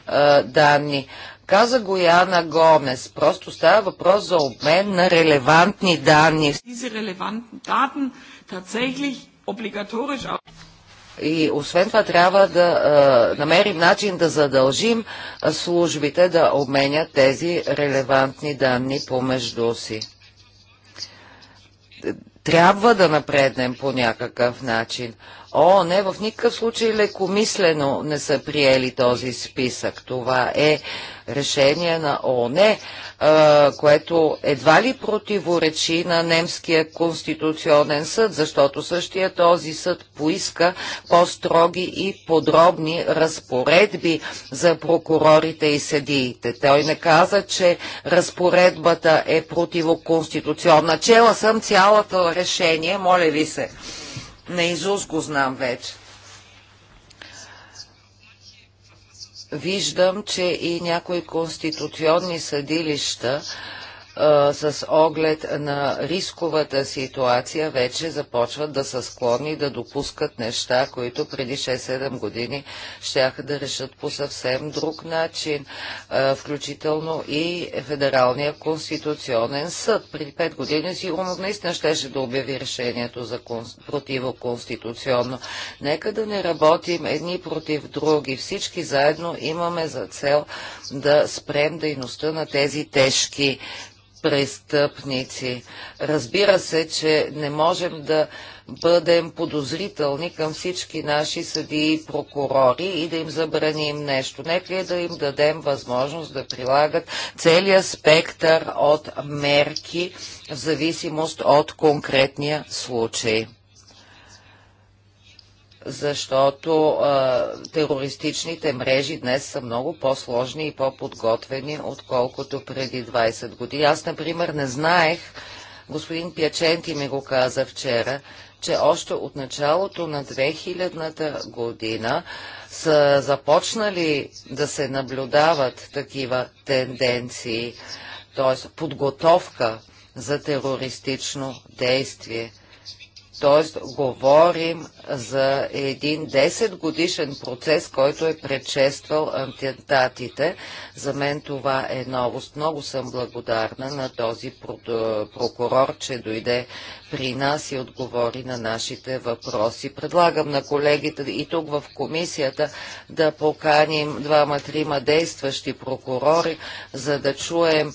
е, данни. Каза го Яна Гомес. Просто става въпрос за обмен на релевантни данни. И освен това трябва да е, намерим начин да задължим е, службите да обменят тези релевантни данни помежду си трябва да напреднем по някакъв начин. О, не, в никакъв случай лекомислено не са приели този списък. Това е решение на ООН, е, което едва ли противоречи на немския конституционен съд, защото същия този съд поиска по-строги и подробни разпоредби за прокурорите и съдиите. Той не каза, че разпоредбата е противоконституционна. Чела съм цялото решение, моля ви се. На изус го знам вече. виждам, че и някои конституционни съдилища а, с оглед на рисковата ситуация вече започват да са склонни да допускат неща, които преди 6-7 години ще да решат по съвсем друг начин, а, включително и Федералния конституционен съд. Преди 5 години сигурно наистина щеше да обяви решението за противоконституционно. Нека да не работим едни против други. Всички заедно имаме за цел да спрем дейността на тези тежки престъпници. Разбира се, че не можем да бъдем подозрителни към всички наши съдии и прокурори и да им забраним нещо. Нека е да им дадем възможност да прилагат целия спектър от мерки в зависимост от конкретния случай защото а, терористичните мрежи днес са много по-сложни и по-подготвени, отколкото преди 20 години. Аз, например, не знаех, господин Пяченти ми го каза вчера, че още от началото на 2000-та година са започнали да се наблюдават такива тенденции, т.е. подготовка за терористично действие. Т.е. говорим за един 10 годишен процес, който е предшествал атентатите. За мен това е новост. Много съм благодарна на този прокурор, че дойде при нас и отговори на нашите въпроси. Предлагам на колегите и тук в комисията да поканим двама-трима действащи прокурори, за да чуем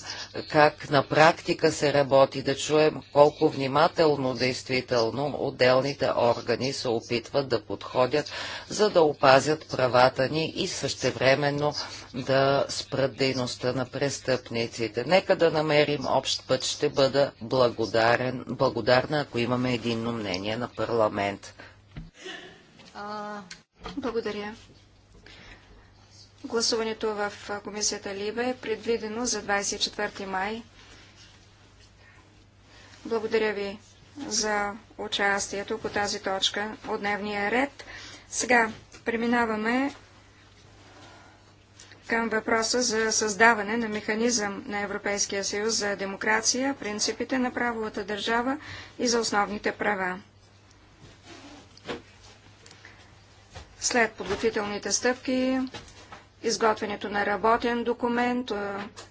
как на практика се работи, да чуем колко внимателно действително отделните органи се опитват да подходят, за да опазят правата ни и същевременно да спрат дейността на престъпниците. Нека да намерим общ път. Ще бъда благодарен, благодарна, ако имаме единно мнение на парламент. благодаря. Гласуването в комисията Либе е предвидено за 24 май. Благодаря ви за участието по тази точка от дневния ред. Сега преминаваме към въпроса за създаване на механизъм на Европейския съюз за демокрация, принципите на правовата държава и за основните права. След подготвителните стъпки, изготвянето на работен документ,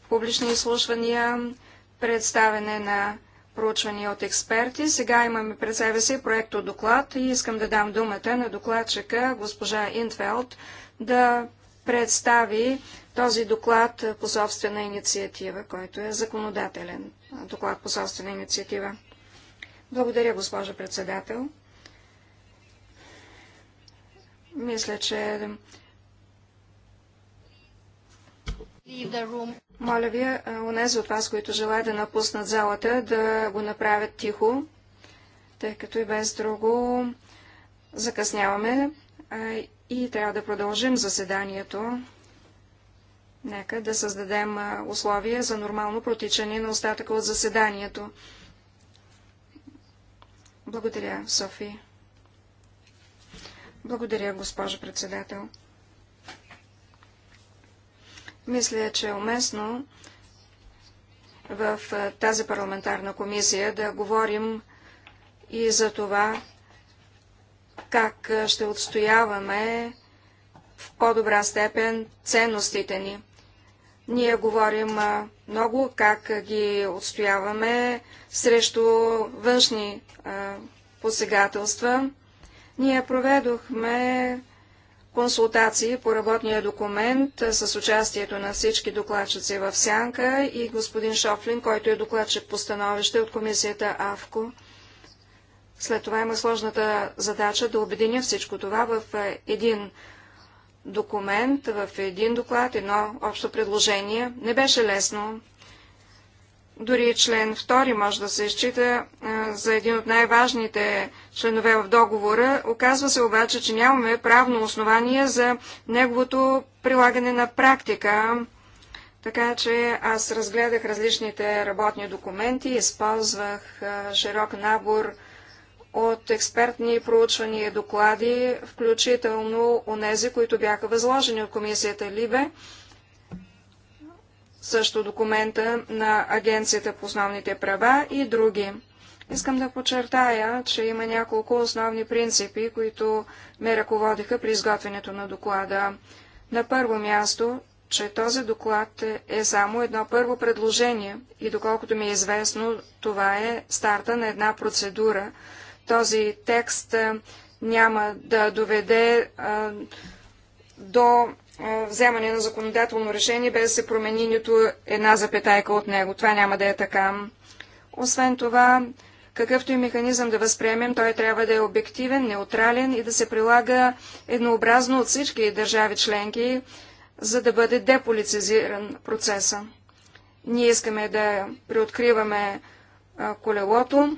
публични изслушвания, представяне на проучвания от експерти. Сега имаме пред себе си проекто доклад и искам да дам думата на докладчика госпожа Инфелд да представи този доклад по собствена инициатива, който е законодателен доклад по собствена инициатива. Благодаря, госпожа председател. Мисля, че моля ви, унези е, от вас, които желаят да напуснат залата, да го направят тихо, тъй като и без друго закъсняваме е, и трябва да продължим заседанието. Нека да създадем е, условия за нормално протичане на остатъка от заседанието. Благодаря, Софи. Благодаря, госпожо председател. Мисля, че е уместно в тази парламентарна комисия да говорим и за това, как ще отстояваме в по-добра степен ценностите ни. Ние говорим много как ги отстояваме срещу външни посегателства. Ние проведохме консултации по работния документ с участието на всички докладчици в Сянка и господин Шофлин, който е докладчик по становище от комисията АВКО. След това има сложната задача да обединя всичко това в един документ, в един доклад, едно общо предложение. Не беше лесно. Дори член 2 може да се изчита за един от най-важните членове в договора. Оказва се обаче, че нямаме правно основание за неговото прилагане на практика. Така че аз разгледах различните работни документи, използвах широк набор от експертни проучвания и доклади, включително онези, които бяха възложени от комисията Либе също документа на Агенцията по основните права и други. Искам да подчертая, че има няколко основни принципи, които ме ръководиха при изготвянето на доклада. На първо място, че този доклад е само едно първо предложение и доколкото ми е известно, това е старта на една процедура. Този текст няма да доведе а, до вземане на законодателно решение, без да се промени нито една запетайка от него. Това няма да е така. Освен това, какъвто и механизъм да възприемем, той трябва да е обективен, неутрален и да се прилага еднообразно от всички държави членки, за да бъде деполицизиран процеса. Ние искаме да приоткриваме колелото,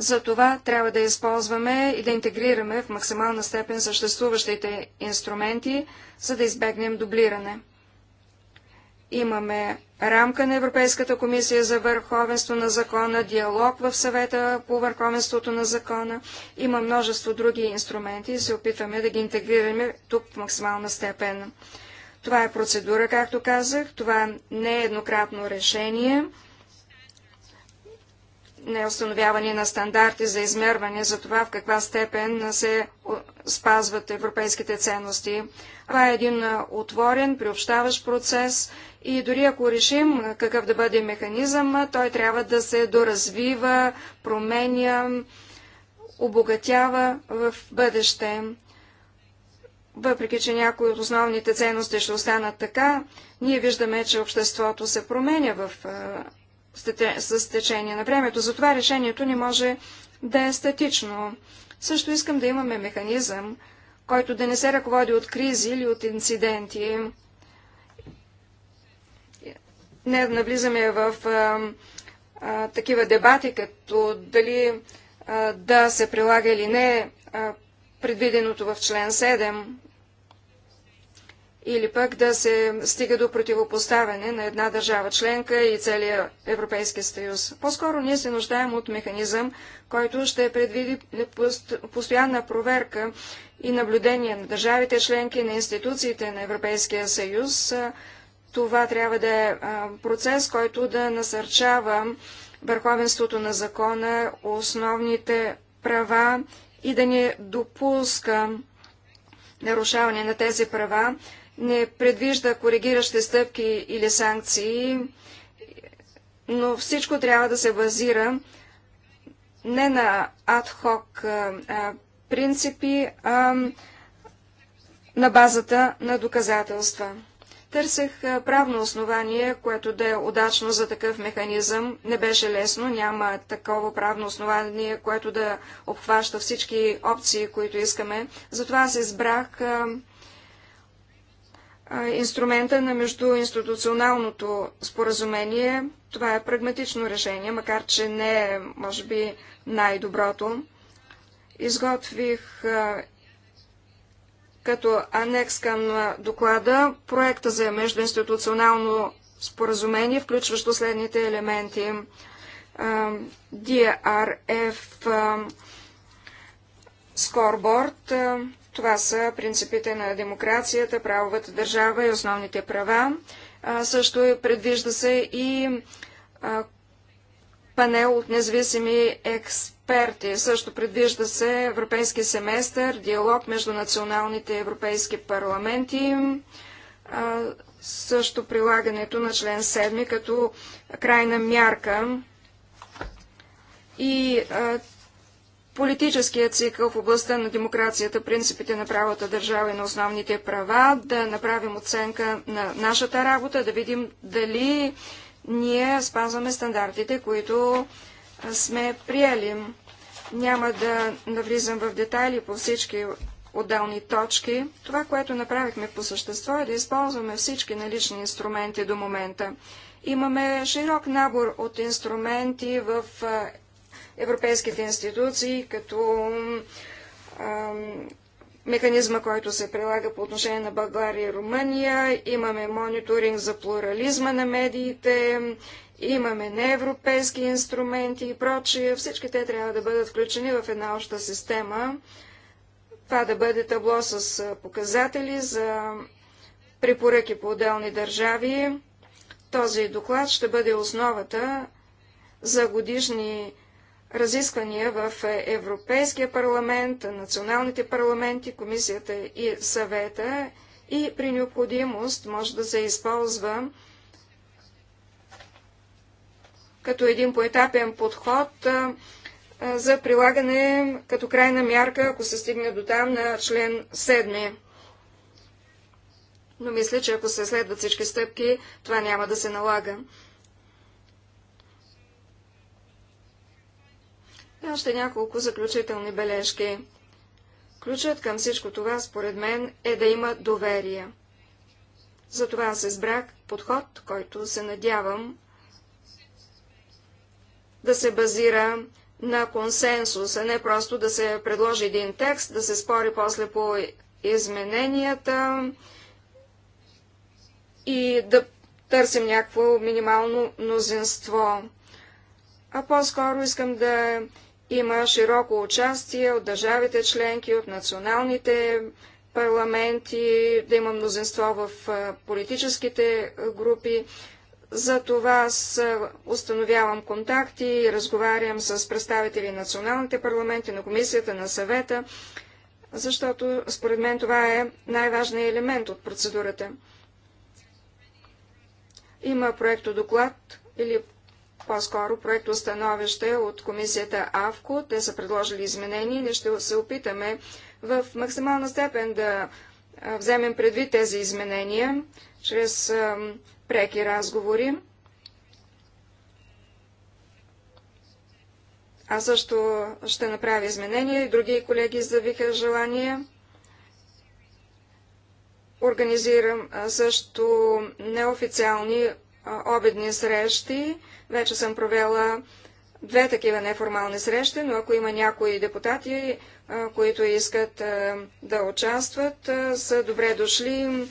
за това трябва да използваме и да интегрираме в максимална степен съществуващите инструменти, за да избегнем дублиране. Имаме рамка на Европейската комисия за върховенство на закона, диалог в съвета по върховенството на закона. Има множество други инструменти и се опитваме да ги интегрираме тук в максимална степен. Това е процедура, както казах, това не е еднократно решение неустановяване на стандарти за измерване за това в каква степен се спазват европейските ценности. Това е един отворен, приобщаващ процес и дори ако решим какъв да бъде механизъм, той трябва да се доразвива, променя, обогатява в бъдеще. Въпреки, че някои от основните ценности ще останат така, ние виждаме, че обществото се променя в с течение на времето. Затова решението не може да е статично. Също искам да имаме механизъм, който да не се ръководи от кризи или от инциденти. Не навлизаме в а, а, такива дебати, като дали а, да се прилага или не а, предвиденото в член 7 или пък да се стига до противопоставяне на една държава членка и целия Европейски съюз. По-скоро ние се нуждаем от механизъм, който ще предвиди постоянна проверка и наблюдение на държавите членки, на институциите на Европейския съюз. Това трябва да е процес, който да насърчава върховенството на закона, основните права и да не допуска нарушаване на тези права не предвижда коригиращи стъпки или санкции, но всичко трябва да се базира не на адхок принципи, а на базата на доказателства. Търсех правно основание, което да е удачно за такъв механизъм. Не беше лесно, няма такова правно основание, което да обхваща всички опции, които искаме. Затова аз избрах инструмента на междуинституционалното споразумение. Това е прагматично решение, макар че не е, може би, най-доброто. Изготвих като анекс към доклада проекта за междуинституционално споразумение, включващо следните елементи. DRF Scoreboard, това са принципите на демокрацията, правовата държава и основните права. А, също предвижда се и а, панел от независими експерти. Също предвижда се европейски семестър, диалог между националните европейски парламенти, а, също прилагането на член 7 като крайна мярка и а, политическия цикъл в областта на демокрацията, принципите на правата държава и на основните права, да направим оценка на нашата работа, да видим дали ние спазваме стандартите, които сме приели. Няма да навлизам в детайли по всички отделни точки. Това, което направихме по същество е да използваме всички налични инструменти до момента. Имаме широк набор от инструменти в европейските институции, като механизма, който се прилага по отношение на България и Румъния. Имаме мониторинг за плурализма на медиите, имаме неевропейски инструменти и прочие. Всички те трябва да бъдат включени в една обща система. Това да бъде табло с показатели за препоръки по отделни държави. Този доклад ще бъде основата за годишни разисквания в Европейския парламент, националните парламенти, комисията и съвета и при необходимост може да се използва като един поетапен подход за прилагане като крайна мярка, ако се стигне до там на член 7. Но мисля, че ако се следват всички стъпки, това няма да се налага. Още няколко заключителни бележки. Ключът към всичко това, според мен, е да има доверие. Затова аз избрах подход, който се надявам да се базира на консенсус, а не просто да се предложи един текст, да се спори после по измененията и да търсим някакво минимално мнозинство. А по-скоро искам да има широко участие от държавите членки, от националните парламенти, да има мнозинство в политическите групи. За това аз установявам контакти и разговарям с представители на националните парламенти, на комисията, на съвета, защото според мен това е най-важният елемент от процедурата. Има проекто доклад или по-скоро проекто становище от комисията АВКО. Те са предложили изменения. Ние ще се опитаме в максимална степен да вземем предвид тези изменения чрез преки разговори. Аз също ще направя изменения и други колеги завиха желания. Организирам също неофициални обедни срещи. Вече съм провела две такива неформални срещи, но ако има някои депутати, които искат да участват, са добре дошли.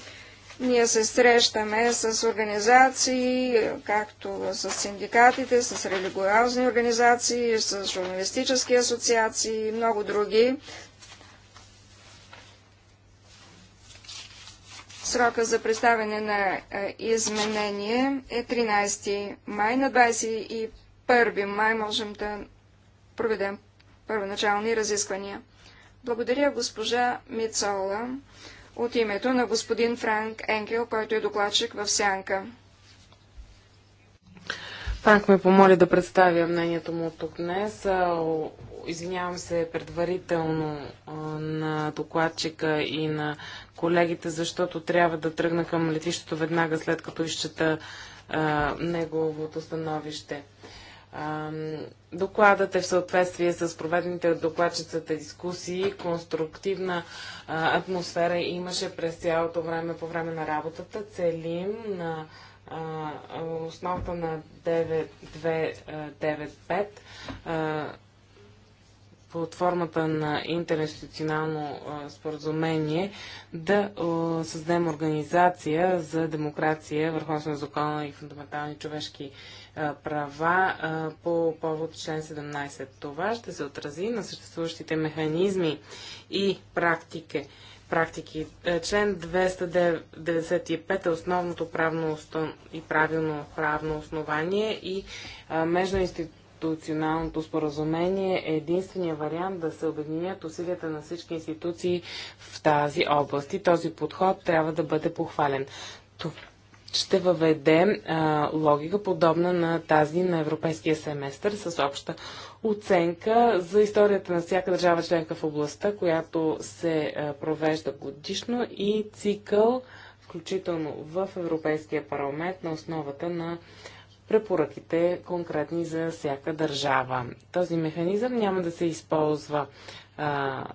Ние се срещаме с организации, както с синдикатите, с религиозни организации, с журналистически асоциации и много други, Срока за представяне на е, изменение е 13 май. На 21 май можем да проведем първоначални разисквания. Благодаря госпожа Мицола от името на господин Франк Енкел, който е докладчик в Сянка. Франк ме помоли да представя мнението му тук днес. Извинявам се предварително на докладчика и на колегите, защото трябва да тръгна към летището веднага след като изчета а, неговото становище. А, докладът е в съответствие с проведените от докладчицата дискусии. Конструктивна а, атмосфера имаше през цялото време по време на работата. Целим на основата на 9295 под формата на интернационално споразумение да създадем организация за демокрация, върховенство на закона и фундаментални човешки права по повод член 17. Това ще се отрази на съществуващите механизми и практики. практики. Е, член 295 е основното правно и правилно правно основание и междуинституционално Институционалното споразумение е единствения вариант да се обединят усилията на всички институции в тази област. И този подход трябва да бъде похвален. Тук ще въведе а, логика подобна на тази на европейския семестър с обща оценка за историята на всяка държава членка в областта, която се а, провежда годишно и цикъл, включително в Европейския парламент на основата на препоръките конкретни за всяка държава. Този механизъм няма да се използва а,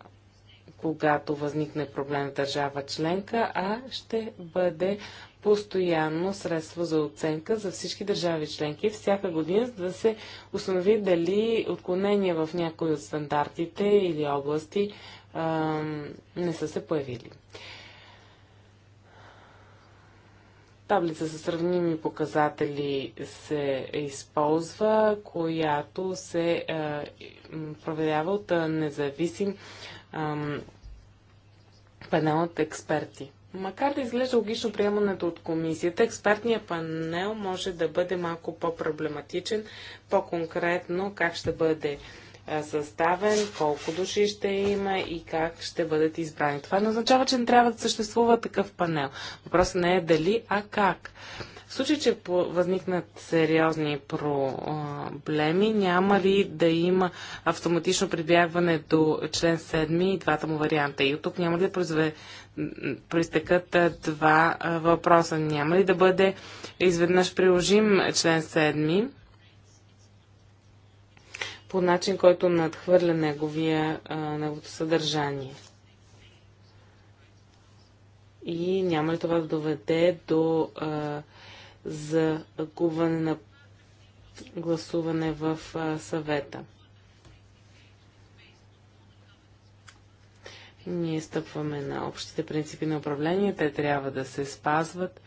когато възникне проблем в държава членка, а ще бъде постоянно средство за оценка за всички държави членки всяка година, за да се установи дали отклонения в някои от стандартите или области а, не са се появили. Таблица с сравними показатели се използва, която се е, проверява от е, независим панел от експерти. Макар да изглежда логично приемането от комисията, експертният панел може да бъде малко по-проблематичен, по-конкретно как ще бъде съставен, колко души ще има и как ще бъдат избрани. Това не означава, че не трябва да съществува такъв панел. Въпросът не е дали, а как. В случай, че възникнат сериозни проблеми, няма ли да има автоматично прибягване до член 7 и двата му варианта? И от тук няма ли да произве... проистекат два въпроса? Няма ли да бъде изведнъж приложим член 7? по начин, който надхвърля неговия, а, неговото съдържание. И няма ли това да доведе до а, загубване на гласуване в а, съвета? Ние стъпваме на общите принципи на управление, те трябва да се спазват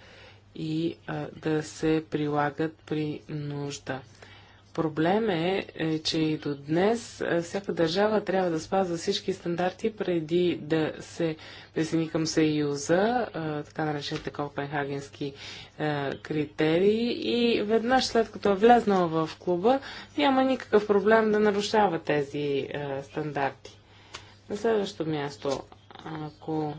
и а, да се прилагат при нужда. Проблем е, е, че и до днес е, всяка държава трябва да спазва всички стандарти преди да се присъедини към Съюза, е, така наречените копенхагенски критерии и веднъж след като е влезнала в клуба, няма никакъв проблем да нарушава тези стандарти. На следващо място, ако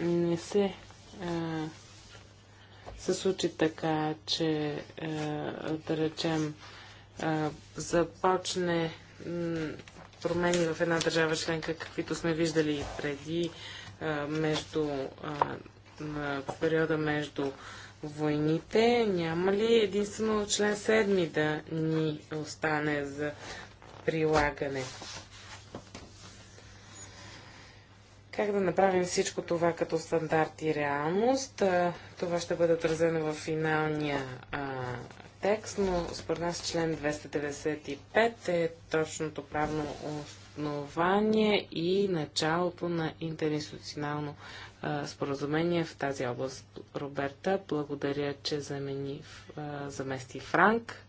не се се случи така, че е, да речем е, започне промени в една държава членка, каквито сме виждали и преди, е, между, е, на периода между войните, няма ли единствено член 7 да ни остане за прилагане? Как да направим всичко това като стандарт и реалност? Това ще бъде отразено в финалния а, текст, но според нас член 295 е точното правно основание и началото на интернационално споразумение в тази област. Роберта, благодаря, че замени, а, замести Франк.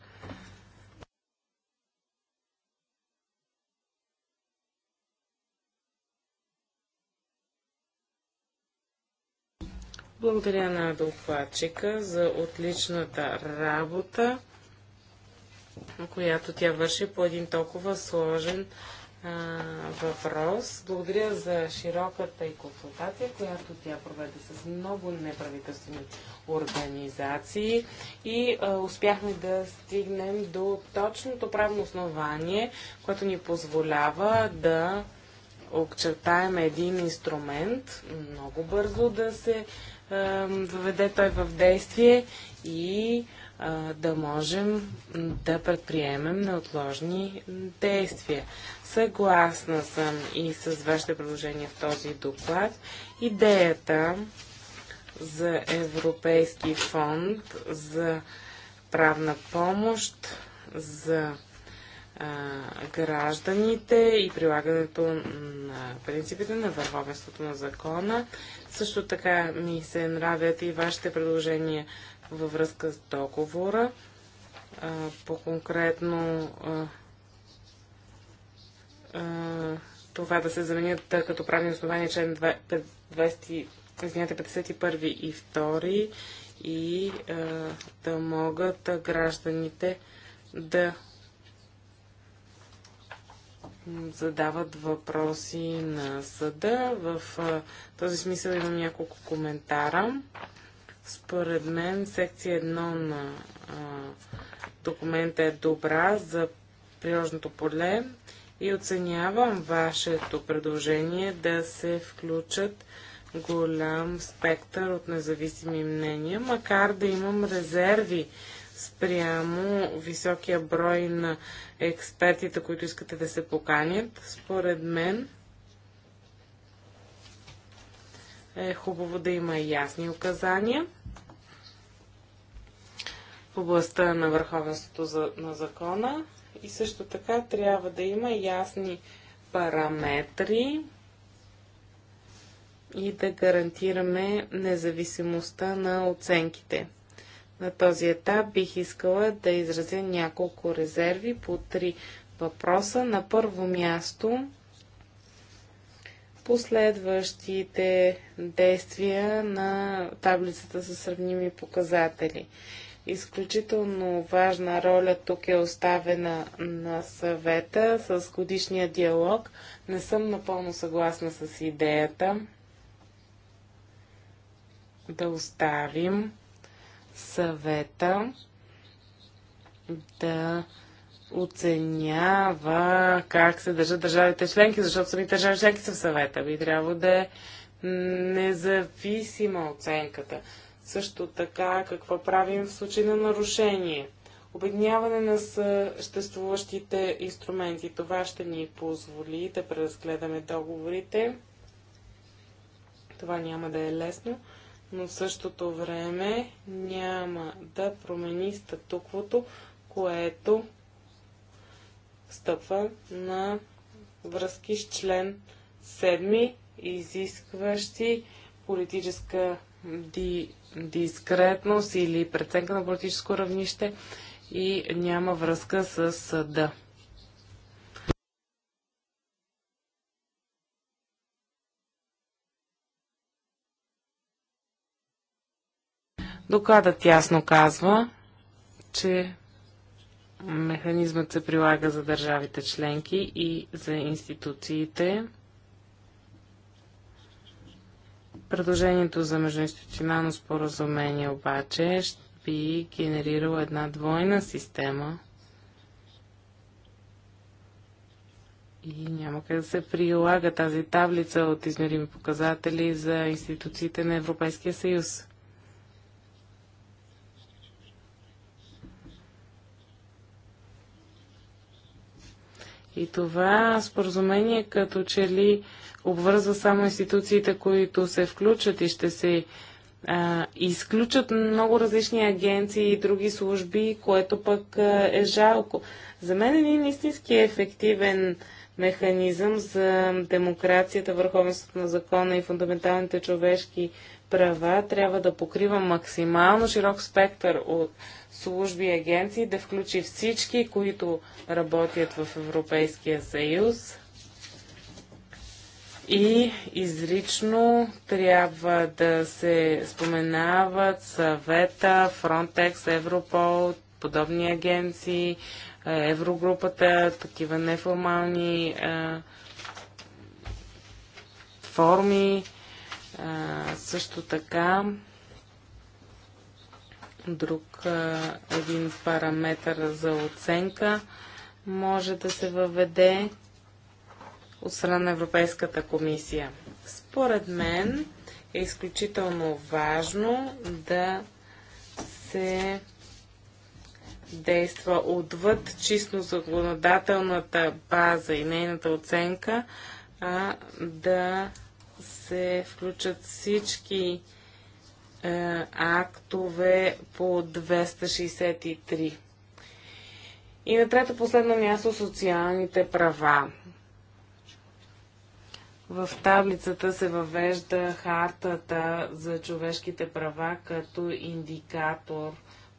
Благодаря на докладчика за отличната работа, която тя върши по един толкова сложен а, въпрос. Благодаря за широката и консултация, която тя проведе с много неправителствени организации и а, успяхме да стигнем до точното правно основание, което ни позволява да очертаем един инструмент, много бързо да се въведе той в действие и да можем да предприемем неотложни действия. Съгласна съм и с вашето предложение в този доклад. Идеята за Европейски фонд за правна помощ за гражданите и прилагането на принципите на върховенството на закона. Също така ми се нравят и вашите предложения във връзка с договора. По-конкретно това да се заменят като правни основания член 51 и 2 и да могат гражданите да задават въпроси на съда. В този смисъл имам няколко коментара. Според мен секция 1 на документа е добра за приложното поле и оценявам вашето предложение да се включат голям спектър от независими мнения, макар да имам резерви спрямо високия брой на експертите, които искате да се поканят. Според мен е хубаво да има ясни указания в областта на върховенството на закона и също така трябва да има ясни параметри и да гарантираме независимостта на оценките. На този етап бих искала да изразя няколко резерви по три въпроса. На първо място последващите действия на таблицата с сравними показатели. Изключително важна роля тук е оставена на съвета с годишния диалог. Не съм напълно съгласна с идеята да оставим съвета да оценява как се държат държавите членки, защото самите държави членки са в съвета. Би трябвало да е независима оценката. Също така, какво правим в случай на нарушение. Обедняване на съществуващите инструменти. Това ще ни позволи да преразгледаме договорите. Това няма да е лесно но в същото време няма да промени статуквото, което стъпва на връзки с член 7, изискващи политическа ди, дискретност или преценка на политическо равнище и няма връзка с съда. Докладът ясно казва, че механизмът се прилага за държавите членки и за институциите. Предложението за междуинституционално споразумение обаче би генерирало една двойна система и няма как да се прилага тази таблица от измерими показатели за институциите на Европейския съюз. И това споразумение като че ли обвързва само институциите, които се включат и ще се а, изключат много различни агенции и други служби, което пък а, е жалко. За мен е един истински ефективен механизъм за демокрацията, върховенството на закона и фундаменталните човешки права трябва да покрива максимално широк спектър от служби и агенции, да включи всички, които работят в Европейския съюз. И изрично трябва да се споменават съвета, Фронтекс, Европол, подобни агенции, е, Еврогрупата, такива неформални а, е, форми. А, е, също така друг един параметр за оценка може да се въведе от страна на Европейската комисия. Според мен е изключително важно да се действа отвъд чисто законодателната база и нейната оценка, а да се включат всички е, актове по 263. И на трето последно място социалните права. В таблицата се въвежда хартата за човешките права като индикатор,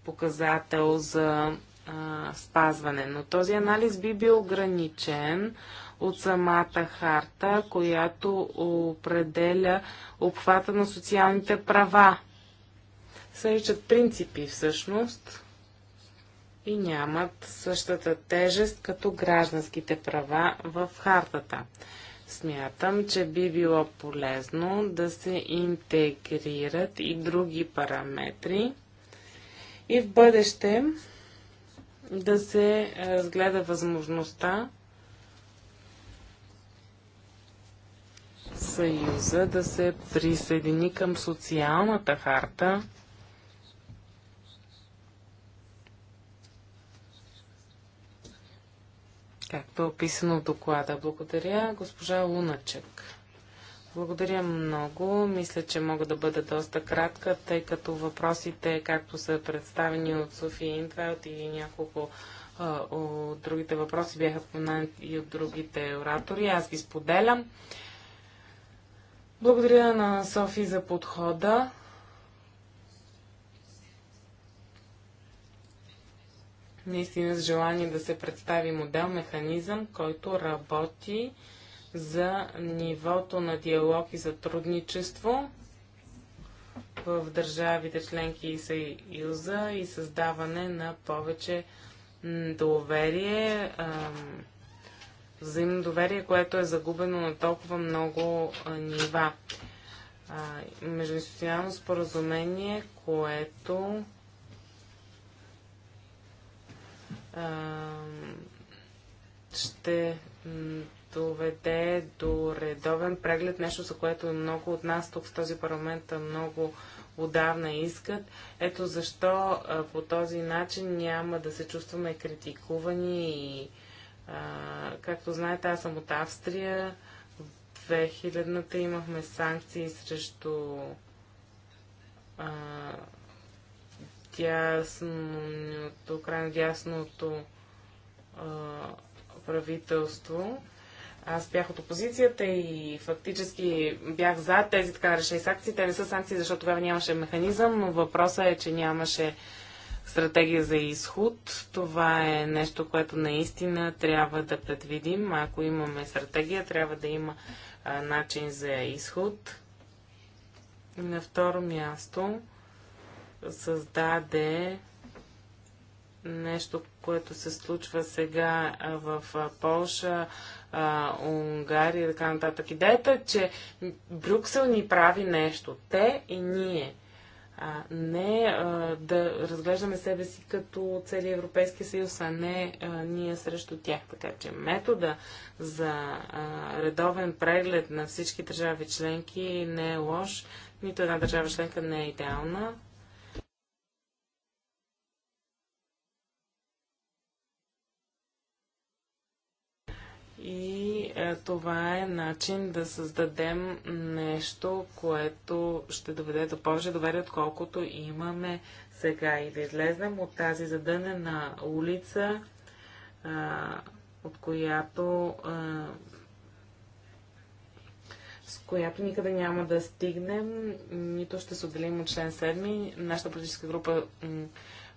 показател за а, спазване. Но този анализ би бил ограничен от самата харта, която определя обхвата на социалните права се наричат принципи всъщност и нямат същата тежест като гражданските права в хартата. Смятам, че би било полезно да се интегрират и други параметри и в бъдеще да се разгледа възможността Съюза да се присъедини към социалната харта както е описано в доклада. Благодаря, госпожа Луначек. Благодаря много. Мисля, че мога да бъда доста кратка, тъй като въпросите, както са представени от София Интвелт и няколко а, от другите въпроси, бяха споменати и от другите оратори. Аз ги споделям. Благодаря на Софи за подхода. наистина с желание да се представи модел, механизъм, който работи за нивото на диалог и сътрудничество в държавите членки и Съюза и създаване на повече доверие, взаимно доверие, което е загубено на толкова много нива. Междуинституционално споразумение, което ще доведе до редовен преглед, нещо за което много от нас тук в този парламент много отдавна искат. Ето защо по този начин няма да се чувстваме критикувани и както знаете, аз съм от Австрия. В 2000-та имахме санкции срещу дясното, крайно дясното а, правителство. Аз бях от опозицията и фактически бях за тези така решени санкции. Те не са санкции, защото тогава нямаше механизъм, но въпросът е, че нямаше стратегия за изход. Това е нещо, което наистина трябва да предвидим. Ако имаме стратегия, трябва да има а, начин за изход. На второ място създаде нещо, което се случва сега в Полша, Унгария и така нататък. Идеята е, че Брюксел ни прави нещо. Те и ние. А, не а, да разглеждаме себе си като цели Европейски съюз, а не а, ние срещу тях. Така че метода за а, редовен преглед на всички държави членки не е лош. Нито една държава членка не е идеална. Е, това е начин да създадем нещо, което ще доведе до повече доверие, отколкото имаме сега. И да излезнем от тази задънена улица, от която с която никъде няма да стигнем, нито ще се отделим от член 7. Нашата политическа група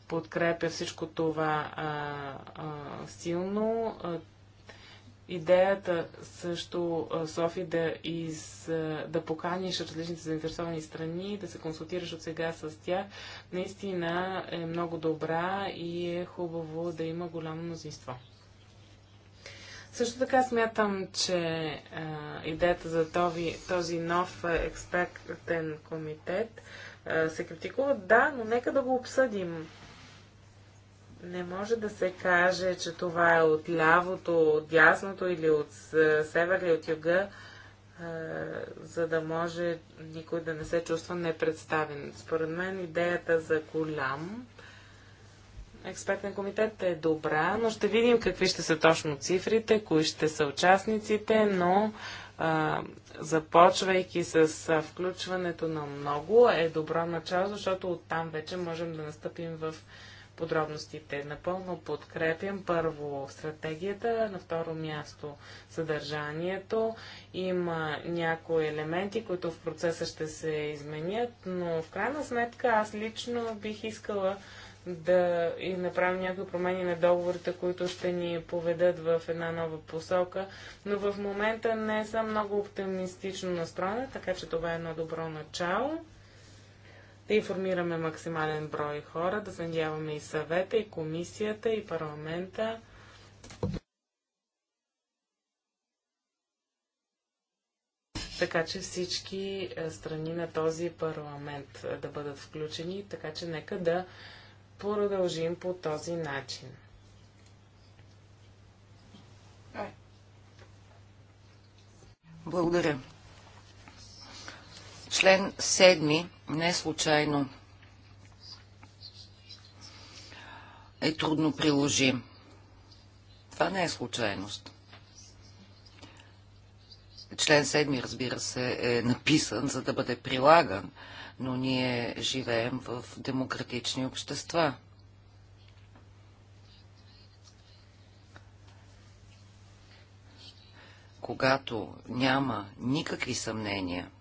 подкрепя всичко това а, а, силно идеята също Софи да, из, да поканиш различните заинтересовани страни, да се консултираш от сега с тях, наистина е много добра и е хубаво да има голямо мнозинство. Също така смятам, че а, идеята за този, този нов експертен комитет а, се критикува. Да, но нека да го обсъдим не може да се каже, че това е от лявото, от дясното или от север или от юга, за да може никой да не се чувства непредставен. Според мен идеята за голям експертен комитет е добра, но ще видим какви ще са точно цифрите, кои ще са участниците, но а, започвайки с включването на много е добро начало, защото оттам вече можем да настъпим в подробностите. Напълно подкрепям първо стратегията, на второ място съдържанието. Има някои елементи, които в процеса ще се изменят, но в крайна сметка аз лично бих искала да и направим някои промени на договорите, които ще ни поведат в една нова посока. Но в момента не съм много оптимистично настроена, така че това е едно добро начало да информираме максимален брой хора, да се и съвета, и комисията, и парламента. Така че всички е, страни на този парламент е, да бъдат включени, така че нека да продължим по този начин. Благодаря. Член 7 не случайно е трудно приложим. Това не е случайност. Член 7, разбира се, е написан, за да бъде прилаган, но ние живеем в демократични общества. Когато няма никакви съмнения –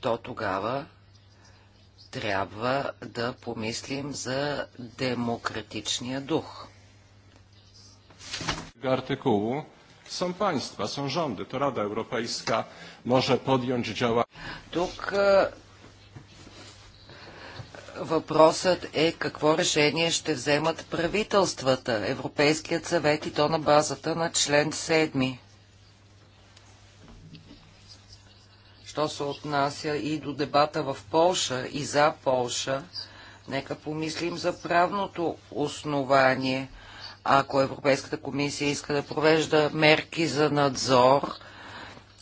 то тогава трябва да помислим за демократичния дух. Артикул са państwa, са жанди, то Рада Европейска може podjąć działania. Тук въпросът е какво решение ще вземат правителствата, Европейският съвет и то на базата на член Що се отнася и до дебата в Полша и за Полша, нека помислим за правното основание. Ако Европейската комисия иска да провежда мерки за надзор,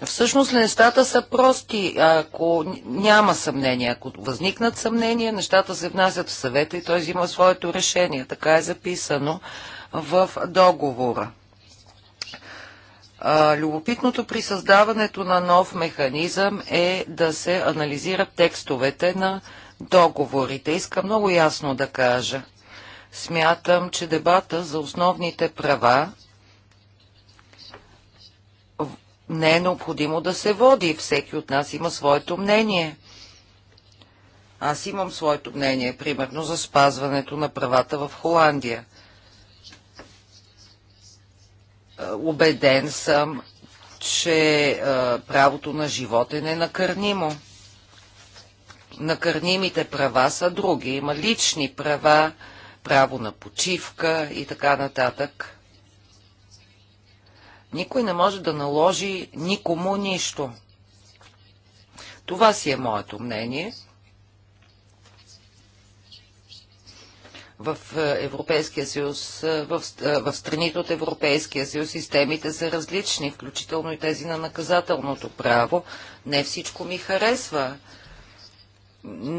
Всъщност нещата са прости. Ако няма съмнение, ако възникнат съмнения, нещата се внасят в съвета и той взима своето решение. Така е записано в договора любопитното при създаването на нов механизъм е да се анализират текстовете на договорите. Иска много ясно да кажа. Смятам, че дебата за основните права не е необходимо да се води. Всеки от нас има своето мнение. Аз имам своето мнение, примерно за спазването на правата в Холандия – е, убеден съм, че е, правото на живот е ненакърнимо. Накърнимите права са други. Има лични права, право на почивка и така нататък. Никой не може да наложи никому нищо. Това си е моето мнение – в е, Европейския съюз, е, в, е, в страните от Европейския съюз системите са различни, включително и тези на наказателното право. Не всичко ми харесва.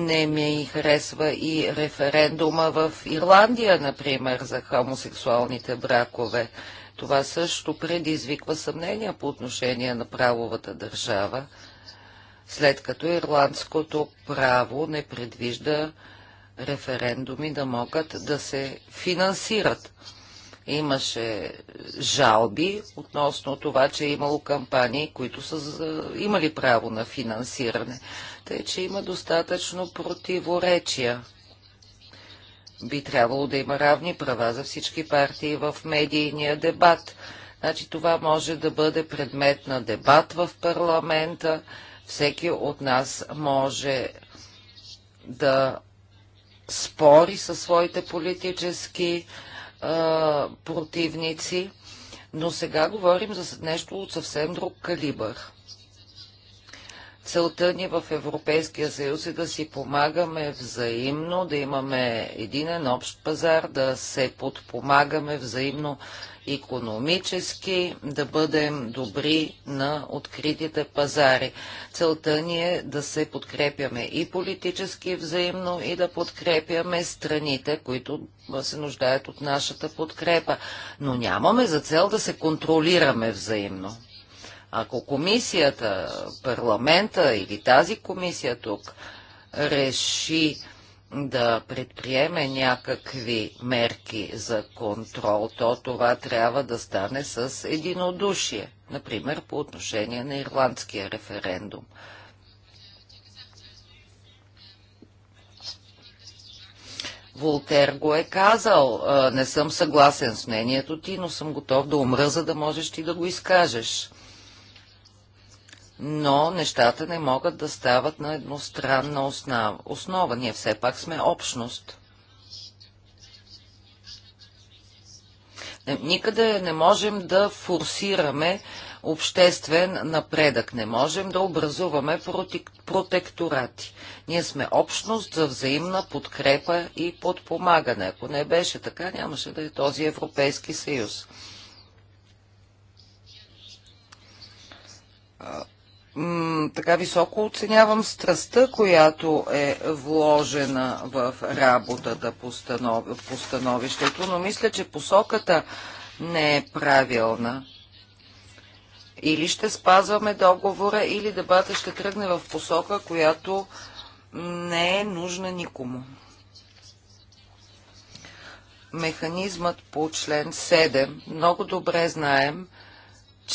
Не ми харесва и референдума в Ирландия, например, за хомосексуалните бракове. Това също предизвиква съмнения по отношение на правовата държава, след като ирландското право не предвижда референдуми да могат да се финансират. Имаше жалби относно това, че е имало кампании, които са имали право на финансиране. Тъй, че има достатъчно противоречия. Би трябвало да има равни права за всички партии в медийния дебат. Значи това може да бъде предмет на дебат в парламента. Всеки от нас може да спори със своите политически а, противници, но сега говорим за нещо от съвсем друг калибър. Целта ни в Европейския съюз е да си помагаме взаимно, да имаме единен общ пазар, да се подпомагаме взаимно економически, да бъдем добри на откритите пазари. Целта ни е да се подкрепяме и политически взаимно и да подкрепяме страните, които се нуждаят от нашата подкрепа. Но нямаме за цел да се контролираме взаимно. Ако комисията, парламента или тази комисия тук реши да предприеме някакви мерки за контрол, то това трябва да стане с единодушие, например по отношение на ирландския референдум. Волтер го е казал. Не съм съгласен с мнението ти, но съм готов да умра, за да можеш ти да го изкажеш но нещата не могат да стават на едностранна основа. основа. Ние все пак сме общност. Никъде не можем да форсираме обществен напредък. Не можем да образуваме протекторати. Ние сме общност за взаимна подкрепа и подпомагане. Ако не беше така, нямаше да е този Европейски съюз така високо оценявам страстта, която е вложена в работата по, станов... по становището, но мисля, че посоката не е правилна. Или ще спазваме договора, или дебата ще тръгне в посока, която не е нужна никому. Механизмът по член 7 много добре знаем –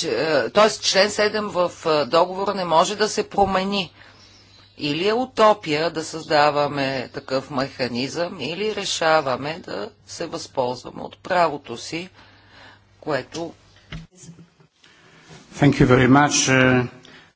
е, т.е. член 7 в е, договора не може да се промени. Или е утопия да създаваме такъв механизъм, или решаваме да се възползваме от правото си, което... Thank you very much. Е.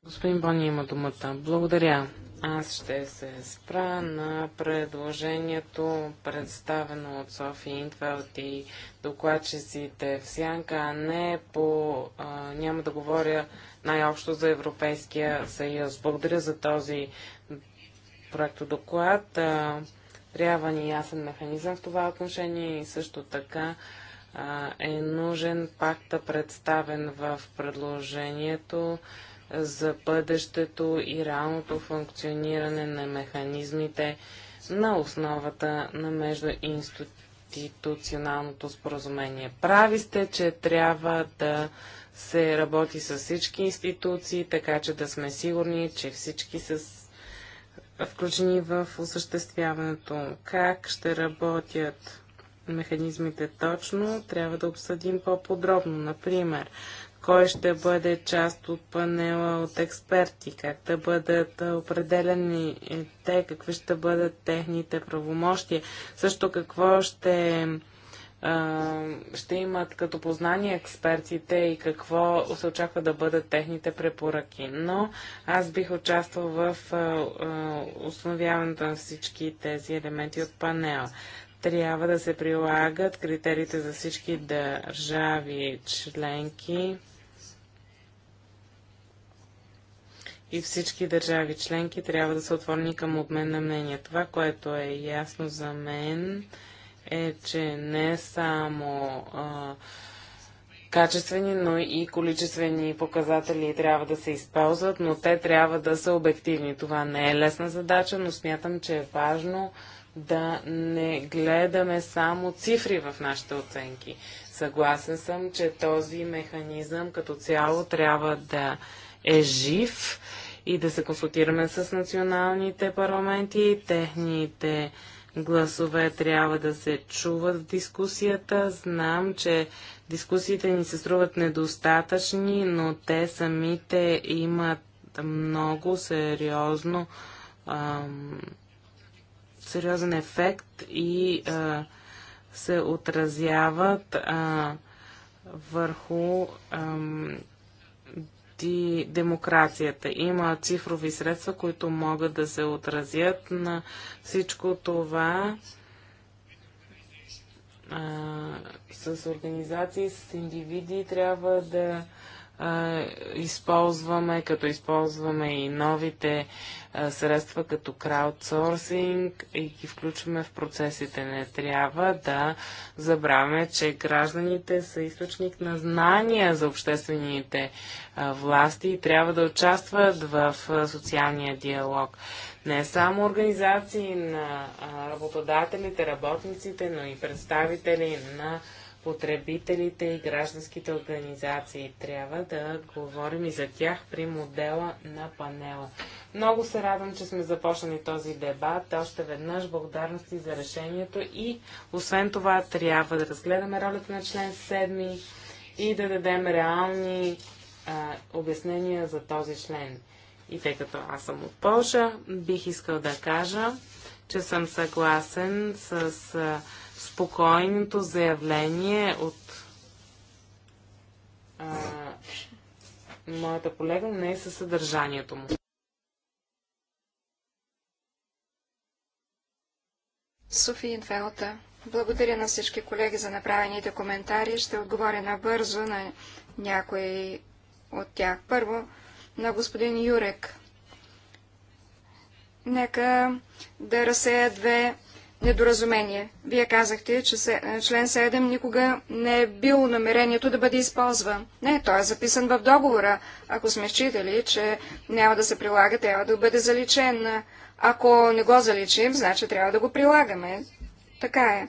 Господин Бони има думата. Благодаря. Аз ще се спра на предложението, представено от Софи Интвелт и докладчиците в Сянка, а не по... А, няма да говоря най-общо за Европейския съюз. Благодаря за този проектодоклад. А, трябва ни ясен механизъм в това отношение и също така а, е нужен пакта, представен в предложението за бъдещето и реалното функциониране на механизмите на основата на междуинституционалното споразумение. Прави сте, че трябва да се работи с всички институции, така че да сме сигурни, че всички са включени в осъществяването. Как ще работят механизмите точно, трябва да обсъдим по-подробно. Например, кой ще бъде част от панела от експерти, как да бъдат определени те, какви ще бъдат техните правомощия, също какво ще ще имат като познание експертите и какво се очаква да бъдат техните препоръки. Но аз бих участвал в установяването на всички тези елементи от панела. Трябва да се прилагат критериите за всички държави членки и всички държави членки трябва да са отворени към обмен на мнения. Това, което е ясно за мен, е, че не само а, качествени, но и количествени показатели трябва да се използват, но те трябва да са обективни. Това не е лесна задача, но смятам, че е важно да не гледаме само цифри в нашите оценки. Съгласен съм, че този механизъм като цяло трябва да е жив и да се консултираме с националните парламенти. Техните гласове трябва да се чуват в дискусията. Знам, че дискусиите ни се струват недостатъчни, но те самите имат много сериозно ам, сериозен ефект и а, се отразяват а, върху ам, и демокрацията. Има цифрови средства, които могат да се отразят на всичко това а, с организации, с индивиди. Трябва да използваме, като използваме и новите средства като краудсорсинг и ги включваме в процесите. Не трябва да забравяме, че гражданите са източник на знания за обществените власти и трябва да участват в социалния диалог. Не само организации на работодателите, работниците, но и представители на потребителите и гражданските организации. Трябва да говорим и за тях при модела на панела. Много се радвам, че сме започнали този дебат. Още веднъж благодарности за решението и освен това трябва да разгледаме ролята на член 7 и да дадем реални а, обяснения за този член. И тъй като аз съм от Польша, бих искал да кажа, че съм съгласен с а, спокойното заявление от а, моята колега не е със съдържанието му. Софи Инфелта. Благодаря на всички колеги за направените коментари. Ще отговоря набързо на някои от тях. Първо, на господин Юрек. Нека да разсея две недоразумение. Вие казахте, че е, член 7 никога не е бил намерението да бъде използван. Не, той е записан в договора. Ако сме считали, че няма да се прилага, трябва да бъде заличен. Ако не го заличим, значи трябва да го прилагаме. Така е.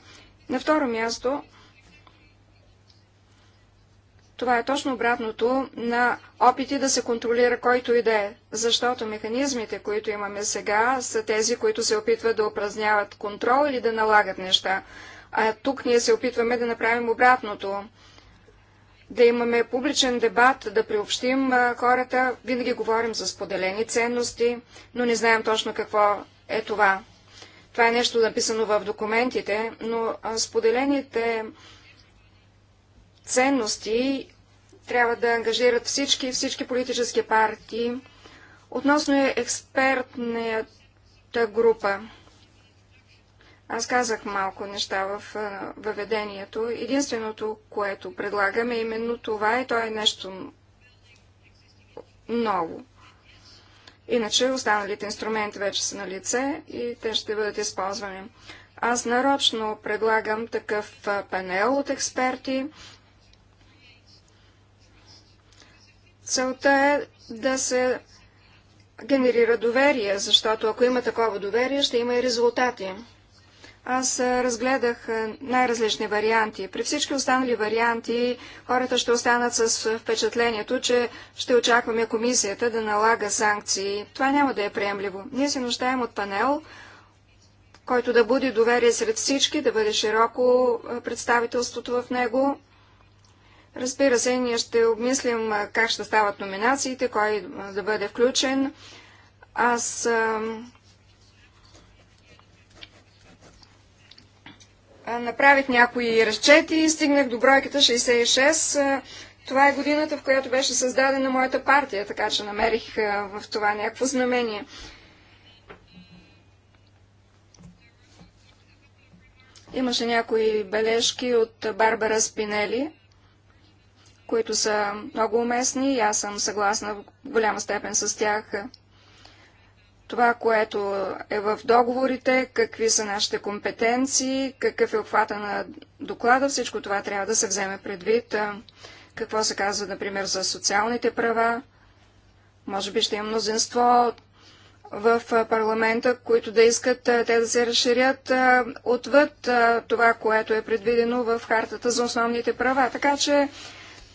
На второ място, това е точно обратното на опити да се контролира който и да е, защото механизмите, които имаме сега, са тези, които се опитват да упразняват контрол или да налагат неща. А тук ние се опитваме да направим обратното. Да имаме публичен дебат, да приобщим хората. Винаги говорим за споделени ценности, но не знаем точно какво е това. Това е нещо написано в документите, но споделените ценности ценности трябва да ангажират всички, всички политически партии. Относно е експертната група. Аз казах малко неща в въведението. Единственото, което предлагаме, е именно това и то е нещо ново. Иначе останалите инструменти вече са на лице и те ще бъдат използвани. Аз нарочно предлагам такъв панел от експерти, Целта е да се генерира доверие, защото ако има такова доверие, ще има и резултати. Аз разгледах най-различни варианти. При всички останали варианти хората ще останат с впечатлението, че ще очакваме комисията да налага санкции. Това няма да е приемливо. Ние се нуждаем от панел, който да буди доверие сред всички, да бъде широко представителството в него, Разбира се, ние ще обмислим как ще стават номинациите, кой да бъде включен. Аз направих някои разчети и стигнах до бройката 66. Това е годината, в която беше създадена моята партия, така че намерих в това някакво знамение. Имаше някои бележки от Барбара Спинели които са много уместни и аз съм съгласна в голяма степен с тях. Това, което е в договорите, какви са нашите компетенции, какъв е обхвата на доклада, всичко това трябва да се вземе предвид. Какво се казва, например, за социалните права. Може би ще има мнозинство в парламента, които да искат те да се разширят отвъд това, което е предвидено в Хартата за основните права. Така че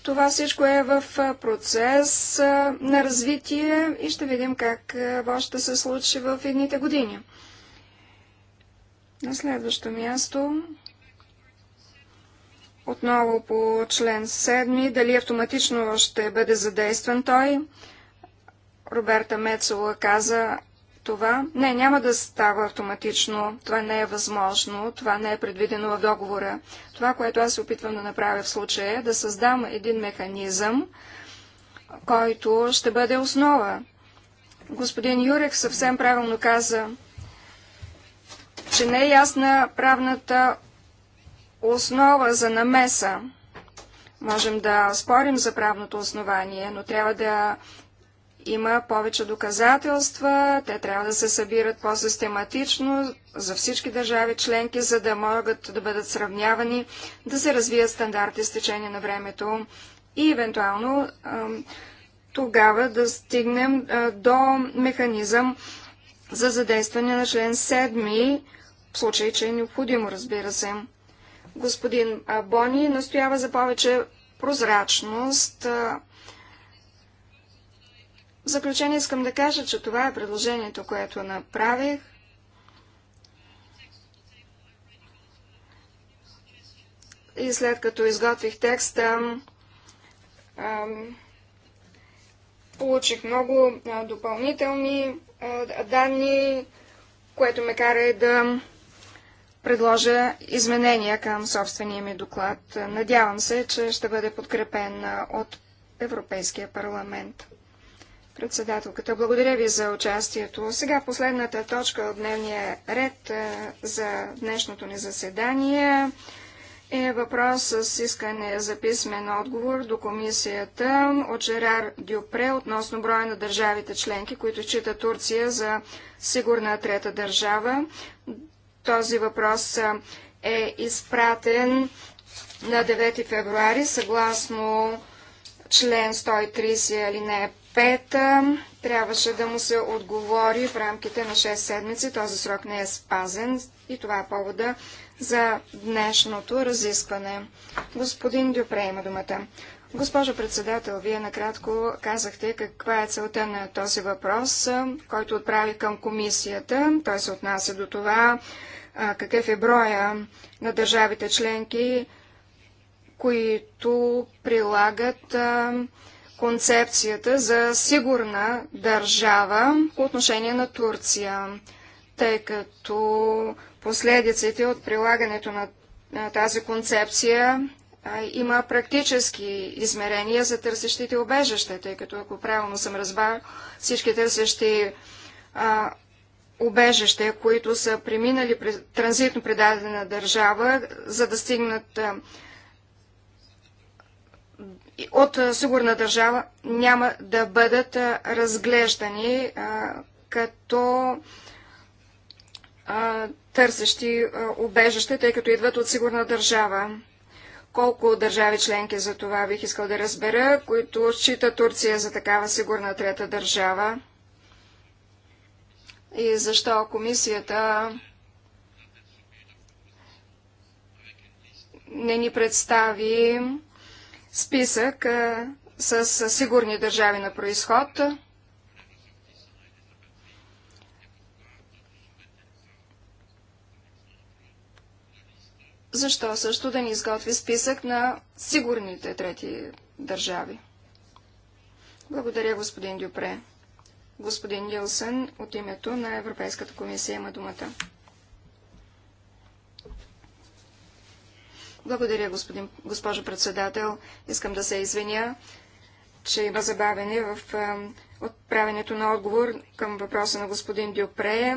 това всичко е в процес на развитие и ще видим как ще се случи в едните години. На следващо място, отново по член 7, дали автоматично ще бъде задействан той. Роберта Мецола каза, това не, няма да става автоматично. Това не е възможно. Това не е предвидено в договора. Това, което аз се опитвам да направя в случая е да създам един механизъм, който ще бъде основа. Господин Юрек съвсем правилно каза, че не е ясна правната основа за намеса. Можем да спорим за правното основание, но трябва да има повече доказателства, те трябва да се събират по-систематично за всички държави членки, за да могат да бъдат сравнявани, да се развият стандарти с течение на времето и евентуално тогава да стигнем до механизъм за задействане на член 7, в случай, че е необходимо, разбира се. Господин Бони настоява за повече прозрачност, в заключение искам да кажа, че това е предложението, което направих. И след като изготвих текста, получих много допълнителни данни, което ме кара и да предложа изменения към собствения ми доклад. Надявам се, че ще бъде подкрепен от Европейския парламент. Председателката, благодаря ви за участието. Сега последната точка от дневния ред е, за днешното ни заседание е въпрос с искане за писмен отговор до комисията от Жерар Дюпре относно броя на държавите членки, които чита Турция за сигурна трета държава. Този въпрос е, е изпратен на 9 февруари съгласно член 130 алинея пета трябваше да му се отговори в рамките на 6 седмици. Този срок не е спазен и това е повода за днешното разискване. Господин Дюпре има думата. Госпожо председател, вие накратко казахте каква е целта на този въпрос, който отправи към комисията. Той се отнася до това какъв е броя на държавите членки, които прилагат концепцията за сигурна държава по отношение на Турция, тъй като последиците от прилагането на, тази концепция има практически измерения за търсещите обежище, тъй като, ако правилно съм разбрал, всички търсещи а, които са преминали през транзитно предадена държава, за да стигнат от сигурна държава няма да бъдат разглеждани като търсещи убежище, тъй като идват от сигурна държава. Колко държави членки за това бих искал да разбера, които счита Турция за такава сигурна трета държава? И защо комисията не ни представи списък а, с сигурни държави на происход. Защо също да ни изготви списък на сигурните трети държави? Благодаря, господин Дюпре. Господин Нилсън от името на Европейската комисия има думата. Благодаря, господин, госпожо председател. Искам да се извиня, че има забавене в отправенето на отговор към въпроса на господин Дюпре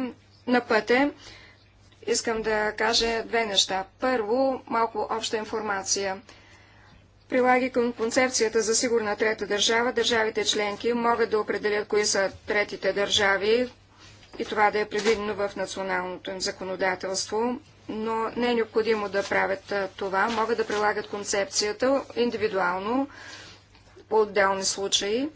на пъте. Искам да кажа две неща. Първо, малко обща информация. Прилаги към концепцията за сигурна трета държава, държавите членки могат да определят кои са третите държави и това да е предвидено в националното им законодателство но не е необходимо да правят това. Могат да прилагат концепцията индивидуално, по отделни случаи,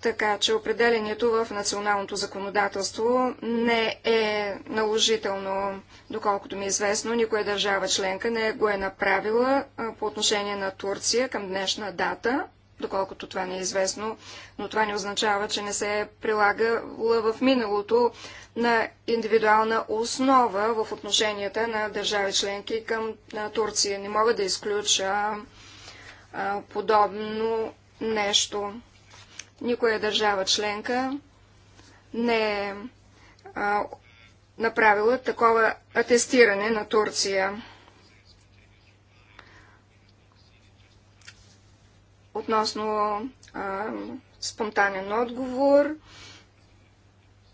така че определението в националното законодателство не е наложително, доколкото ми е известно, никоя държава членка не го е направила по отношение на Турция към днешна дата доколкото това не е известно, но това не означава, че не се е прилагала в миналото на индивидуална основа в отношенията на държави членки към Турция. Не мога да изключа а, подобно нещо. Никоя държава членка не е направила такова атестиране на Турция. Относно а, спонтанен отговор,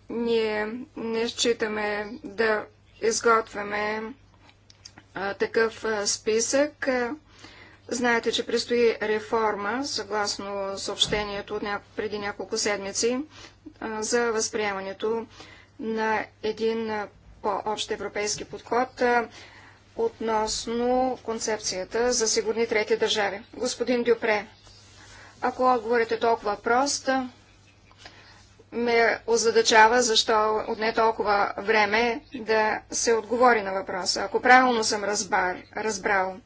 ние не считаме да изготвяме такъв а, списък. Знаете, че предстои реформа, съгласно съобщението от няко, преди няколко седмици, а, за възприемането на един по-общ европейски подход относно концепцията за сигурни трети държави. Господин Дюпре, ако отговорът е толкова прост, ме озадачава защо отне толкова време да се отговори на въпроса. Ако правилно съм разбар, разбрал,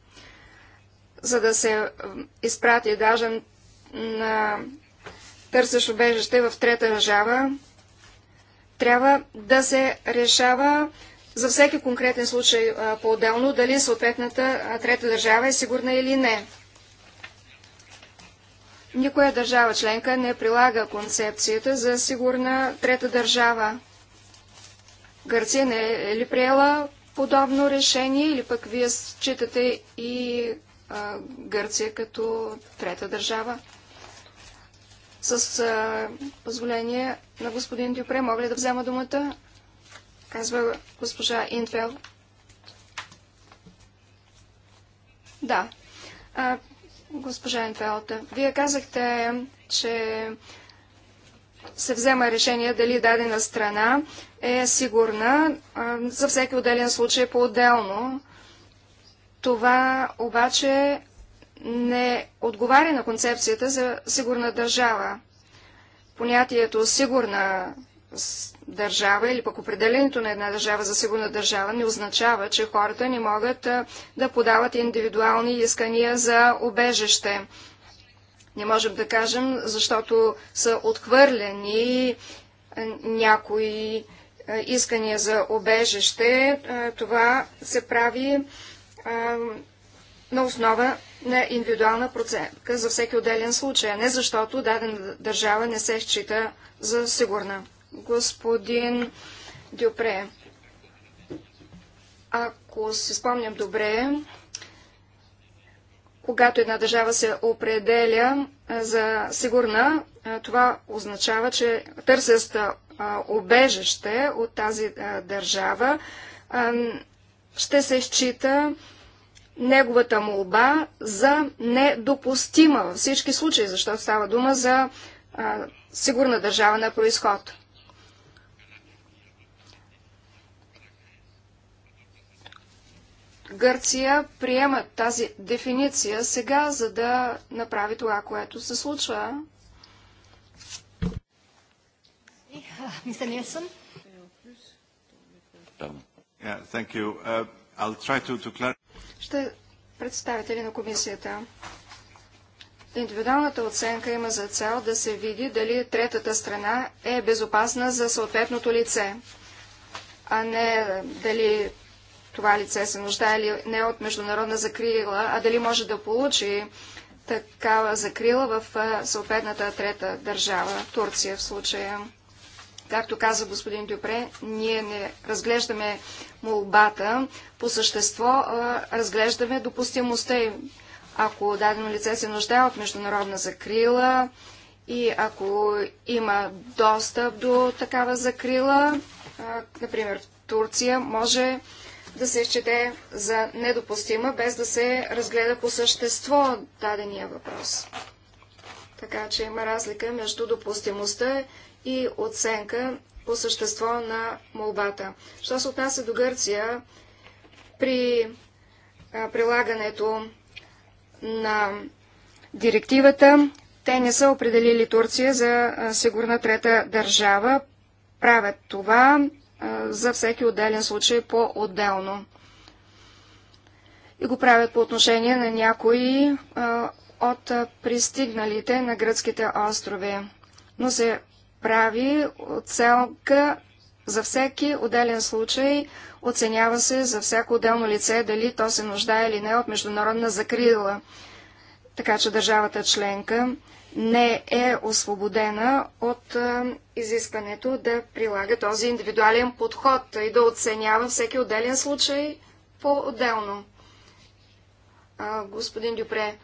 за да се изпрати даже на търсещ убежище в трета държава, трябва да се решава за всеки конкретен случай по-отделно, дали съответната трета държава е сигурна или не. Никоя държава членка не прилага концепцията за сигурна трета държава. Гърция не е ли приела подобно решение или пък вие считате и а, Гърция като трета държава? С а, позволение на господин Дюпре, мога ли да взема думата? Казва госпожа Инфел. Да. А, Госпожа Енфелта, вие казахте, че се взема решение дали дадена страна е сигурна а, за всеки отделен случай по-отделно. Това обаче не отговаря на концепцията за сигурна държава. Понятието сигурна държава или пък определението на една държава за сигурна държава не означава, че хората не могат да подават индивидуални искания за обежище. Не можем да кажем, защото са отхвърлени някои искания за обежище. Това се прави на основа на индивидуална процентка за всеки отделен случай, а не защото дадена държава не се счита за сигурна господин Дюпре. Ако си спомням добре, когато една държава се определя за сигурна, това означава, че търсест обежище от тази държава ще се счита неговата молба за недопустима във всички случаи, защото става дума за сигурна държава на происход. Гърция приема тази дефиниция сега, за да направи това, което се случва. Мистер Нилсън? Uh, Ще представители на комисията. Индивидуалната оценка има за цел да се види дали третата страна е безопасна за съответното лице, а не дали това лице се нуждае или не от международна закрила, а дали може да получи такава закрила в съответната трета държава, Турция в случая. Както каза господин Дюпре, ние не разглеждаме молбата по същество, разглеждаме допустимостта им. Ако дадено лице се нуждае от международна закрила и ако има достъп до такава закрила, например в Турция, може да се счете за недопустима, без да се разгледа по същество дадения въпрос. Така че има разлика между допустимостта и оценка по същество на молбата. Що се отнася до Гърция, при прилагането на директивата, те не са определили Турция за сигурна трета държава. Правят това за всеки отделен случай по-отделно. И го правят по отношение на някои от пристигналите на гръцките острови. Но се прави оцелка за всеки отделен случай, оценява се за всяко отделно лице, дали то се нуждае или не от международна закрила. Така че държавата членка не е освободена от изискването да прилага този индивидуален подход и да оценява всеки отделен случай по-отделно. господин Дюпре,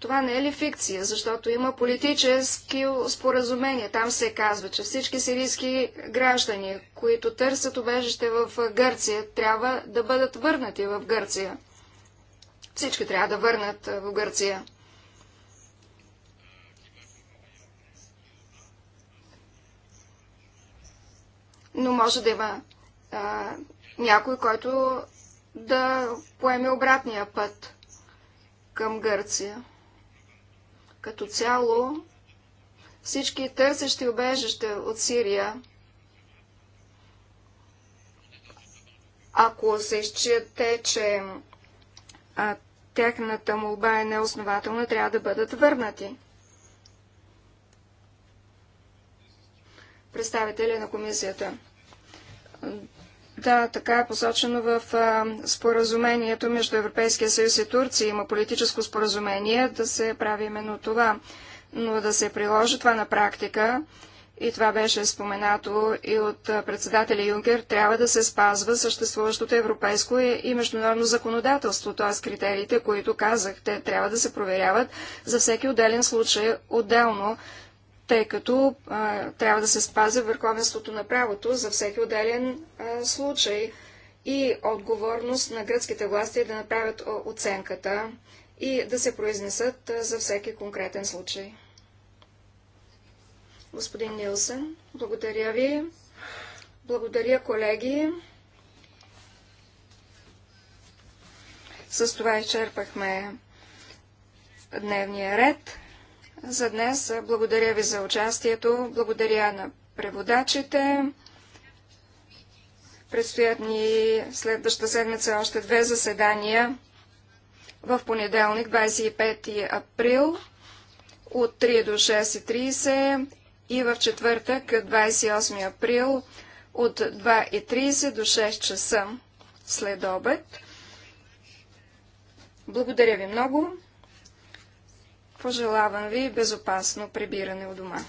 това не е ли фикция, защото има политически споразумения. Там се казва, че всички сирийски граждани, които търсят убежище в Гърция, трябва да бъдат върнати в Гърция. Всички трябва да върнат в Гърция. но може да има а, някой, който да поеме обратния път към Гърция. Като цяло, всички търсещи убежище от Сирия, ако се изчете, че а, техната молба е неоснователна, трябва да бъдат върнати. Представители на комисията. Да, така е посочено в а, споразумението между Европейския съюз и Турция. Има политическо споразумение да се прави именно това. Но да се приложи това на практика, и това беше споменато и от председателя Юнкер, трябва да се спазва съществуващото европейско и международно законодателство, т.е. критериите, които казахте, трябва да се проверяват за всеки отделен случай отделно, тъй като а, трябва да се спази върховенството на правото за всеки отделен а, случай и отговорност на гръцките власти е да направят оценката и да се произнесат а, за всеки конкретен случай. Господин Нилсън, благодаря ви. Благодаря, колеги. С това изчерпахме дневния ред за днес. Благодаря ви за участието. Благодаря на преводачите. Предстоят ни следваща седмица още две заседания в понеделник, 25 април от 3 до 6.30 и в четвъртък, 28 април от 2.30 до 6 часа след обед. Благодаря ви много. Пожелавам ви безопасно прибиране у дома.